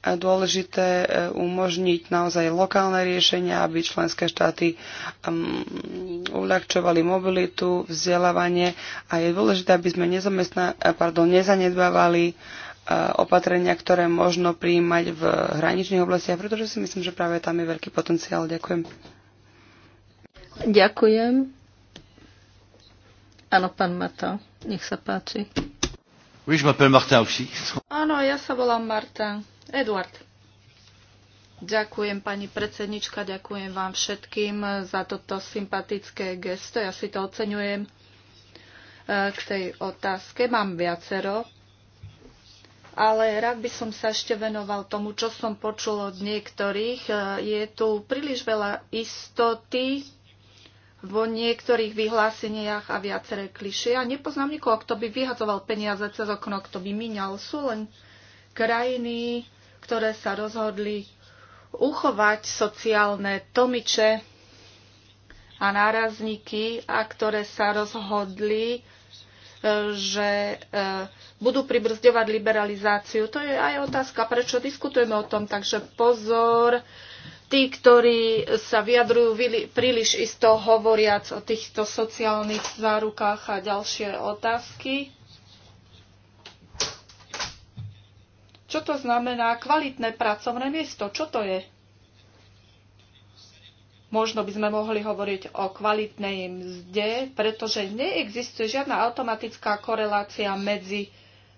dôležité e, umožniť naozaj lokálne riešenia, aby členské štáty mm, uľahčovali mobilitu, vzdelávanie a je dôležité, aby sme e, pardon, nezanedbávali e, opatrenia, ktoré možno prijímať v hraničných oblastiach, pretože si myslím, že práve tam je veľký potenciál. Ďakujem. Ďakujem. Áno, pán Marta, nech sa páči. Oui, je m'appelle Marta aussi. Áno, ja sa volám Marta. Eduard. Ďakujem pani predsednička, ďakujem vám všetkým za toto sympatické gesto. Ja si to oceňujem. E, k tej otázke mám viacero, ale rád by som sa ešte venoval tomu, čo som počul od niektorých. E, je tu príliš veľa istoty vo niektorých vyhláseniach a viaceré klišie. Ja nepoznám nikoho, kto by vyhazoval peniaze cez okno, kto by míňal. Sú len krajiny, ktoré sa rozhodli uchovať sociálne tomiče a nárazníky a ktoré sa rozhodli, e, že e, budú pribrzďovať liberalizáciu. To je aj otázka, prečo diskutujeme o tom. Takže pozor, tí, ktorí sa vyjadrujú príliš isto hovoriac o týchto sociálnych zárukách a ďalšie otázky. Čo to znamená kvalitné pracovné miesto? Čo to je? Možno by sme mohli hovoriť o kvalitnej mzde, pretože neexistuje žiadna automatická korelácia medzi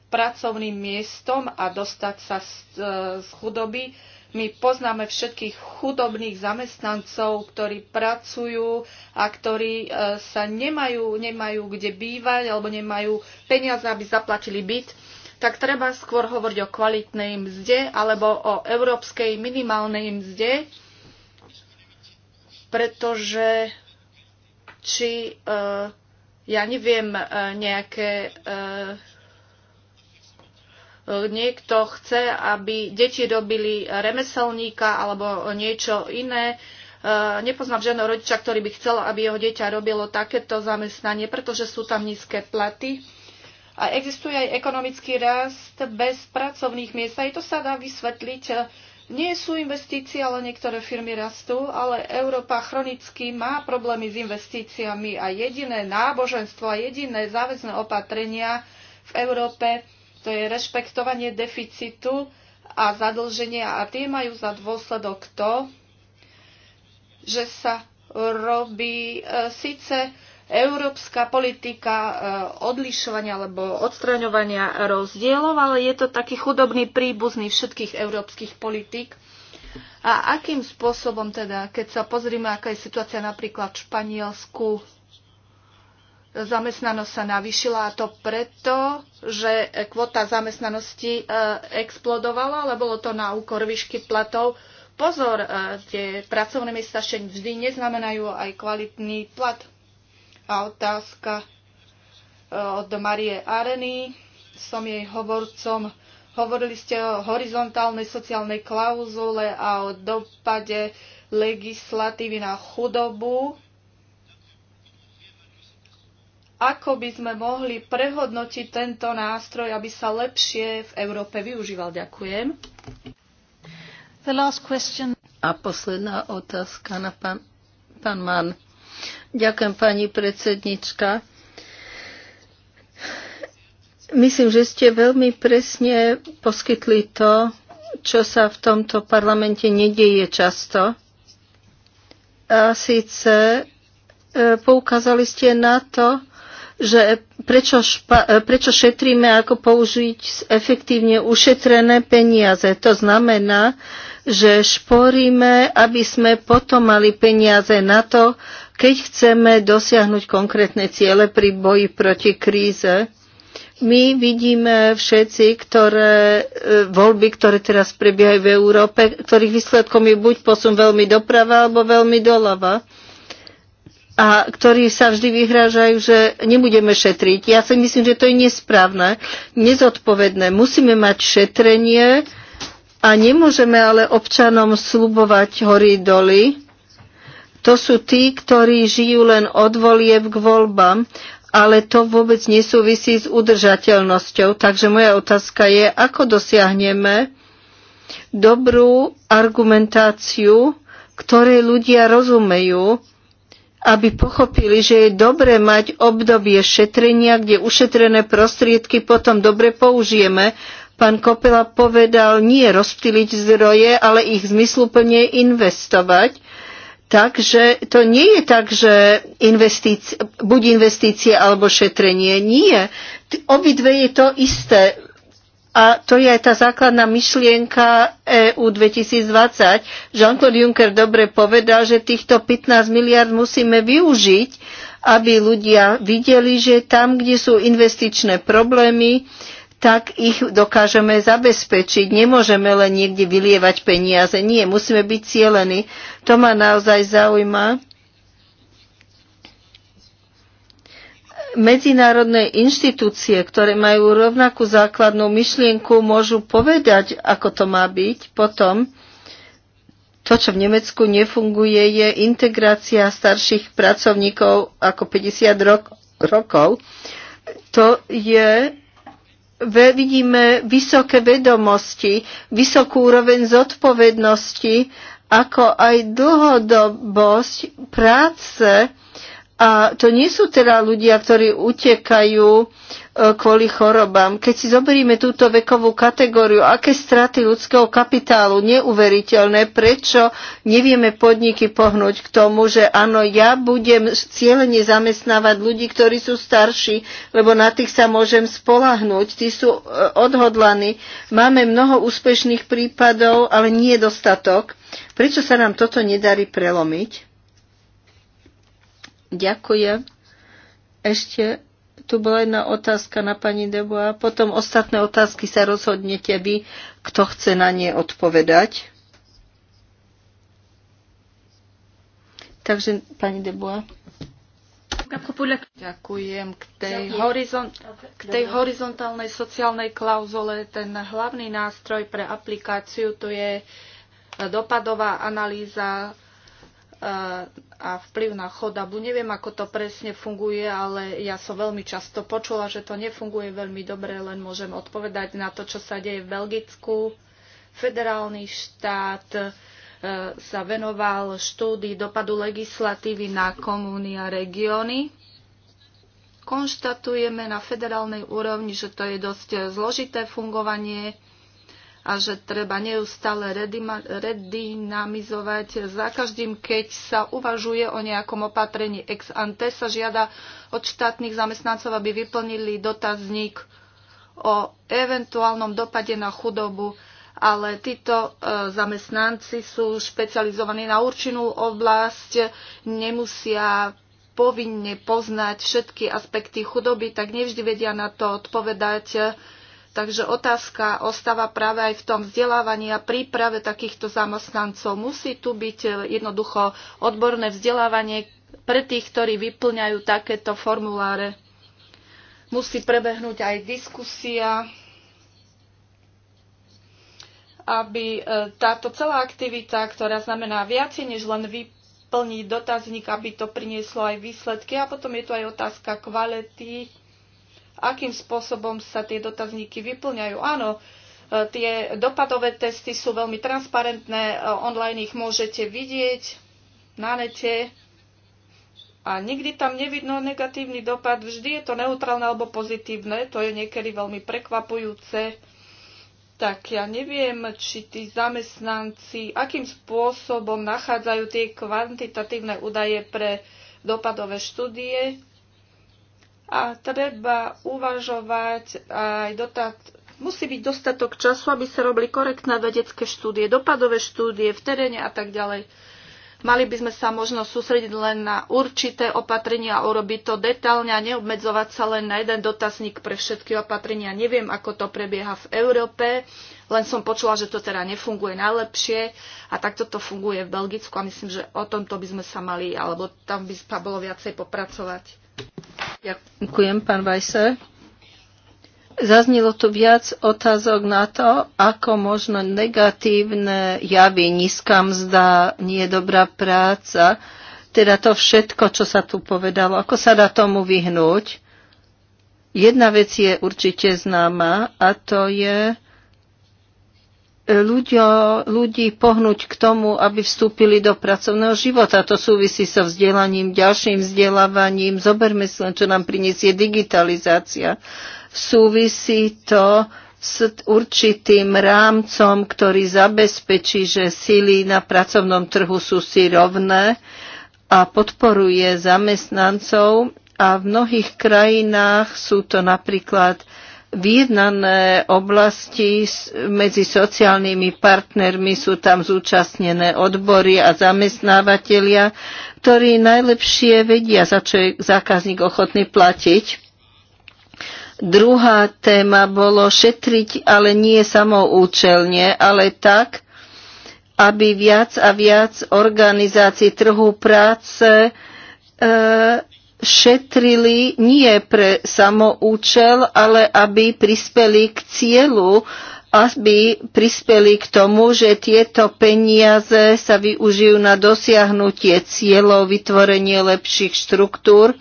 pracovným miestom a dostať sa z, e, z chudoby. My poznáme všetkých chudobných zamestnancov, ktorí pracujú a ktorí e, sa nemajú, nemajú kde bývať alebo nemajú peniaze, aby zaplatili byt tak treba skôr hovoriť o kvalitnej mzde alebo o európskej minimálnej mzde, pretože či e, ja neviem, e, nejaké e, niekto chce, aby deti robili remeselníka alebo niečo iné. Nepoznám žiadneho rodiča, ktorý by chcel, aby jeho dieťa robilo takéto zamestnanie, pretože sú tam nízke platy a existuje aj ekonomický rast bez pracovných miest. Aj to sa dá vysvetliť. Nie sú investície, ale niektoré firmy rastú, ale Európa chronicky má problémy s investíciami a jediné náboženstvo a jediné záväzné opatrenia v Európe to je rešpektovanie deficitu a zadlženia a tie majú za dôsledok to, že sa robí e, síce európska politika eh, odlišovania alebo odstraňovania rozdielov, ale je to taký chudobný príbuzný všetkých európskych politík. A akým spôsobom teda, keď sa pozrime, aká je situácia napríklad v Španielsku, zamestnanosť sa navýšila a to preto, že kvota zamestnanosti eh, explodovala, ale bolo to na úkor výšky platov. Pozor, eh, tie pracovné miesta ešte vždy neznamenajú aj kvalitný plat. A otázka e, od Marie Areny. Som jej hovorcom. Hovorili ste o horizontálnej sociálnej klauzule a o dopade legislatívy na chudobu. Ako by sme mohli prehodnotiť tento nástroj, aby sa lepšie v Európe využíval? Ďakujem. The last question. A posledná otázka na pán, pán Mann. Ďakujem, pani predsednička. Myslím, že ste veľmi presne poskytli to, čo sa v tomto parlamente nedieje často. A síce e, poukázali ste na to, že prečo, špa, e, prečo šetríme, ako použiť efektívne ušetrené peniaze. To znamená, že šporíme, aby sme potom mali peniaze na to, keď chceme dosiahnuť konkrétne ciele pri boji proti kríze, my vidíme všetci, ktoré e, voľby, ktoré teraz prebiehajú v Európe, ktorých výsledkom je buď posun veľmi doprava alebo veľmi doľava a ktorí sa vždy vyhrážajú, že nebudeme šetriť. Ja si myslím, že to je nesprávne, nezodpovedné. Musíme mať šetrenie a nemôžeme ale občanom slubovať hory doly, to sú tí, ktorí žijú len od volieb k voľbám, ale to vôbec nesúvisí s udržateľnosťou. Takže moja otázka je, ako dosiahneme dobrú argumentáciu, ktorej ľudia rozumejú, aby pochopili, že je dobre mať obdobie šetrenia, kde ušetrené prostriedky potom dobre použijeme. Pán Kopela povedal nie rozptýliť zdroje, ale ich zmysluplne investovať. Takže to nie je tak, že investície, buď investície alebo šetrenie. Nie. Obidve je to isté. A to je aj tá základná myšlienka EU 2020. Jean-Claude Juncker dobre povedal, že týchto 15 miliard musíme využiť, aby ľudia videli, že tam, kde sú investičné problémy, tak ich dokážeme zabezpečiť. Nemôžeme len niekde vylievať peniaze. Nie, musíme byť cieľení. To ma naozaj zaujíma. Medzinárodné inštitúcie, ktoré majú rovnakú základnú myšlienku, môžu povedať, ako to má byť. Potom to, čo v Nemecku nefunguje, je integrácia starších pracovníkov ako 50 rok, rokov. To je vidíme vysoké vedomosti, vysokú úroveň zodpovednosti, ako aj dlhodobosť práce. A to nie sú teda ľudia, ktorí utekajú E, kvôli chorobám. Keď si zoberieme túto vekovú kategóriu, aké straty ľudského kapitálu, neuveriteľné, prečo nevieme podniky pohnúť k tomu, že áno, ja budem cieľene zamestnávať ľudí, ktorí sú starší, lebo na tých sa môžem spolahnúť, tí sú e, odhodlaní. Máme mnoho úspešných prípadov, ale nie dostatok. Prečo sa nám toto nedarí prelomiť? Ďakujem. Ešte tu bola jedna otázka na pani Deboa. a potom ostatné otázky sa rozhodnete vy, kto chce na ne odpovedať. Takže pani Deboa. Ďakujem. K tej, horizon, k tej horizontálnej sociálnej klauzule ten hlavný nástroj pre aplikáciu to je dopadová analýza a vplyv na chodabu. Neviem, ako to presne funguje, ale ja som veľmi často počula, že to nefunguje veľmi dobre, len môžem odpovedať na to, čo sa deje v Belgicku. Federálny štát e, sa venoval štúdii dopadu legislatívy na komúny a regióny. Konštatujeme na federálnej úrovni, že to je dosť zložité fungovanie a že treba neustále redynamizovať. Za každým, keď sa uvažuje o nejakom opatrení ex ante, sa žiada od štátnych zamestnancov, aby vyplnili dotazník o eventuálnom dopade na chudobu, ale títo e, zamestnanci sú špecializovaní na určenú oblasť, nemusia povinne poznať všetky aspekty chudoby, tak nevždy vedia na to odpovedať Takže otázka ostáva práve aj v tom vzdelávaní a príprave takýchto zamestnancov. Musí tu byť e, jednoducho odborné vzdelávanie pre tých, ktorí vyplňajú takéto formuláre. Musí prebehnúť aj diskusia, aby e, táto celá aktivita, ktorá znamená viacej než len vyplniť dotazník, aby to prinieslo aj výsledky. A potom je tu aj otázka kvality akým spôsobom sa tie dotazníky vyplňajú. Áno, e, tie dopadové testy sú veľmi transparentné, e, online ich môžete vidieť na nete a nikdy tam nevidno negatívny dopad, vždy je to neutrálne alebo pozitívne, to je niekedy veľmi prekvapujúce. Tak ja neviem, či tí zamestnanci, akým spôsobom nachádzajú tie kvantitatívne údaje pre dopadové štúdie a treba uvažovať aj dotát, musí byť dostatok času, aby sa robili korektné vedecké štúdie, dopadové štúdie v teréne a tak ďalej. Mali by sme sa možno sústrediť len na určité opatrenia a urobiť to detálne a neobmedzovať sa len na jeden dotazník pre všetky opatrenia. Neviem, ako to prebieha v Európe, len som počula, že to teda nefunguje najlepšie a takto to funguje v Belgicku a myslím, že o tomto by sme sa mali, alebo tam by sa bolo viacej popracovať. Ďakujem, pán Weiser. Zaznelo tu viac otázok na to, ako možno negatívne javy, nízka mzda, nie dobrá práca, teda to všetko, čo sa tu povedalo, ako sa dá tomu vyhnúť. Jedna vec je určite známa a to je, ľuďo, ľudí pohnúť k tomu, aby vstúpili do pracovného života. To súvisí so vzdelaním, ďalším vzdelávaním. Zoberme si len, čo nám priniesie digitalizácia. Súvisí to s určitým rámcom, ktorý zabezpečí, že síly na pracovnom trhu sú si rovné a podporuje zamestnancov. A v mnohých krajinách sú to napríklad Vyjednané oblasti medzi sociálnymi partnermi sú tam zúčastnené odbory a zamestnávateľia, ktorí najlepšie vedia, za čo je zákazník ochotný platiť. Druhá téma bolo šetriť, ale nie samoučelne, ale tak, aby viac a viac organizácií trhu práce e, šetrili nie pre samoučel, ale aby prispeli k cieľu, aby prispeli k tomu, že tieto peniaze sa využijú na dosiahnutie cieľov, vytvorenie lepších štruktúr.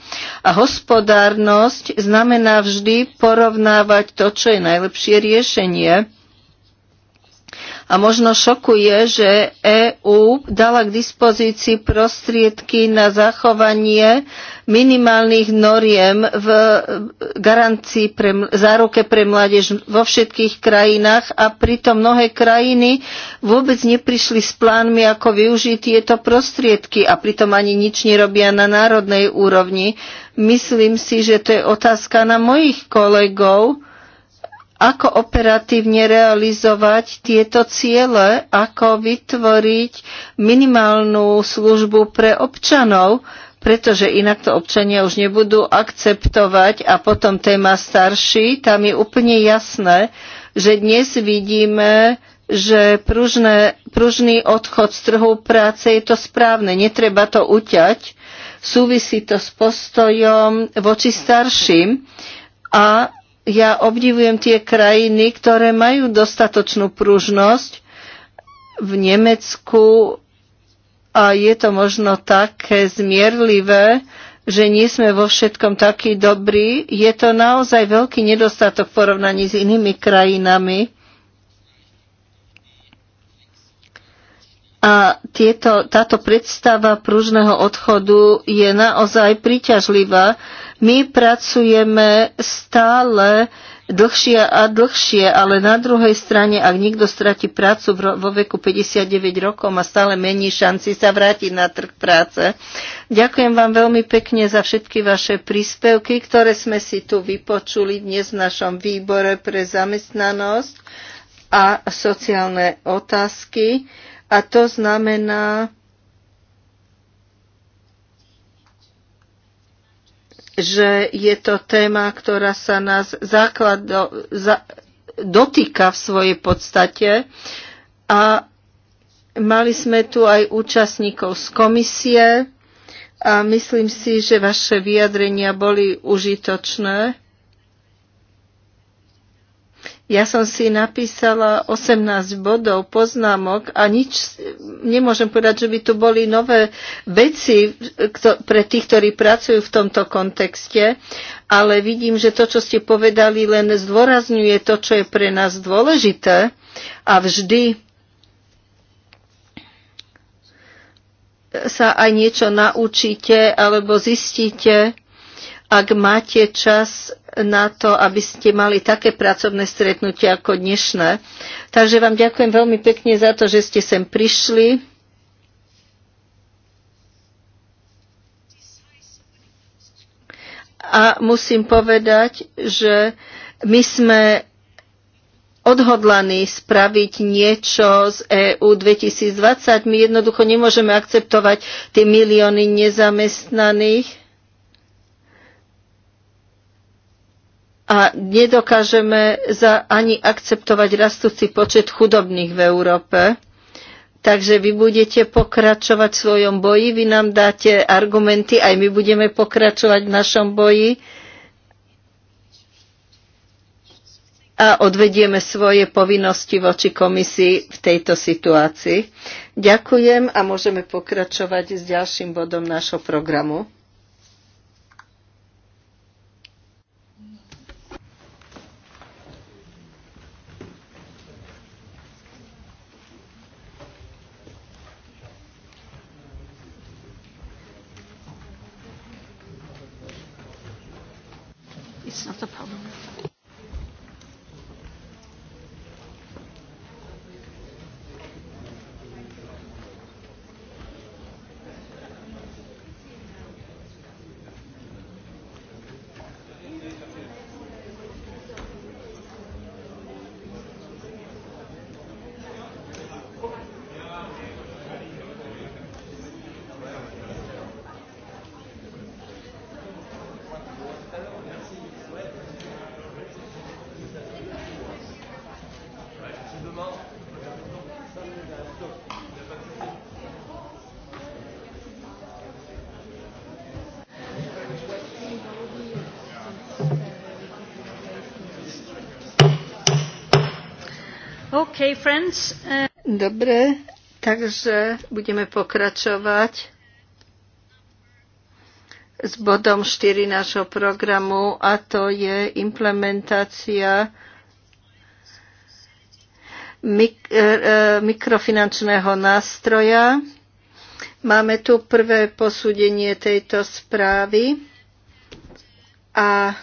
A hospodárnosť znamená vždy porovnávať to, čo je najlepšie riešenie. A možno šokuje, že EÚ dala k dispozícii prostriedky na zachovanie minimálnych noriem v garancii pre, záruke pre mládež vo všetkých krajinách a pritom mnohé krajiny vôbec neprišli s plánmi, ako využiť tieto prostriedky a pritom ani nič nerobia na národnej úrovni. Myslím si, že to je otázka na mojich kolegov, ako operatívne realizovať tieto ciele, ako vytvoriť minimálnu službu pre občanov, pretože inak to občania už nebudú akceptovať a potom téma starší, tam je úplne jasné, že dnes vidíme, že pružné, pružný odchod z trhu práce je to správne, netreba to uťať, súvisí to s postojom voči starším a ja obdivujem tie krajiny, ktoré majú dostatočnú pružnosť. V Nemecku a je to možno také zmierlivé, že nie sme vo všetkom takí dobrí. Je to naozaj veľký nedostatok v porovnaní s inými krajinami. A tieto, táto predstava pružného odchodu je naozaj príťažlivá, my pracujeme stále dlhšie a dlhšie, ale na druhej strane, ak niekto stratí prácu vo veku 59 rokov, má stále mení šanci sa vrátiť na trh práce. Ďakujem vám veľmi pekne za všetky vaše príspevky, ktoré sme si tu vypočuli dnes v našom výbore pre zamestnanosť a sociálne otázky. A to znamená, že je to téma, ktorá sa nás základ do, za, dotýka v svojej podstate. A mali sme tu aj účastníkov z komisie a myslím si, že vaše vyjadrenia boli užitočné. Ja som si napísala 18 bodov, poznámok a nič nemôžem povedať, že by tu boli nové veci pre tých, ktorí pracujú v tomto kontexte, ale vidím, že to, čo ste povedali, len zdôrazňuje to, čo je pre nás dôležité a vždy sa aj niečo naučíte alebo zistíte, ak máte čas na to, aby ste mali také pracovné stretnutie ako dnešné. Takže vám ďakujem veľmi pekne za to, že ste sem prišli. A musím povedať, že my sme odhodlaní spraviť niečo z EU 2020. My jednoducho nemôžeme akceptovať tie milióny nezamestnaných a nedokážeme za ani akceptovať rastúci počet chudobných v Európe. Takže vy budete pokračovať v svojom boji, vy nám dáte argumenty, aj my budeme pokračovať v našom boji a odvedieme svoje povinnosti voči komisii v tejto situácii. Ďakujem a môžeme pokračovať s ďalším bodom nášho programu. Dobre, takže budeme pokračovať s bodom 4 nášho programu a to je implementácia mik- e, e, mikrofinančného nástroja. Máme tu prvé posúdenie tejto správy a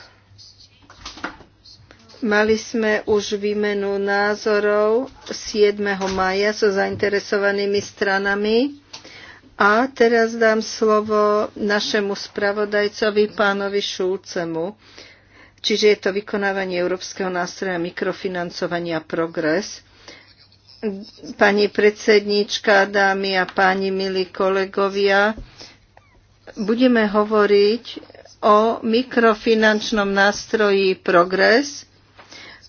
Mali sme už výmenu názorov 7. maja so zainteresovanými stranami. A teraz dám slovo našemu spravodajcovi, pánovi Šulcemu. Čiže je to vykonávanie Európskeho nástroja mikrofinancovania Progres. Pani predsedníčka, dámy a páni, milí kolegovia, budeme hovoriť o mikrofinančnom nástroji Progres –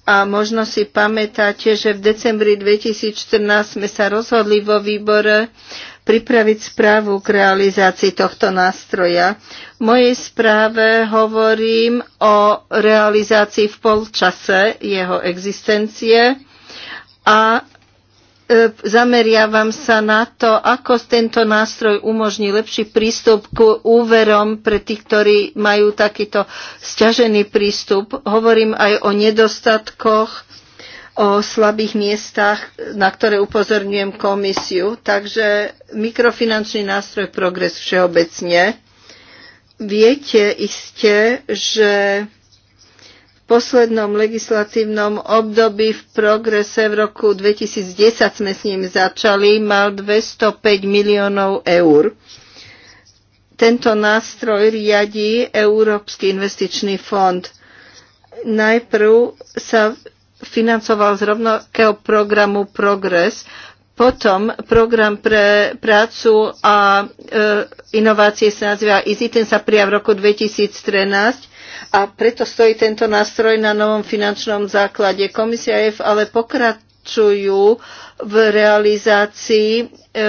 a možno si pamätáte, že v decembri 2014 sme sa rozhodli vo výbore pripraviť správu k realizácii tohto nástroja. V mojej správe hovorím o realizácii v polčase jeho existencie a E, zameriavam sa na to, ako tento nástroj umožní lepší prístup k úverom pre tých, ktorí majú takýto sťažený prístup. Hovorím aj o nedostatkoch, o slabých miestach, na ktoré upozorňujem komisiu. Takže mikrofinančný nástroj Progres všeobecne. Viete iste, že poslednom legislatívnom období v progrese v roku 2010 sme s ním začali, mal 205 miliónov eur. Tento nástroj riadi Európsky investičný fond. Najprv sa financoval z rovnakého programu Progress, potom program pre prácu a e, inovácie sa nazýva EASY, ten sa prijal v roku 2013 a preto stojí tento nástroj na novom finančnom základe. Komisia F ale pokračujú v realizácii, e,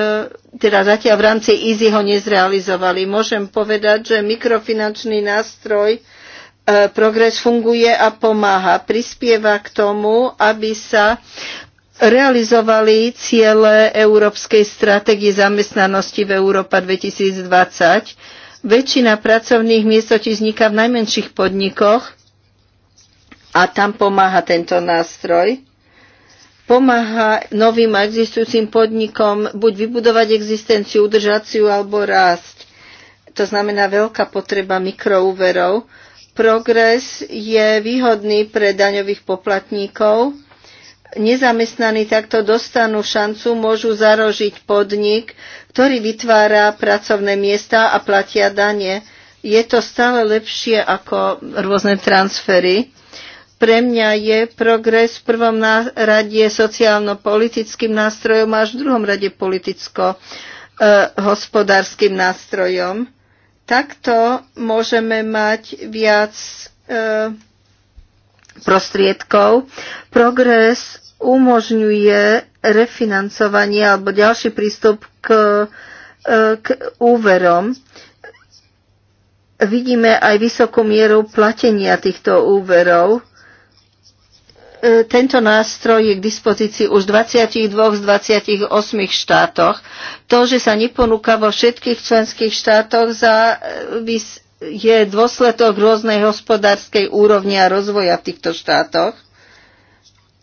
teda zatiaľ v rámci EASY ho nezrealizovali. Môžem povedať, že mikrofinančný nástroj e, progres funguje a pomáha. Prispieva k tomu, aby sa realizovali ciele Európskej stratégie zamestnanosti v Európa 2020 Väčšina pracovných miest totiž vzniká v najmenších podnikoch a tam pomáha tento nástroj. Pomáha novým a existujúcim podnikom buď vybudovať existenciu, udržaciu alebo rásť. To znamená veľká potreba mikroúverov. Progres je výhodný pre daňových poplatníkov, nezamestnaní takto dostanú šancu, môžu zarožiť podnik, ktorý vytvára pracovné miesta a platia dane. Je to stále lepšie ako rôzne transfery. Pre mňa je progres v prvom rade sociálno-politickým nástrojom a až v druhom rade politicko-hospodárským e, nástrojom. Takto môžeme mať viac e, prostriedkov. Progres umožňuje refinancovanie alebo ďalší prístup k, e, k úverom. Vidíme aj vysokú mieru platenia týchto úverov. E, tento nástroj je k dispozícii už v 22 z 28 štátoch. To, že sa neponúka vo všetkých členských štátoch, závisí je dôsledok rôznej hospodárskej úrovne a rozvoja v týchto štátoch.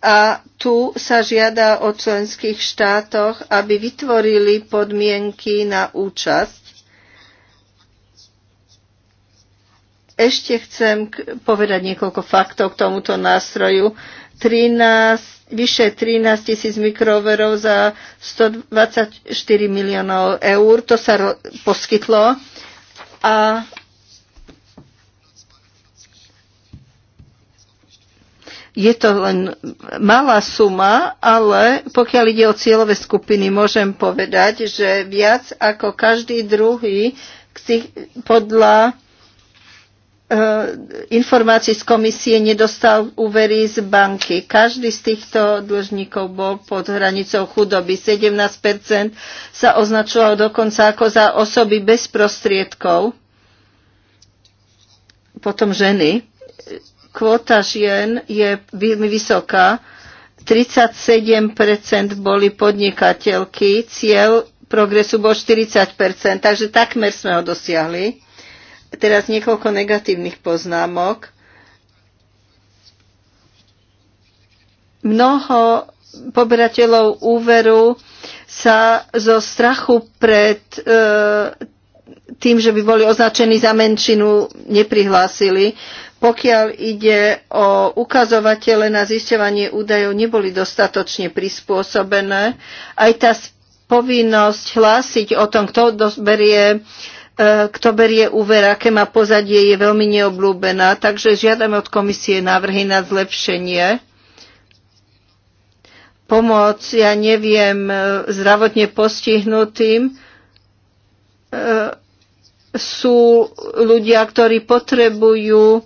A tu sa žiada o členských štátoch, aby vytvorili podmienky na účasť. Ešte chcem povedať niekoľko faktov k tomuto nástroju. 13, vyše 13 tisíc mikroverov za 124 miliónov eur. To sa poskytlo. A Je to len malá suma, ale pokiaľ ide o cieľové skupiny, môžem povedať, že viac ako každý druhý podľa e, informácií z komisie nedostal úvery z banky. Každý z týchto dlžníkov bol pod hranicou chudoby. 17 sa označovalo dokonca ako za osoby bez prostriedkov. Potom ženy. Kvota žien je veľmi vysoká. 37% boli podnikateľky, cieľ progresu bol 40%, takže takmer sme ho dosiahli. Teraz niekoľko negatívnych poznámok. Mnoho poberateľov úveru sa zo strachu pred e, tým, že by boli označení za menšinu, neprihlásili pokiaľ ide o ukazovatele na zisťovanie údajov, neboli dostatočne prispôsobené. Aj tá povinnosť hlásiť o tom, kto berie e, kto berie úver, aké má pozadie, je veľmi neobľúbená, takže žiadame od komisie návrhy na zlepšenie. Pomoc, ja neviem, e, zdravotne postihnutým e, sú ľudia, ktorí potrebujú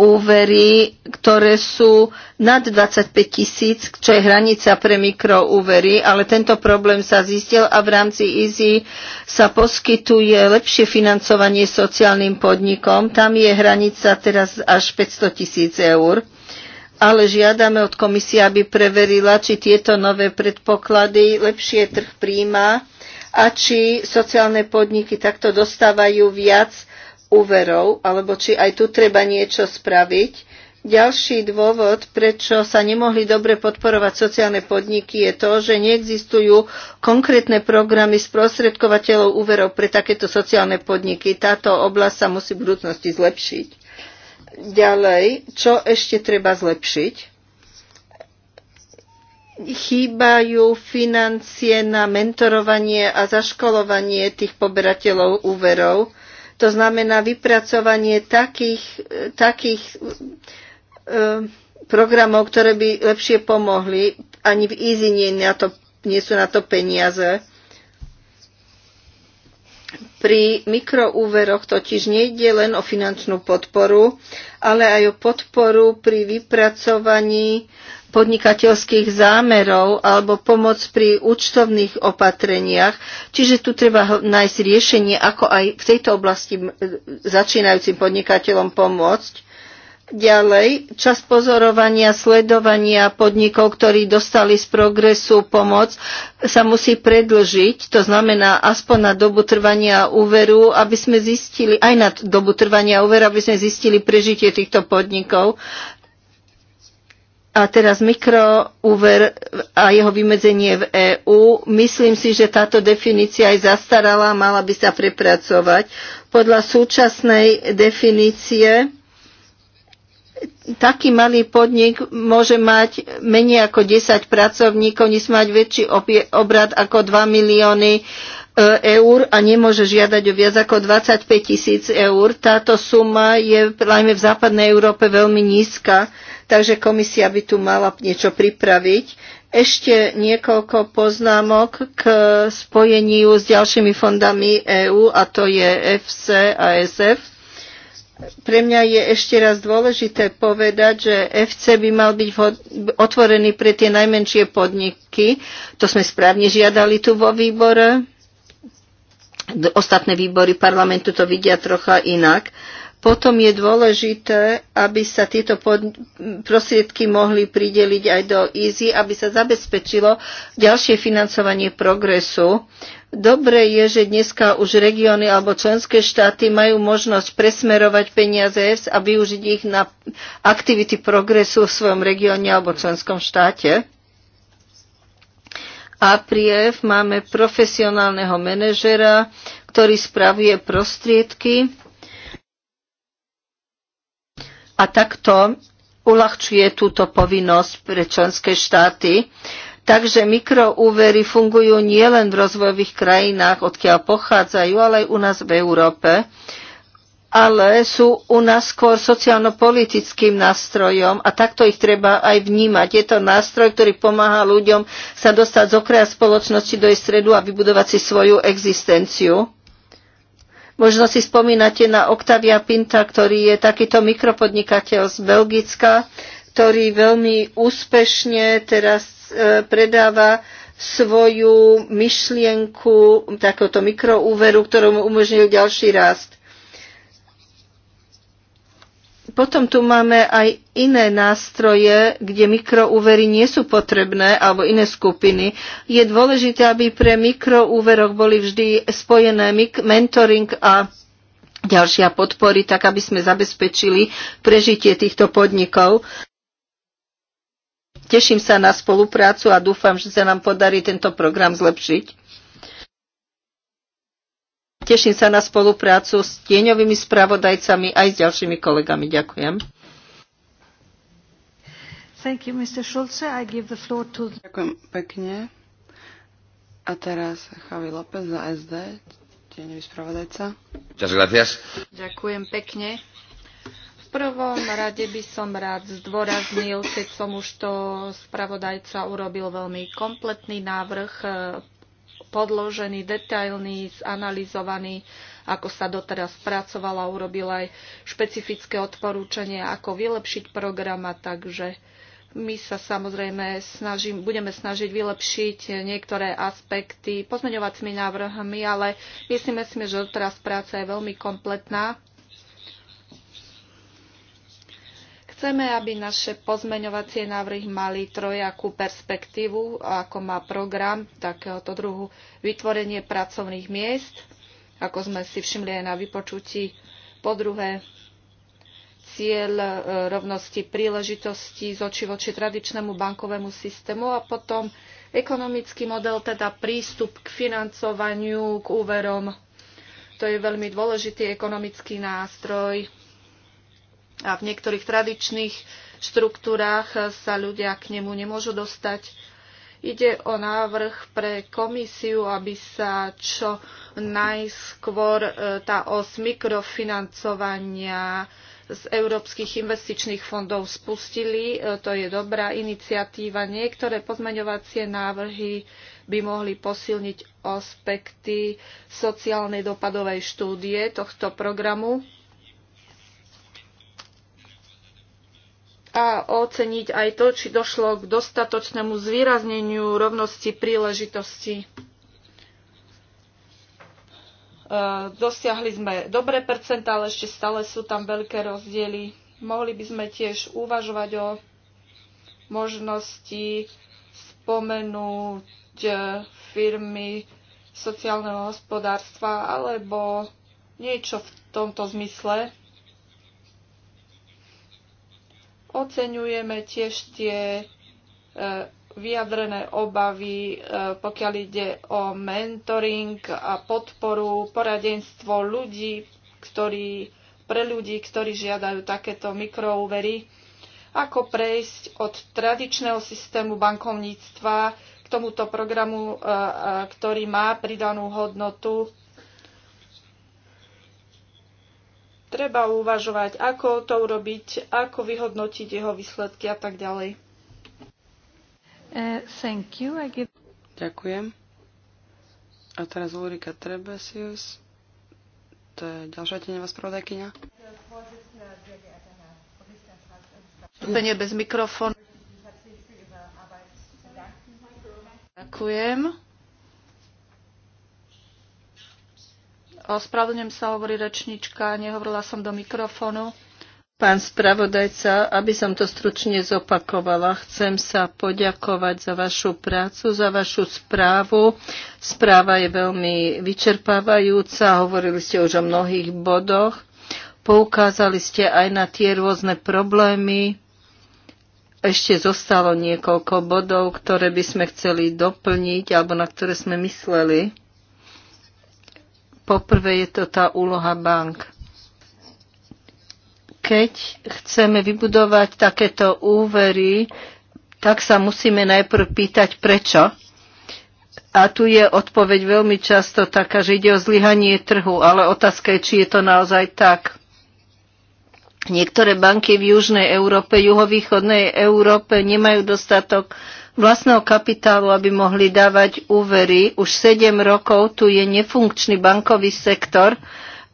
úvery, ktoré sú nad 25 tisíc, čo je hranica pre mikroúvery, ale tento problém sa zistil a v rámci EASY sa poskytuje lepšie financovanie sociálnym podnikom. Tam je hranica teraz až 500 tisíc eur ale žiadame od komisie, aby preverila, či tieto nové predpoklady lepšie trh príjma a či sociálne podniky takto dostávajú viac úverov, alebo či aj tu treba niečo spraviť. Ďalší dôvod, prečo sa nemohli dobre podporovať sociálne podniky, je to, že neexistujú konkrétne programy sprostredkovateľov úverov pre takéto sociálne podniky. Táto oblasť sa musí v budúcnosti zlepšiť. Ďalej, čo ešte treba zlepšiť? Chýbajú financie na mentorovanie a zaškolovanie tých poberateľov úverov to znamená vypracovanie takých, takých eh, programov, ktoré by lepšie pomohli. Ani v EASY nie, na to, nie sú na to peniaze. Pri mikroúveroch totiž nejde len o finančnú podporu, ale aj o podporu pri vypracovaní podnikateľských zámerov alebo pomoc pri účtovných opatreniach. Čiže tu treba nájsť riešenie, ako aj v tejto oblasti začínajúcim podnikateľom pomôcť. Ďalej, čas pozorovania, sledovania podnikov, ktorí dostali z progresu pomoc, sa musí predlžiť, to znamená aspoň na dobu trvania úveru, aby sme zistili, aj na dobu trvania úveru, aby sme zistili prežitie týchto podnikov. A teraz mikroúver a jeho vymedzenie v EÚ. Myslím si, že táto definícia aj zastarala, mala by sa prepracovať. Podľa súčasnej definície taký malý podnik môže mať menej ako 10 pracovníkov, nesmie mať väčší obrad ako 2 milióny e, eur a nemôže žiadať o viac ako 25 tisíc eur. Táto suma je najmä v západnej Európe veľmi nízka, takže komisia by tu mala niečo pripraviť. Ešte niekoľko poznámok k spojeniu s ďalšími fondami EÚ, a to je FC a SF pre mňa je ešte raz dôležité povedať, že FC by mal byť otvorený pre tie najmenšie podniky. To sme správne žiadali tu vo výbore. Ostatné výbory parlamentu to vidia trocha inak. Potom je dôležité, aby sa tieto prostriedky mohli prideliť aj do EASY, aby sa zabezpečilo ďalšie financovanie progresu. Dobre je, že dneska už regióny alebo členské štáty majú možnosť presmerovať peniaze EFS a využiť ich na aktivity progresu v svojom regióne alebo členskom štáte. A pri EF máme profesionálneho manažera, ktorý spravuje prostriedky a takto uľahčuje túto povinnosť pre členské štáty. Takže mikroúvery fungujú nielen v rozvojových krajinách, odkiaľ pochádzajú, ale aj u nás v Európe. Ale sú u nás skôr sociálno-politickým nástrojom a takto ich treba aj vnímať. Je to nástroj, ktorý pomáha ľuďom sa dostať z okraja spoločnosti do jej stredu a vybudovať si svoju existenciu. Možno si spomínate na Octavia Pinta, ktorý je takýto mikropodnikateľ z Belgicka, ktorý veľmi úspešne teraz E, predáva svoju myšlienku takéhoto mikroúveru, ktorú mu umožnil ďalší rast. Potom tu máme aj iné nástroje, kde mikroúvery nie sú potrebné, alebo iné skupiny. Je dôležité, aby pre mikroúveroch boli vždy spojené mentoring a ďalšia podpory, tak aby sme zabezpečili prežitie týchto podnikov. Teším sa na spoluprácu a dúfam, že sa nám podarí tento program zlepšiť. Teším sa na spoluprácu s tieňovými spravodajcami aj s ďalšími kolegami. Ďakujem. Thank you, Mr. Schulze. I give the floor to... Ďakujem pekne. A teraz Javi López za SD, tieňový spravodajca. Ďakujem pekne prvom rade by som rád zdôraznil, keď som už to spravodajca urobil veľmi kompletný návrh, e, podložený, detailný, zanalizovaný, ako sa doteraz pracovala, urobil aj špecifické odporúčania, ako vylepšiť program a takže my sa samozrejme snažím, budeme snažiť vylepšiť niektoré aspekty pozmeňovacími návrhmi, ale myslíme si, že doteraz práca je veľmi kompletná Chceme, aby naše pozmeňovacie návrhy mali trojakú perspektívu, ako má program takéhoto druhu vytvorenie pracovných miest, ako sme si všimli aj na vypočutí. Po druhé, cieľ e, rovnosti príležitostí z oči voči tradičnému bankovému systému a potom ekonomický model, teda prístup k financovaniu, k úverom. To je veľmi dôležitý ekonomický nástroj a v niektorých tradičných štruktúrách sa ľudia k nemu nemôžu dostať. Ide o návrh pre komisiu, aby sa čo najskôr e, tá os mikrofinancovania z európskych investičných fondov spustili. E, to je dobrá iniciatíva. Niektoré pozmeňovacie návrhy by mohli posilniť aspekty sociálnej dopadovej štúdie tohto programu a oceniť aj to, či došlo k dostatočnému zvýrazneniu rovnosti príležitosti. E, dosiahli sme dobré percentá, ale ešte stále sú tam veľké rozdiely. Mohli by sme tiež uvažovať o možnosti spomenúť e, firmy sociálneho hospodárstva alebo niečo v tomto zmysle. Oceňujeme tiež tie e, vyjadrené obavy, e, pokiaľ ide o mentoring a podporu, poradenstvo ľudí, ktorí, pre ľudí, ktorí žiadajú takéto mikroúvery, ako prejsť od tradičného systému bankovníctva k tomuto programu, e, ktorý má pridanú hodnotu Treba uvažovať, ako to urobiť, ako vyhodnotiť jeho výsledky a tak ďalej. Uh, thank you. I Ďakujem. A teraz Ulrika Trebesius. To je ďalšia vás spravodajkynia. Vstúpenie bez mikrofónu. Ďakujem. Ospravedlňujem sa, hovorí rečnička, nehovorila som do mikrofónu. Pán spravodajca, aby som to stručne zopakovala, chcem sa poďakovať za vašu prácu, za vašu správu. Správa je veľmi vyčerpávajúca, hovorili ste už o mnohých bodoch. Poukázali ste aj na tie rôzne problémy. Ešte zostalo niekoľko bodov, ktoré by sme chceli doplniť alebo na ktoré sme mysleli. Poprvé je to tá úloha bank. Keď chceme vybudovať takéto úvery, tak sa musíme najprv pýtať prečo. A tu je odpoveď veľmi často taká, že ide o zlyhanie trhu, ale otázka je, či je to naozaj tak. Niektoré banky v Južnej Európe, juhovýchodnej Európe nemajú dostatok vlastného kapitálu, aby mohli dávať úvery. Už 7 rokov tu je nefunkčný bankový sektor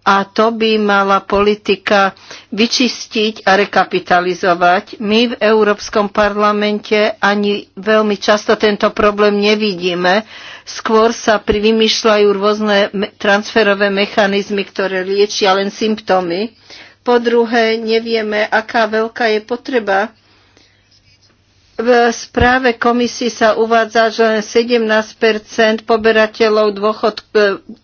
a to by mala politika vyčistiť a rekapitalizovať. My v Európskom parlamente ani veľmi často tento problém nevidíme. Skôr sa privymýšľajú rôzne transferové mechanizmy, ktoré liečia len symptómy. Po druhé, nevieme, aká veľká je potreba v správe komisii sa uvádza, že 17 poberateľov dôchod e,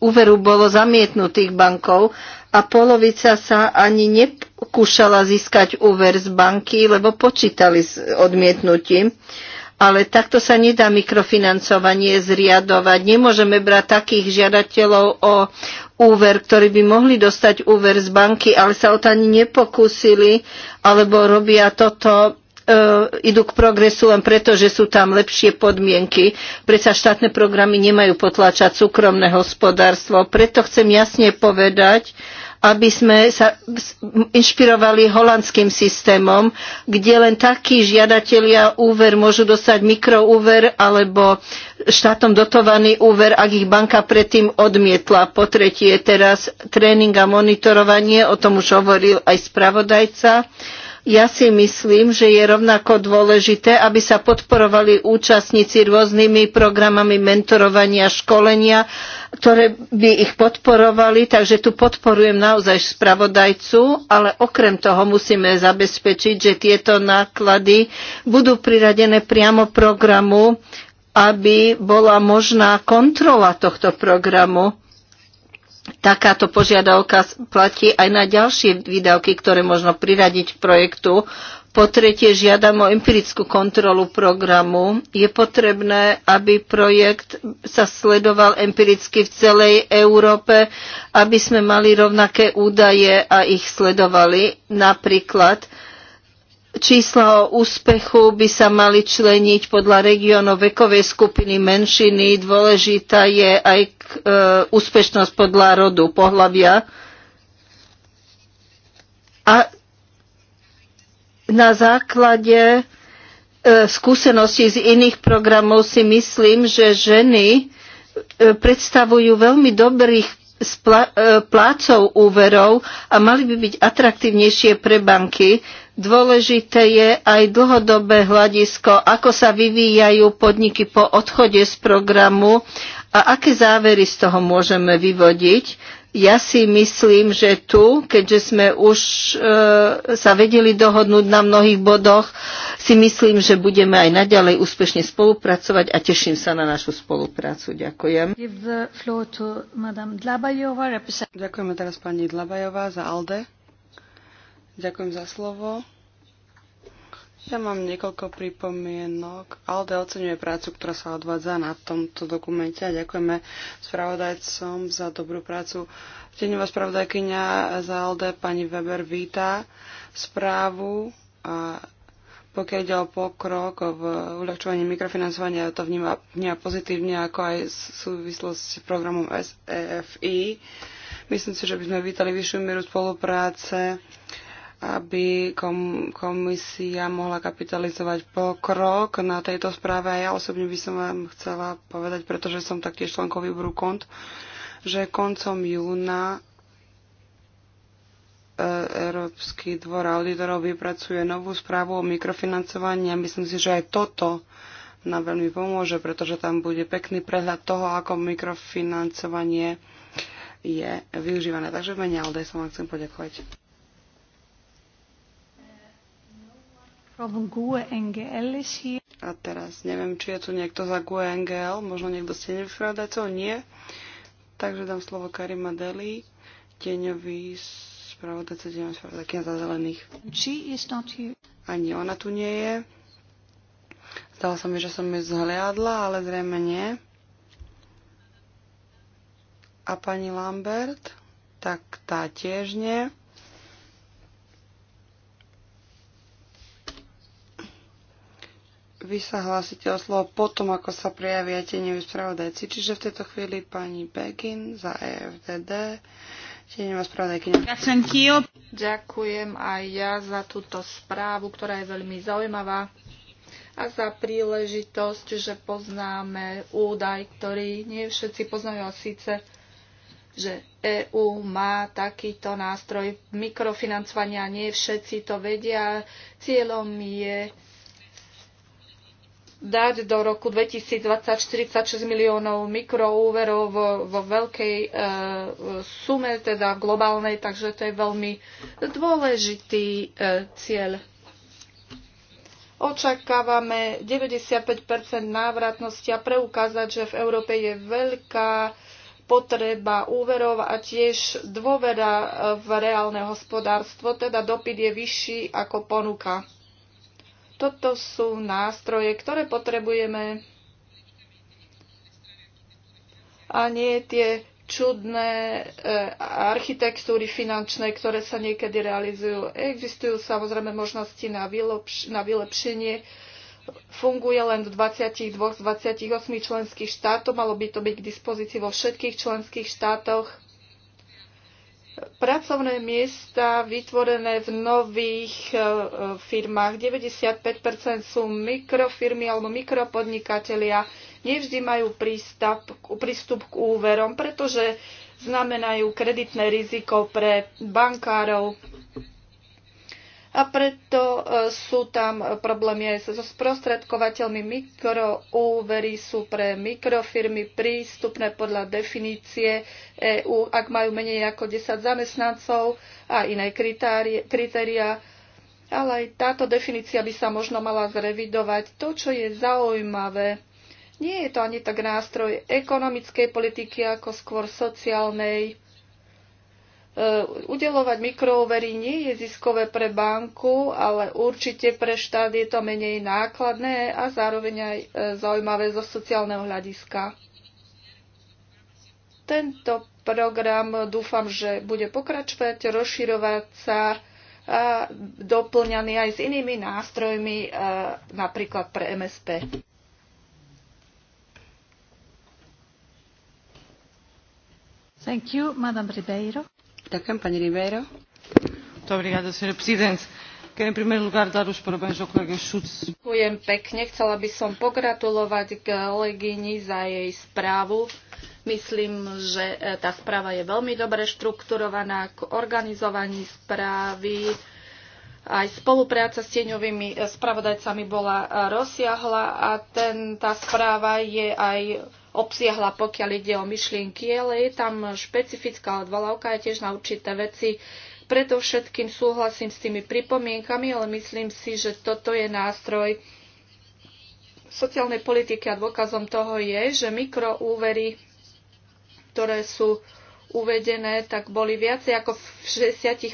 úveru bolo zamietnutých bankov a polovica sa ani nekúšala získať úver z banky, lebo počítali s odmietnutím. Ale takto sa nedá mikrofinancovanie zriadovať. Nemôžeme brať takých žiadateľov o úver, ktorí by mohli dostať úver z banky, ale sa o to ani nepokúsili, alebo robia toto E, idú k progresu len preto, že sú tam lepšie podmienky. Predsa štátne programy nemajú potláčať súkromné hospodárstvo. Preto chcem jasne povedať, aby sme sa inšpirovali holandským systémom, kde len takí žiadatelia úver môžu dostať mikroúver alebo štátom dotovaný úver, ak ich banka predtým odmietla. Po tretie teraz tréning a monitorovanie, o tom už hovoril aj spravodajca. Uh, ja si myslím, že je rovnako dôležité, aby sa podporovali účastníci rôznymi programami mentorovania, školenia, ktoré by ich podporovali. Takže tu podporujem naozaj spravodajcu, ale okrem toho musíme zabezpečiť, že tieto náklady budú priradené priamo programu, aby bola možná kontrola tohto programu takáto požiadavka platí aj na ďalšie výdavky, ktoré možno priradiť k projektu. Po tretie, žiadam o empirickú kontrolu programu. Je potrebné, aby projekt sa sledoval empiricky v celej Európe, aby sme mali rovnaké údaje a ich sledovali. Napríklad, Čísla o úspechu by sa mali členiť podľa regiónov vekovej skupiny menšiny. Dôležitá je aj e, úspešnosť podľa rodu, pohľavia. A na základe e, skúseností z iných programov si myslím, že ženy e, predstavujú veľmi dobrých e, plácov úverov a mali by byť atraktívnejšie pre banky Dôležité je aj dlhodobé hľadisko, ako sa vyvíjajú podniky po odchode z programu a aké závery z toho môžeme vyvodiť. Ja si myslím, že tu, keďže sme už e, sa vedeli dohodnúť na mnohých bodoch, si myslím, že budeme aj naďalej úspešne spolupracovať a teším sa na našu spoluprácu. Ďakujem. Ďakujeme teraz pani Dlabajová za ALDE. Ďakujem za slovo. Ja mám niekoľko pripomienok. ALDE oceňuje prácu, ktorá sa odvádza na tomto dokumente a ďakujeme spravodajcom za dobrú prácu. Teňová spravodajkynia za ALDE pani Weber víta správu a pokiaľ ide o pokrok v uľahčovaní mikrofinancovania, to vníma, vníma pozitívne, ako aj v súvislosti s programom SEFI. Myslím si, že by sme vítali vyššiu mieru spolupráce aby kom, komisia mohla kapitalizovať pokrok na tejto správe. A ja osobne by som vám chcela povedať, pretože som taktiež členkou výboru KONT, že koncom júna e, Európsky dvor auditorov vypracuje novú správu o mikrofinancovaní a myslím si, že aj toto nám veľmi pomôže, pretože tam bude pekný prehľad toho, ako mikrofinancovanie je využívané. Takže v mene Alde som vám chcem poďakovať. A teraz neviem, či je tu niekto za GUE NGL, možno niekto ste nevykladajcov, nie. Takže dám slovo Karima Deli, tieňový spravodajca, tieňový spravodajka za zelených. Ani ona tu nie je. Zdala sa mi, že som ju zhliadla, ale zrejme nie. A pani Lambert, tak tá tiež nie. vy sa hlásite o slovo potom, ako sa prejavia tieňoví spravodajci. Čiže v tejto chvíli pani Begin za EFDD. Tieňová spravodajkyňa. Ďakujem aj ja za túto správu, ktorá je veľmi zaujímavá a za príležitosť, že poznáme údaj, ktorý nie všetci poznajú a síce že EÚ má takýto nástroj mikrofinancovania, nie všetci to vedia. Cieľom je dať do roku 2020 46 miliónov mikroúverov vo, vo veľkej e, sume, teda globálnej, takže to je veľmi dôležitý e, cieľ. Očakávame 95 návratnosti a preukázať, že v Európe je veľká potreba úverov a tiež dôvera v reálne hospodárstvo, teda dopyt je vyšší ako ponuka. Toto sú nástroje, ktoré potrebujeme a nie tie čudné e, architektúry finančné, ktoré sa niekedy realizujú. Existujú samozrejme možnosti na, vylepš- na vylepšenie. Funguje len v 22 z 28 členských štátov. Malo by to byť k dispozícii vo všetkých členských štátoch pracovné miesta vytvorené v nových e, e, firmách. 95% sú mikrofirmy alebo mikropodnikatelia. Nevždy majú prístup k úverom, pretože znamenajú kreditné riziko pre bankárov a preto e, sú tam problémy aj so sprostredkovateľmi. Mikroúvery sú pre mikrofirmy prístupné podľa definície EU, ak majú menej ako 10 zamestnancov a iné kritéria. Ale aj táto definícia by sa možno mala zrevidovať. To, čo je zaujímavé, nie je to ani tak nástroj ekonomickej politiky, ako skôr sociálnej Eh, udelovať mikroúvery nie je ziskové pre banku, ale určite pre štát je to menej nákladné a zároveň aj eh, zaujímavé zo sociálneho hľadiska. Tento program dúfam, že bude pokračovať, rozširovať sa a doplňaný aj s inými nástrojmi, eh, napríklad pre MSP. Thank you, Madame Ribeiro. Ďakujem, Ďakujem pekne. Chcela by som pogratulovať kolegyni za jej správu. Myslím, že e, tá správa je veľmi dobre štrukturovaná k organizovaní správy. Aj spolupráca s tieňovými e, spravodajcami bola e, rozsiahla a ten, tá správa je aj obsiahla, pokiaľ ide o myšlienky, ale je tam špecifická odvolávka aj tiež na určité veci. Preto všetkým súhlasím s tými pripomienkami, ale myslím si, že toto je nástroj sociálnej politiky a dôkazom toho je, že mikroúvery, ktoré sú uvedené, tak boli viacej ako v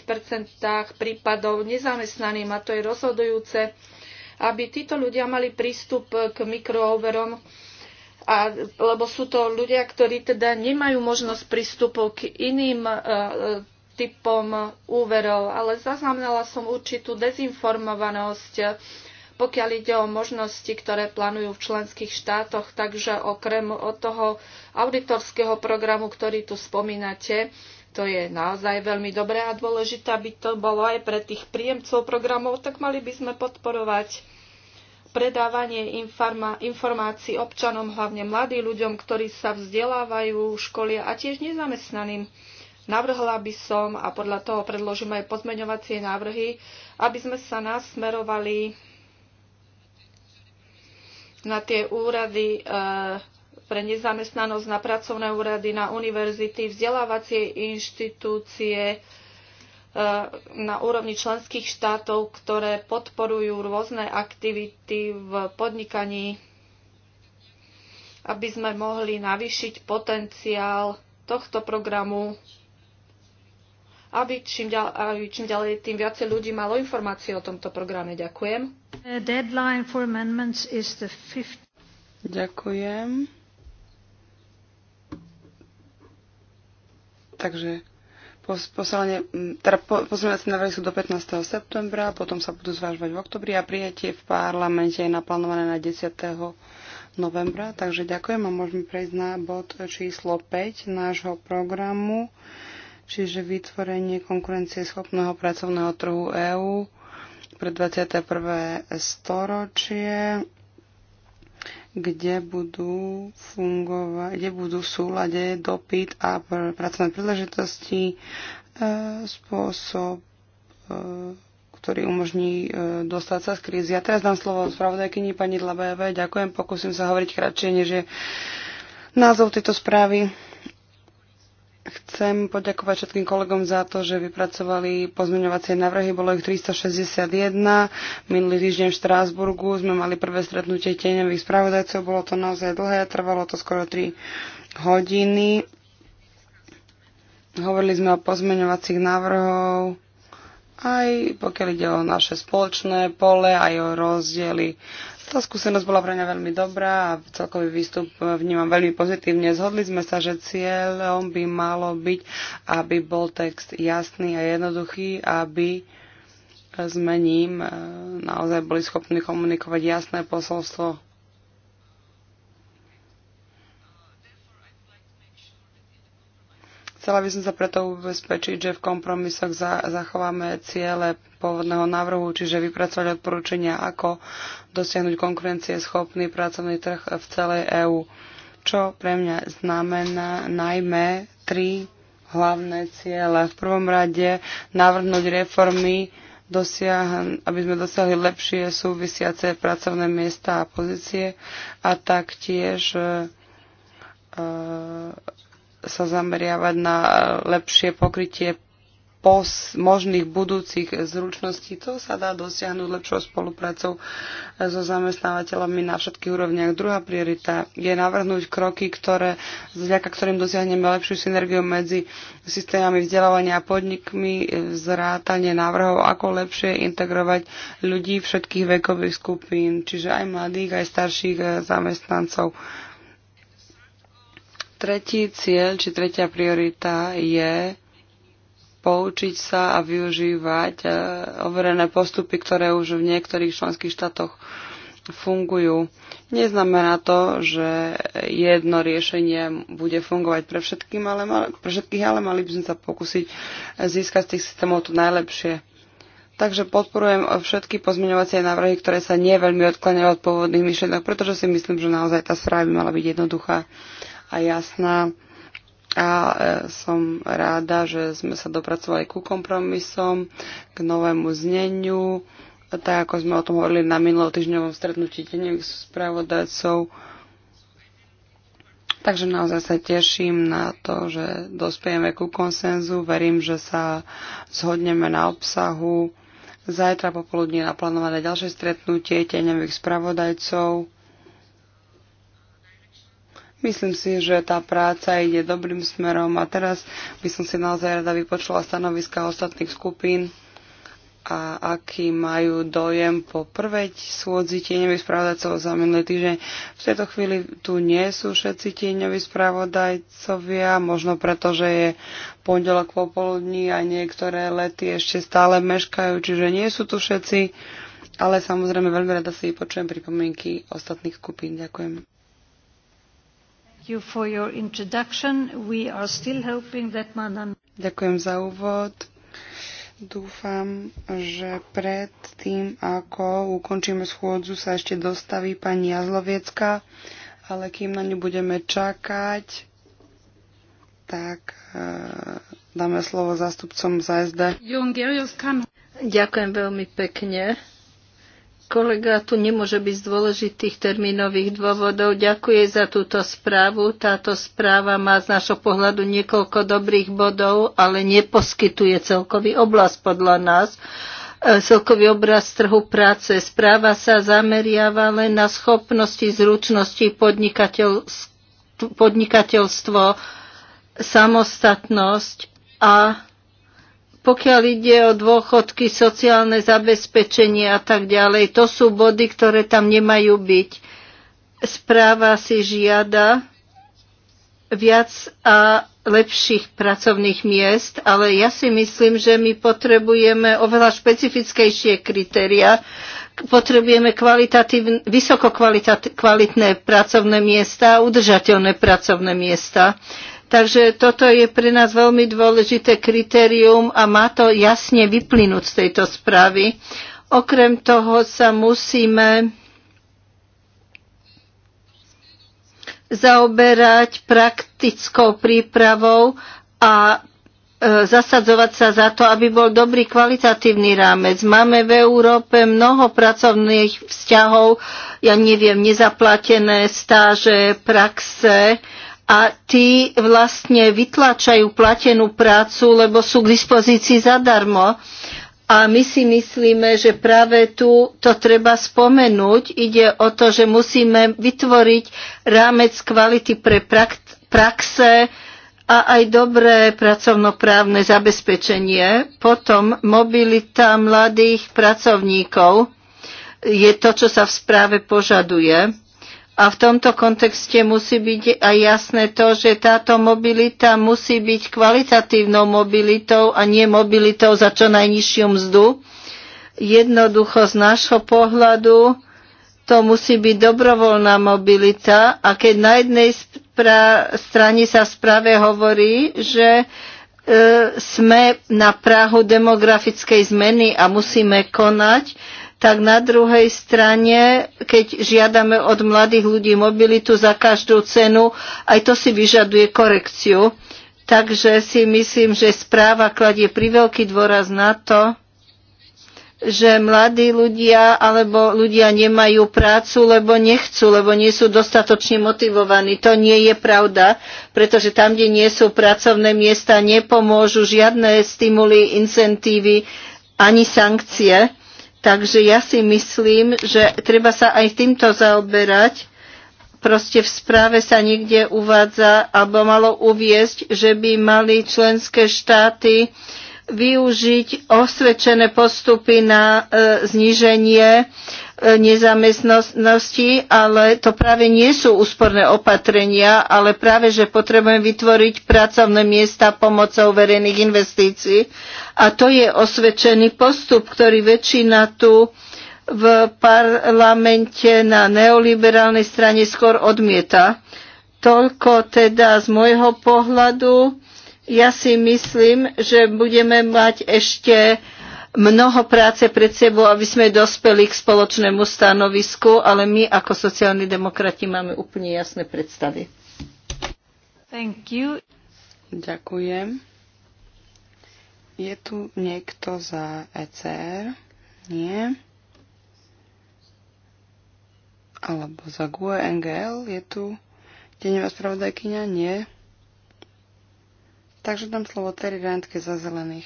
60% prípadov nezamestnaným a to je rozhodujúce, aby títo ľudia mali prístup k mikroúverom, a, lebo sú to ľudia, ktorí teda nemajú možnosť prístupu k iným e, e, typom úverov, ale zaznamenala som určitú dezinformovanosť, pokiaľ ide o možnosti, ktoré plánujú v členských štátoch, takže okrem od toho auditorského programu, ktorý tu spomínate, to je naozaj veľmi dobré a dôležité, aby to bolo aj pre tých príjemcov programov, tak mali by sme podporovať predávanie informácií občanom, hlavne mladým ľuďom, ktorí sa vzdelávajú, v školia a tiež nezamestnaným. Navrhla by som, a podľa toho predložím aj pozmeňovacie návrhy, aby sme sa nasmerovali na tie úrady e, pre nezamestnanosť, na pracovné úrady, na univerzity, vzdelávacie inštitúcie, na úrovni členských štátov, ktoré podporujú rôzne aktivity v podnikaní, aby sme mohli navýšiť potenciál tohto programu, aby čím, ďalej, aby čím ďalej tým viacej ľudí malo informácie o tomto programe. Ďakujem. Ďakujem. Takže Poslanie, teda pozmeňovacie návrhy sú do 15. septembra, potom sa budú zvážovať v oktobri a prijatie v parlamente je naplánované na 10. novembra. Takže ďakujem a môžeme prejsť na bod číslo 5 nášho programu, čiže vytvorenie konkurencie schopného pracovného trhu EÚ pre 21. storočie kde budú fungovať, kde budú v súlade dopyt a pr- pracovné príležitosti, e, spôsob, e, ktorý umožní e, dostať sa z krízy. Ja teraz dám slovo spravodajkyni pani Dlabajevej. Ďakujem, pokúsim sa hovoriť kratšie, než je názov tejto správy. Chcem poďakovať všetkým kolegom za to, že vypracovali pozmeňovacie návrhy. Bolo ich 361. Minulý týždeň v Štrásburgu sme mali prvé stretnutie tieňových spravodajcov. Bolo to naozaj dlhé, trvalo to skoro 3 hodiny. Hovorili sme o pozmeňovacích návrhov, aj pokiaľ ide o naše spoločné pole, aj o rozdiely tá skúsenosť bola pre mňa veľmi dobrá a celkový výstup vnímam veľmi pozitívne. Zhodli sme sa, že cieľom by malo byť, aby bol text jasný a jednoduchý, aby ním e, naozaj boli schopní komunikovať jasné posolstvo Chcela by som sa preto ubezpečiť, že v kompromisoch za, zachováme ciele pôvodného návrhu, čiže vypracovať odporúčania, ako dosiahnuť konkurencieschopný pracovný trh v celej EÚ, čo pre mňa znamená najmä tri hlavné ciele. V prvom rade navrhnúť reformy, dosiahn, aby sme dosiahli lepšie súvisiace pracovné miesta a pozície a taktiež e, sa zameriavať na e, lepšie pokrytie pos možných budúcich zručností. To sa dá dosiahnuť lepšou spoluprácou e, so zamestnávateľmi na všetkých úrovniach. Druhá priorita je navrhnúť kroky, ktoré, vďaka ktorým dosiahneme lepšiu synergiu medzi systémami vzdelávania a podnikmi, e, zrátanie návrhov, ako lepšie integrovať ľudí všetkých vekových skupín, čiže aj mladých, aj starších zamestnancov Tretí cieľ, či tretia priorita je poučiť sa a využívať e, overené postupy, ktoré už v niektorých členských štátoch fungujú. Neznamená to, že jedno riešenie bude fungovať pre, všetkým, ale mal, pre všetkých, ale mali by sme sa pokúsiť získať z tých systémov to najlepšie. Takže podporujem všetky pozmeňovacie návrhy, ktoré sa nie veľmi odklania od pôvodných myšlienok, pretože si myslím, že naozaj tá správa by mala byť jednoduchá a jasná. A e, som ráda, že sme sa dopracovali ku kompromisom, k novému zneniu, tak ako sme o tom hovorili na minulotýždňovom stretnutí denník spravodajcov. Takže naozaj sa teším na to, že dospejeme ku konsenzu. Verím, že sa zhodneme na obsahu. Zajtra popoludní naplánované ďalšie stretnutie tieňových spravodajcov. Myslím si, že tá práca ide dobrým smerom a teraz by som si naozaj rada vypočula stanoviska ostatných skupín a aký majú dojem po prvej schôdzi tieňových spravodajcov za minulý týždeň. V tejto chvíli tu nie sú všetci tieňoví spravodajcovia, možno preto, že je pondelok popoludní a niektoré lety ešte stále meškajú, čiže nie sú tu všetci, ale samozrejme veľmi rada si počujem pripomienky ostatných skupín. Ďakujem. Ďakujem za úvod. Dúfam, že pred tým, ako ukončíme schôdzu, sa ešte dostaví pani Jazloviecka, ale kým na ňu budeme čakať, tak e, dáme slovo zástupcom za SD. Ďakujem veľmi pekne kolega tu nemôže byť z dôležitých termínových dôvodov. Ďakujem za túto správu. Táto správa má z našho pohľadu niekoľko dobrých bodov, ale neposkytuje celkový oblast podľa nás. E, celkový obraz trhu práce. Správa sa zameriava len na schopnosti, zručnosti, podnikateľstvo, podnikateľstvo samostatnosť a pokiaľ ide o dôchodky, sociálne zabezpečenie a tak ďalej, to sú body, ktoré tam nemajú byť. Správa si žiada viac a lepších pracovných miest, ale ja si myslím, že my potrebujeme oveľa špecifickejšie kritéria. Potrebujeme vysokokvalitné pracovné miesta a udržateľné pracovné miesta. Takže toto je pre nás veľmi dôležité kritérium a má to jasne vyplynúť z tejto správy. Okrem toho sa musíme zaoberať praktickou prípravou a e, zasadzovať sa za to, aby bol dobrý kvalitatívny rámec. Máme v Európe mnoho pracovných vzťahov, ja neviem, nezaplatené stáže, praxe, a tí vlastne vytláčajú platenú prácu, lebo sú k dispozícii zadarmo. A my si myslíme, že práve tu to treba spomenúť. Ide o to, že musíme vytvoriť rámec kvality pre praxe a aj dobré pracovnoprávne zabezpečenie. Potom mobilita mladých pracovníkov je to, čo sa v správe požaduje a v tomto kontexte musí byť aj jasné to, že táto mobilita musí byť kvalitatívnou mobilitou a nie mobilitou za čo najnižšiu mzdu. Jednoducho z nášho pohľadu to musí byť dobrovoľná mobilita a keď na jednej strane sa správe hovorí, že e, sme na Prahu demografickej zmeny a musíme konať, tak na druhej strane, keď žiadame od mladých ľudí mobilitu za každú cenu, aj to si vyžaduje korekciu. Takže si myslím, že správa kladie priveľký dôraz na to, že mladí ľudia alebo ľudia nemajú prácu, lebo nechcú, lebo nie sú dostatočne motivovaní. To nie je pravda, pretože tam, kde nie sú pracovné miesta, nepomôžu žiadne stimuly, incentívy ani sankcie. Takže ja si myslím, že treba sa aj týmto zaoberať. Proste v správe sa niekde uvádza, alebo malo uviesť, že by mali členské štáty uh, využiť osvedčené postupy na e, zníženie e, nezamestnosti, ale to práve nie sú úsporné opatrenia, ale práve, že potrebujeme vytvoriť pracovné miesta pomocou verejných investícií. A to je osvedčený postup, ktorý väčšina tu v parlamente na neoliberálnej strane skôr odmieta. Toľko teda z môjho pohľadu ja si myslím, že budeme mať ešte mnoho práce pred sebou, aby sme dospeli k spoločnému stanovisku, ale my ako sociálni demokrati máme úplne jasné predstavy. Thank you. Ďakujem. Je tu niekto za ECR? Nie. Alebo za GUE NGL? Je tu deňová spravodajkynia? Nie. Takže dám slovo Terry Randke za zelených.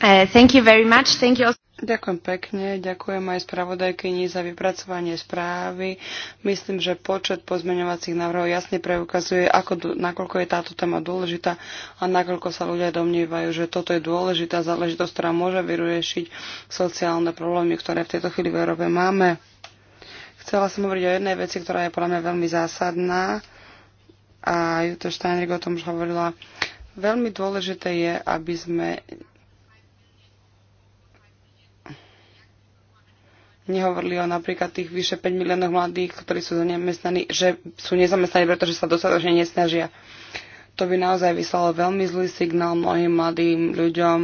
Uh, thank you very much. Thank you. Ďakujem pekne, ďakujem aj spravodajkyni za vypracovanie správy. Myslím, že počet pozmeňovacích návrhov jasne preukazuje, ako, nakoľko je táto téma dôležitá a nakoľko sa ľudia domnievajú, že toto je dôležitá záležitosť, ktorá môže vyriešiť sociálne problémy, ktoré v tejto chvíli v Európe máme. Chcela som hovoriť o jednej veci, ktorá je podľa mňa veľmi zásadná a Jutta Steinrig o tom už hovorila. Veľmi dôležité je, aby sme nehovorili o napríklad tých vyše 5 miliónov mladých, ktorí sú zamestnaní, že sú nezamestnaní, pretože sa dostatočne nesnažia. To by naozaj vyslalo veľmi zlý signál mnohým mladým ľuďom,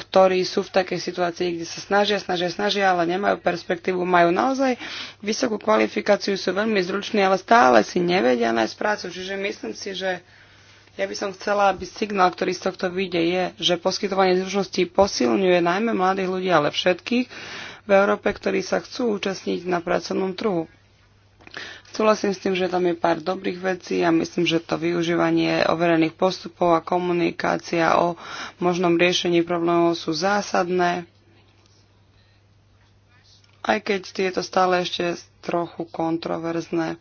ktorí sú v takej situácii, kde sa snažia, snažia, snažia, ale nemajú perspektívu, majú naozaj vysokú kvalifikáciu, sú veľmi zruční, ale stále si nevedia nájsť prácu. Čiže myslím si, že ja by som chcela, aby signál, ktorý z tohto vyjde, je, že poskytovanie zručností posilňuje najmä mladých ľudí, ale všetkých v Európe, ktorí sa chcú účastniť na pracovnom trhu. Súhlasím s tým, že tam je pár dobrých vecí a myslím, že to využívanie overených postupov a komunikácia o možnom riešení problémov sú zásadné, aj keď tieto stále ešte trochu kontroverzné.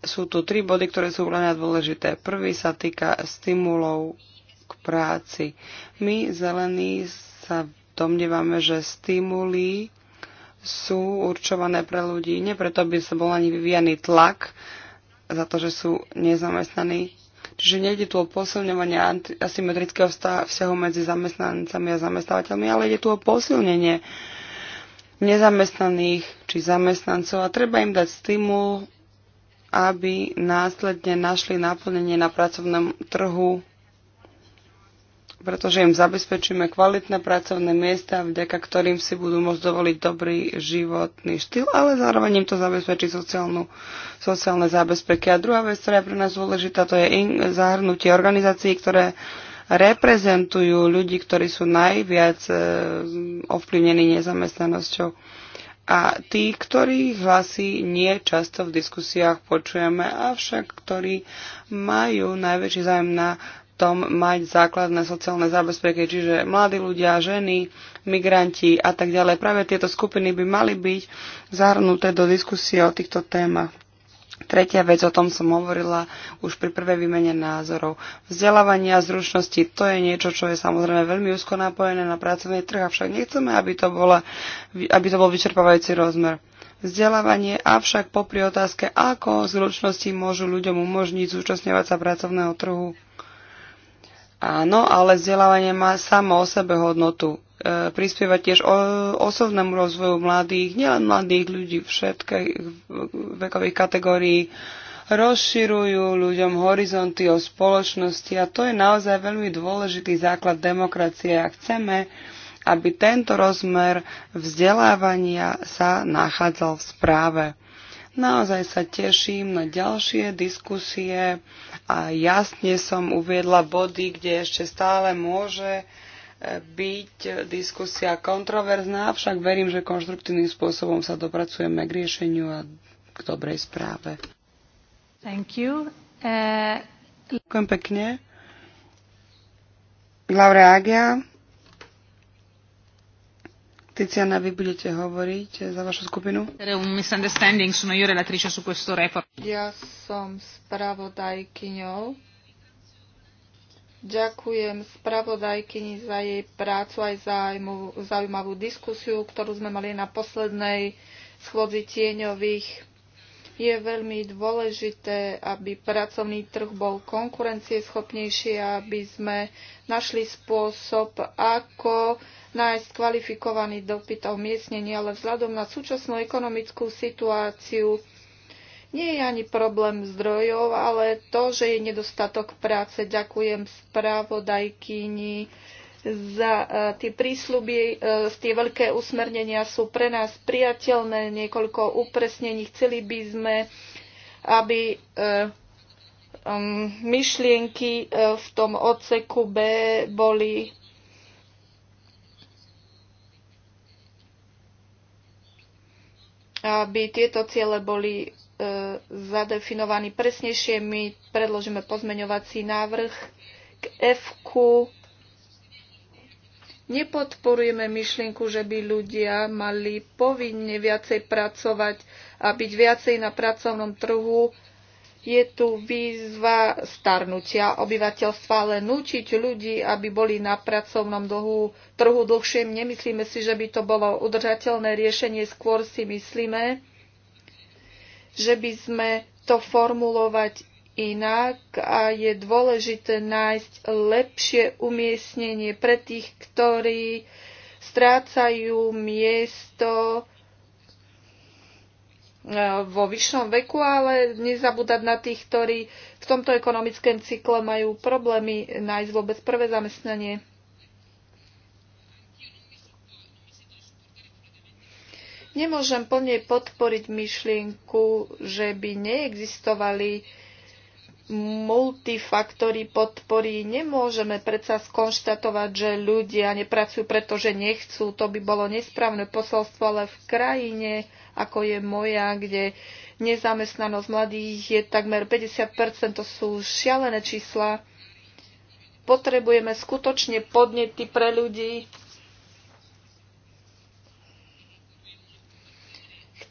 Sú tu tri body, ktoré sú pre mňa dôležité. Prvý sa týka stimulov k práci. My, zelení, sa domnievame, že stimuly sú určované pre ľudí. Nie preto by sa bol ani vyvíjaný tlak za to, že sú nezamestnaní. Čiže nejde tu o posilňovanie asymetrického vzťahu medzi zamestnancami a zamestnávateľmi, ale ide tu o posilnenie nezamestnaných či zamestnancov a treba im dať stimul, aby následne našli naplnenie na pracovnom trhu pretože im zabezpečíme kvalitné pracovné miesta, vďaka ktorým si budú môcť dovoliť dobrý životný štýl, ale zároveň im to zabezpečí sociálnu, sociálne zábezpeky. A druhá vec, ktorá je pre nás dôležitá, to je in, zahrnutie organizácií, ktoré reprezentujú ľudí, ktorí sú najviac e, ovplyvnení nezamestnanosťou. A tí, ktorých hlasy nie často v diskusiách počujeme, avšak ktorí majú najväčší zájem na tom mať základné sociálne zabezpeky, čiže mladí ľudia, ženy, migranti a tak ďalej. Práve tieto skupiny by mali byť zahrnuté do diskusie o týchto témach. Tretia vec, o tom som hovorila už pri prvej výmene názorov. Vzdelávanie a zručnosti, to je niečo, čo je samozrejme veľmi úzko napojené na pracovný trh, avšak nechceme, aby to, bola, aby to bol vyčerpávajúci rozmer. Vzdelávanie avšak popri otázke, ako zručnosti môžu ľuďom umožniť zúčastňovať sa pracovného trhu Áno, ale vzdelávanie má samo o sebe hodnotu. E, prispieva tiež o, osobnému rozvoju mladých, nielen mladých ľudí všetkých vekových kategórií. Rozširujú ľuďom horizonty o spoločnosti a to je naozaj veľmi dôležitý základ demokracie a chceme, aby tento rozmer vzdelávania sa nachádzal v správe. Naozaj sa teším na ďalšie diskusie a jasne som uviedla body, kde ešte stále môže e, byť diskusia kontroverzná, avšak verím, že konštruktívnym spôsobom sa dopracujeme k riešeniu a k dobrej správe. Thank you. Uh... Ďakujem pekne. Laura Agia. Tiziana, vy budete hovoriť eh, za vašu skupinu. No, ja som spravodajkyňou. Ďakujem spravodajkyni za jej prácu aj za zaujímavú diskusiu, ktorú sme mali na poslednej schôdzi tieňových. Je veľmi dôležité, aby pracovný trh bol konkurencieschopnejší, aby sme našli spôsob, ako nájsť kvalifikovaný dopyt a umiestnenie, ale vzhľadom na súčasnú ekonomickú situáciu nie je ani problém zdrojov, ale to, že je nedostatok práce. Ďakujem spravodajkyni za e, tie prísľuby, e, tie veľké usmernenia sú pre nás priateľné, niekoľko upresnení. Chceli by sme, aby e, um, myšlienky v tom odseku B boli aby tieto ciele boli e, zadefinovaní presnejšie. My predložíme pozmeňovací návrh k F. Nepodporujeme myšlienku, že by ľudia mali povinne viacej pracovať a byť viacej na pracovnom trhu je tu výzva starnutia obyvateľstva, ale núčiť ľudí, aby boli na pracovnom dlhu, trhu dlhšie. Nemyslíme si, že by to bolo udržateľné riešenie, skôr si myslíme, že by sme to formulovať inak a je dôležité nájsť lepšie umiestnenie pre tých, ktorí strácajú miesto Eh, vo vyššom veku, ale nezabúdať na tých, ktorí v tomto ekonomickom cykle majú problémy nájsť vôbec prvé zamestnanie. Nemôžem plne podporiť myšlienku, že by neexistovali multifaktory podpory. Nemôžeme predsa skonštatovať, že ľudia nepracujú, pretože nechcú. To by bolo nesprávne posolstvo, ale v krajine ako je moja, kde nezamestnanosť mladých je takmer 50%, to sú šialené čísla. Potrebujeme skutočne podnety pre ľudí.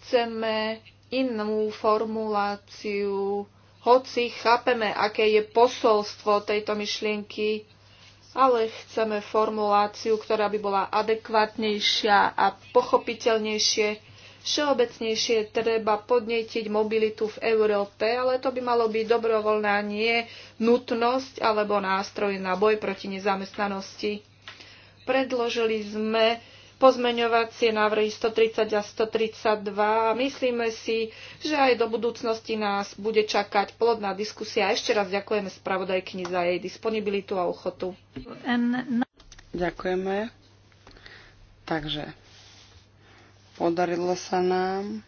Chceme inú formuláciu, hoci chápeme, aké je posolstvo tejto myšlienky, ale chceme formuláciu, ktorá by bola adekvátnejšia a pochopiteľnejšie Všeobecnejšie treba podnetiť mobilitu v Európe, ale to by malo byť dobrovoľná nie nutnosť alebo nástroj na boj proti nezamestnanosti. Predložili sme pozmeňovacie návrhy 130 a 132. Myslíme si, že aj do budúcnosti nás bude čakať plodná diskusia. Ešte raz ďakujeme spravodajkyni za jej disponibilitu a ochotu. Ďakujeme. Takže Podarilo sa nám.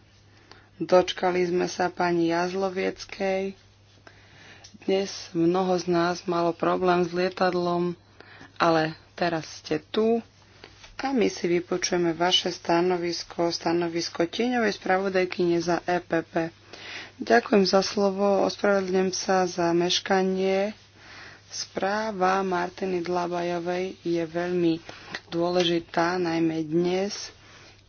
Dočkali sme sa pani Jazlovieckej. Dnes mnoho z nás malo problém s lietadlom, ale teraz ste tu a my si vypočujeme vaše stanovisko, stanovisko tieňovej spravodajkyne za EPP. Ďakujem za slovo, ospravedlňujem sa za meškanie. Správa Martiny Dlabajovej je veľmi dôležitá, najmä dnes,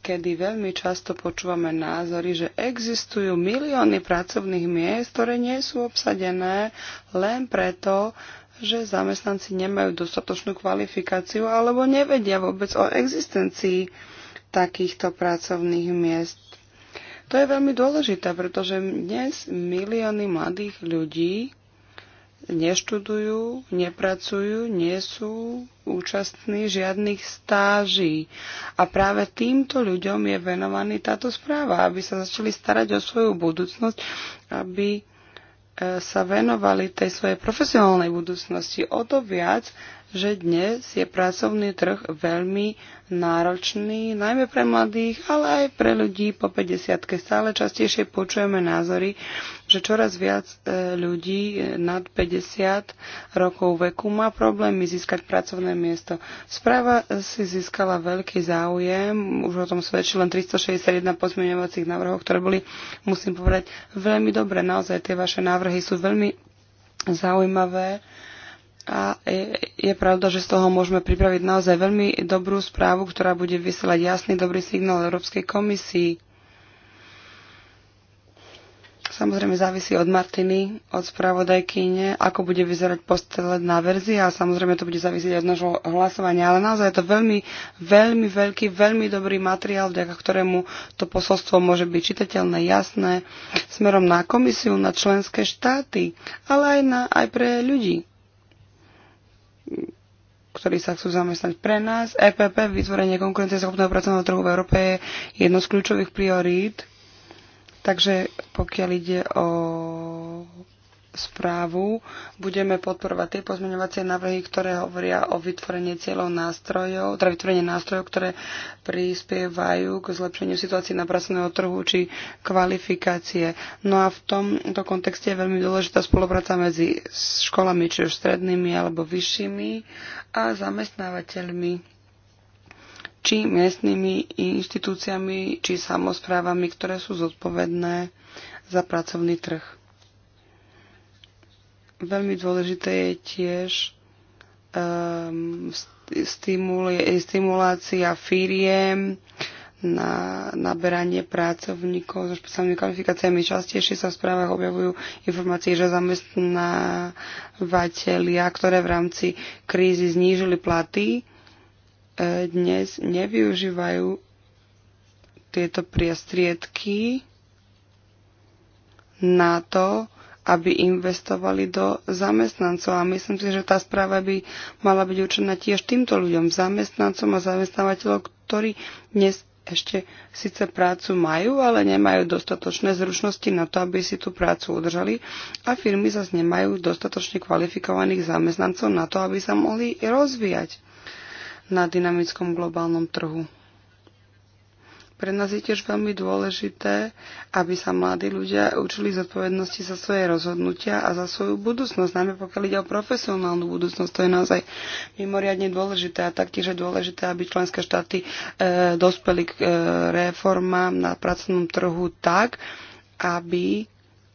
kedy veľmi často počúvame názory, že existujú milióny pracovných miest, ktoré nie sú obsadené len preto, že zamestnanci nemajú dostatočnú kvalifikáciu alebo nevedia vôbec o existencii takýchto pracovných miest. To je veľmi dôležité, pretože dnes milióny mladých ľudí neštudujú, nepracujú, nie sú účastní žiadnych stáží. A práve týmto ľuďom je venovaný táto správa, aby sa začali starať o svoju budúcnosť, aby e, sa venovali tej svojej profesionálnej budúcnosti. O to viac že dnes je pracovný trh veľmi náročný, najmä pre mladých, ale aj pre ľudí po 50. -ke. Stále častejšie počujeme názory, že čoraz viac e, ľudí e, nad 50 rokov veku má problémy získať pracovné miesto. Správa e, si získala veľký záujem, už o tom svedčí len 361 pozmeňovacích návrhov, ktoré boli, musím povedať, veľmi dobré. Naozaj tie vaše návrhy sú veľmi zaujímavé a je pravda, že z toho môžeme pripraviť naozaj veľmi dobrú správu, ktorá bude vysielať jasný dobrý signál Európskej komisii. Samozrejme závisí od Martiny, od spravodajkyne, ako bude vyzerať posledná verzia a samozrejme to bude závisieť od nášho hlasovania. Ale naozaj je to veľmi, veľmi veľký, veľmi dobrý materiál, vďaka ktorému to posolstvo môže byť čitateľné, jasné, smerom na komisiu, na členské štáty, ale aj, na, aj pre ľudí ktorí sa chcú zamestnať pre nás. EPP, vytvorenie konkurencieschopného pracovného trhu v Európe je jedno z kľúčových priorít. Takže pokiaľ ide o správu. Budeme podporovať tie pozmeňovacie návrhy, ktoré hovoria o vytvorení cieľov nástrojov, teda vytvorenie nástrojov, ktoré prispievajú k zlepšeniu situácií na pracovného trhu či kvalifikácie. No a v tomto kontexte je veľmi dôležitá spolupráca medzi školami, či už strednými alebo vyššími a zamestnávateľmi či miestnymi inštitúciami, či samozprávami, ktoré sú zodpovedné za pracovný trh. Veľmi dôležité je tiež um, ehm, stimul, stimulácia firiem na naberanie pracovníkov so špeciálnymi kvalifikáciami. Častejšie sa v správach objavujú informácie, že zamestnávateľia, ktoré v rámci krízy znížili platy, e, dnes nevyužívajú tieto priestriedky na to, aby investovali do zamestnancov. A myslím si, že tá správa by mala byť určená tiež týmto ľuďom, zamestnancom a zamestnávateľom, ktorí dnes ešte síce prácu majú, ale nemajú dostatočné zručnosti na to, aby si tú prácu udržali a firmy zase nemajú dostatočne kvalifikovaných zamestnancov na to, aby sa mohli rozvíjať na dynamickom globálnom trhu. Pre nás je tiež veľmi dôležité, aby sa mladí ľudia učili zodpovednosti za svoje rozhodnutia a za svoju budúcnosť. Najmä pokiaľ ide o profesionálnu budúcnosť, to je naozaj mimoriadne dôležité a taktiež je dôležité, aby členské štáty e, dospeli k e, reformám na pracovnom trhu tak, aby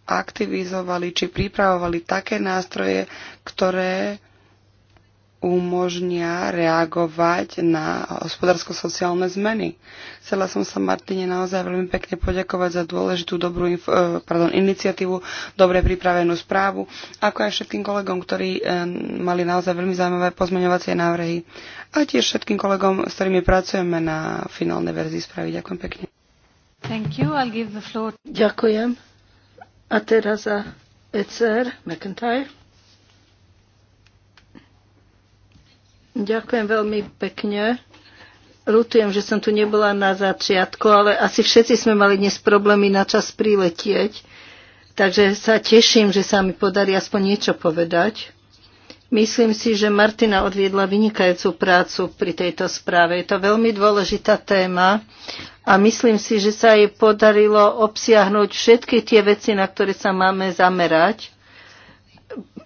aktivizovali či pripravovali také nástroje, ktoré umožnia reagovať na hospodársko-sociálne zmeny. Chcela som sa Martine naozaj veľmi pekne poďakovať za dôležitú dobrú eh, pardon, iniciatívu, dobre pripravenú správu, ako aj všetkým kolegom, ktorí eh, mali naozaj veľmi zaujímavé pozmeňovacie návrhy a tiež všetkým kolegom, s ktorými pracujeme na finálnej verzii správy. Ďakujem pekne. Thank you. I'll give the floor. Ďakujem. A teraz za ECR McIntyre. Ďakujem veľmi pekne. Lutujem, že som tu nebola na začiatku, ale asi všetci sme mali dnes problémy na čas priletieť. Takže sa teším, že sa mi podarí aspoň niečo povedať. Myslím si, že Martina odviedla vynikajúcu prácu pri tejto správe. Je to veľmi dôležitá téma a myslím si, že sa jej podarilo obsiahnuť všetky tie veci, na ktoré sa máme zamerať.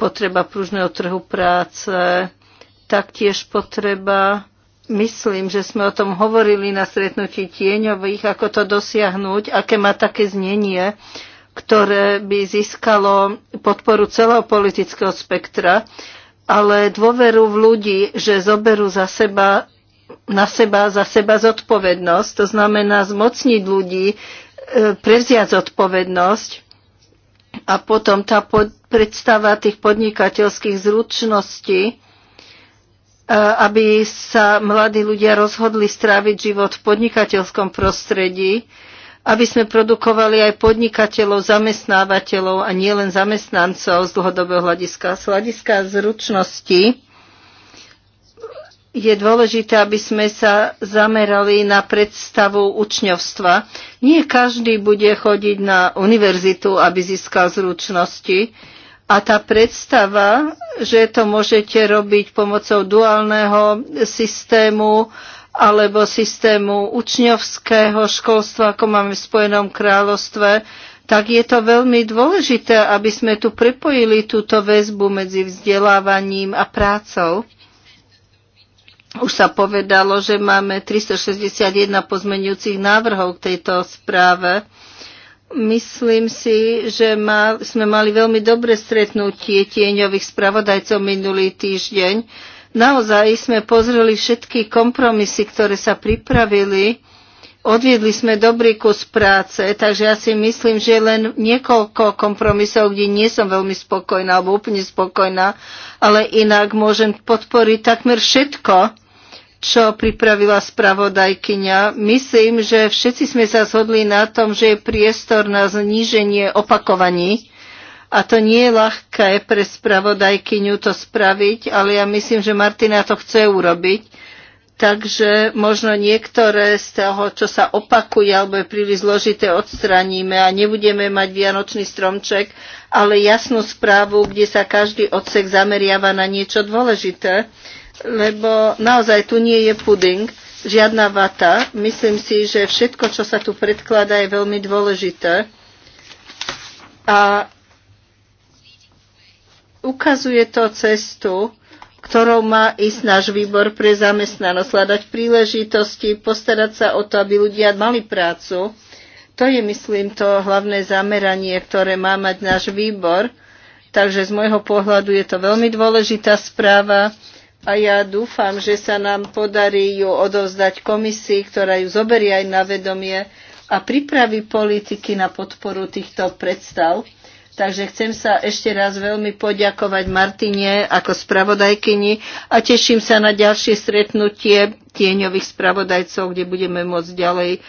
Potreba pružného trhu práce, taktiež potreba, myslím, že sme o tom hovorili na stretnutí tieňových, ako to dosiahnuť, aké má také znenie, ktoré by získalo podporu celého politického spektra, ale dôveru v ľudí, že zoberú za seba, na seba, za seba zodpovednosť, to znamená zmocniť ľudí, e, prevziať zodpovednosť a potom tá pod, predstava tých podnikateľských zručností, aby sa mladí ľudia rozhodli stráviť život v podnikateľskom prostredí, aby sme produkovali aj podnikateľov, zamestnávateľov a nielen zamestnancov z dlhodobého hľadiska. Z hľadiska zručnosti je dôležité, aby sme sa zamerali na predstavu učňovstva. Nie každý bude chodiť na univerzitu, aby získal zručnosti a tá predstava, že to môžete robiť pomocou duálneho systému alebo systému učňovského školstva, ako máme v Spojenom kráľovstve, tak je to veľmi dôležité, aby sme tu prepojili túto väzbu medzi vzdelávaním a prácou. Už sa povedalo, že máme 361 pozmenujúcich návrhov k tejto správe Myslím si, že ma, sme mali veľmi dobre stretnutie tieňových spravodajcov minulý týždeň. Naozaj sme pozreli všetky kompromisy, ktoré sa pripravili. Odviedli sme dobrý kus práce, takže ja si myslím, že len niekoľko kompromisov, kde nie som veľmi spokojná alebo úplne spokojná, ale inak môžem podporiť takmer všetko čo pripravila spravodajkyňa. Myslím, že všetci sme sa zhodli na tom, že je priestor na zníženie opakovaní. A to nie je ľahké pre spravodajkyňu to spraviť, ale ja myslím, že Martina to chce urobiť. Takže možno niektoré z toho, čo sa opakuje alebo je príliš zložité, odstraníme a nebudeme mať vianočný stromček, ale jasnú správu, kde sa každý odsek zameriava na niečo dôležité lebo naozaj tu nie je puding, žiadna vata. Myslím si, že všetko, čo sa tu predkladá, je veľmi dôležité. A ukazuje to cestu, ktorou má ísť náš výbor pre zamestnanosť, hľadať príležitosti, postarať sa o to, aby ľudia mali prácu. To je, myslím, to hlavné zameranie, ktoré má mať náš výbor. Takže z môjho pohľadu je to veľmi dôležitá správa a ja dúfam, že sa nám podarí ju odovzdať komisii, ktorá ju zoberie aj na vedomie a pripraví politiky na podporu týchto predstav. Takže chcem sa ešte raz veľmi poďakovať Martine ako spravodajkyni a teším sa na ďalšie stretnutie tieňových spravodajcov, kde budeme môcť ďalej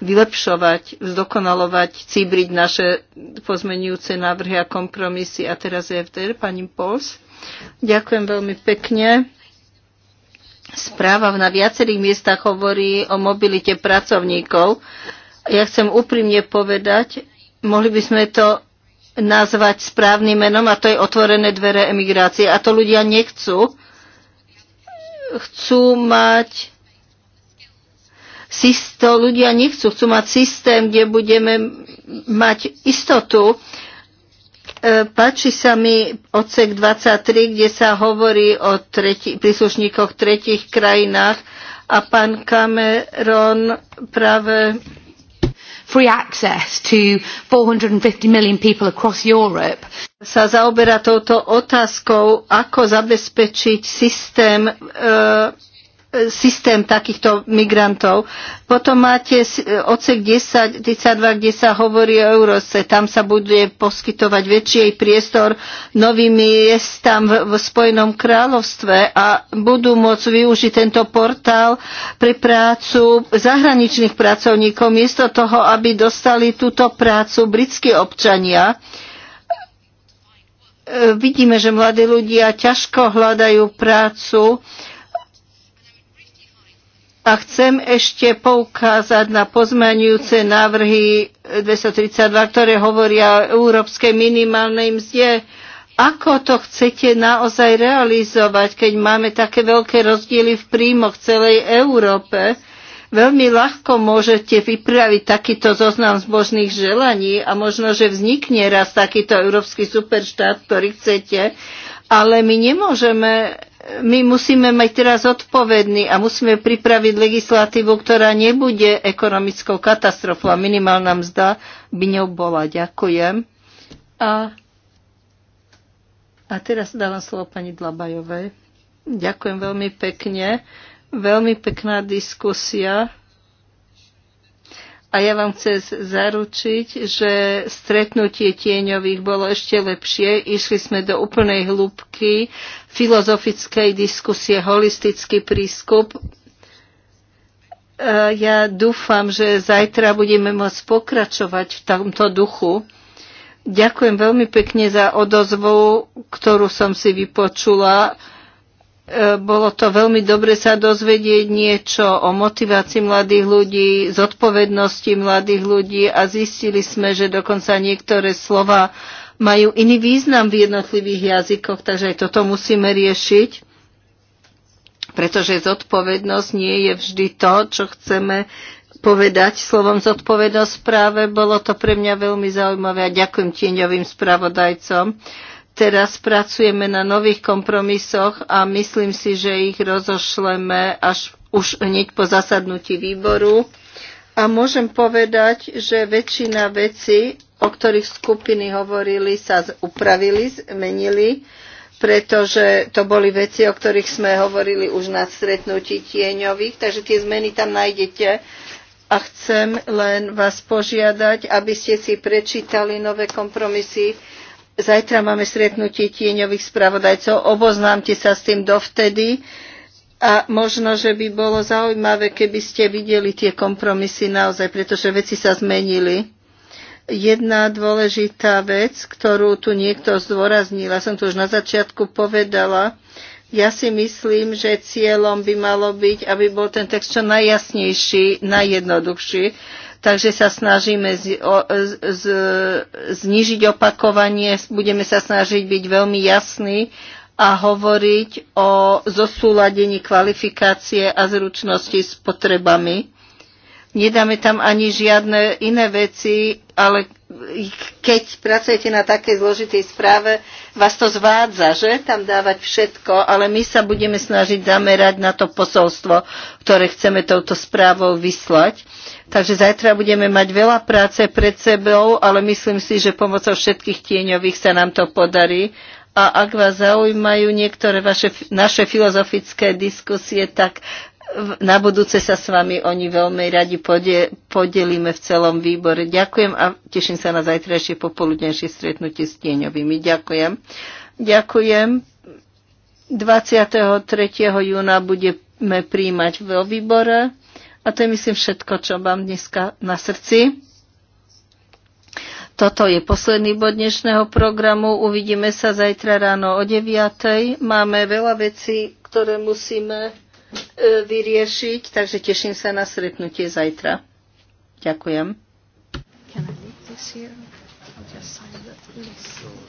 vylepšovať, zdokonalovať, cibriť naše pozmenujúce návrhy a kompromisy. A teraz je v pani Pols. Ďakujem veľmi pekne. Správa na viacerých miestach hovorí o mobilite pracovníkov. Ja chcem úprimne povedať, mohli by sme to nazvať správnym menom a to je otvorené dvere emigrácie. A to ľudia nechcú. Chcú mať to ľudia nechcú, chcú mať systém, kde budeme mať istotu, E, páči sa mi odsek 23, kde sa hovorí o tretí, príslušníkoch tretich krajinách a pán Cameron práve free access to 450 million people across Europe. Sa zaoberá touto otázkou, ako zabezpečiť systém e, systém takýchto migrantov. Potom máte odsek 10, 32, kde sa hovorí o Eurose. Tam sa bude poskytovať väčší priestor novým miestam v, v Spojenom kráľovstve a budú môcť využiť tento portál pre prácu zahraničných pracovníkov, miesto toho, aby dostali túto prácu britskí občania e, vidíme, že mladí ľudia ťažko hľadajú prácu a chcem ešte poukázať na pozmeňujúce návrhy 232, ktoré hovoria o európskej minimálnej mzde. Ako to chcete naozaj realizovať, keď máme také veľké rozdiely v príjmoch v celej Európe? Veľmi ľahko môžete vypraviť takýto zoznam zbožných želaní a možno, že vznikne raz takýto európsky superštát, ktorý chcete, ale my nemôžeme my musíme mať teraz odpovedný a musíme pripraviť legislatívu, ktorá nebude ekonomickou katastrofou a minimálna mzda by ňou bola. Ďakujem. A, a teraz dávam slovo pani Dlabajovej. Ďakujem veľmi pekne. Veľmi pekná diskusia. A ja vám chcem zaručiť, že stretnutie tieňových bolo ešte lepšie. Išli sme do úplnej hĺbky filozofickej diskusie, holistický prískup. E, ja dúfam, že zajtra budeme môcť pokračovať v tomto duchu. Ďakujem veľmi pekne za odozvu, ktorú som si vypočula. E, bolo to veľmi dobre sa dozvedieť niečo o motivácii mladých ľudí, zodpovednosti mladých ľudí a zistili sme, že dokonca niektoré slova majú iný význam v jednotlivých jazykoch, takže aj toto musíme riešiť, pretože zodpovednosť nie je vždy to, čo chceme povedať slovom zodpovednosť práve. Bolo to pre mňa veľmi zaujímavé a ďakujem tieňovým spravodajcom. Teraz pracujeme na nových kompromisoch a myslím si, že ich rozošleme až už hneď po zasadnutí výboru. A môžem povedať, že väčšina vecí, o ktorých skupiny hovorili, sa upravili, zmenili, pretože to boli veci, o ktorých sme hovorili už na stretnutí tieňových, takže tie zmeny tam nájdete. A chcem len vás požiadať, aby ste si prečítali nové kompromisy. Zajtra máme stretnutie tieňových spravodajcov. Oboznámte sa s tým dovtedy. A možno, že by bolo zaujímavé, keby ste videli tie kompromisy naozaj, pretože veci sa zmenili. Jedna dôležitá vec, ktorú tu niekto zdôraznila, som to už na začiatku povedala, ja si myslím, že cieľom by malo byť, aby bol ten text čo najjasnejší, najjednoduchší. Takže sa snažíme z, o, z, znižiť opakovanie, budeme sa snažiť byť veľmi jasný a hovoriť o zosúladení kvalifikácie a zručnosti s potrebami nedáme tam ani žiadne iné veci, ale keď pracujete na takej zložitej správe, vás to zvádza, že? Tam dávať všetko, ale my sa budeme snažiť zamerať na to posolstvo, ktoré chceme touto správou vyslať. Takže zajtra budeme mať veľa práce pred sebou, ale myslím si, že pomocou všetkých tieňových sa nám to podarí. A ak vás zaujímajú niektoré vaše, naše filozofické diskusie, tak na budúce sa s vami oni veľmi radi podelíme v celom výbore. Ďakujem a teším sa na zajtrajšie popoludnejšie stretnutie s tieňovými. Ďakujem. Ďakujem. 23. júna budeme príjmať vo výbore a to je myslím všetko, čo mám dneska na srdci. Toto je posledný bod dnešného programu. Uvidíme sa zajtra ráno o 9. Máme veľa vecí, ktoré musíme E, vyriešiť, takže teším sa na stretnutie zajtra. Ďakujem. Can I leave this here? I'll just sign that list.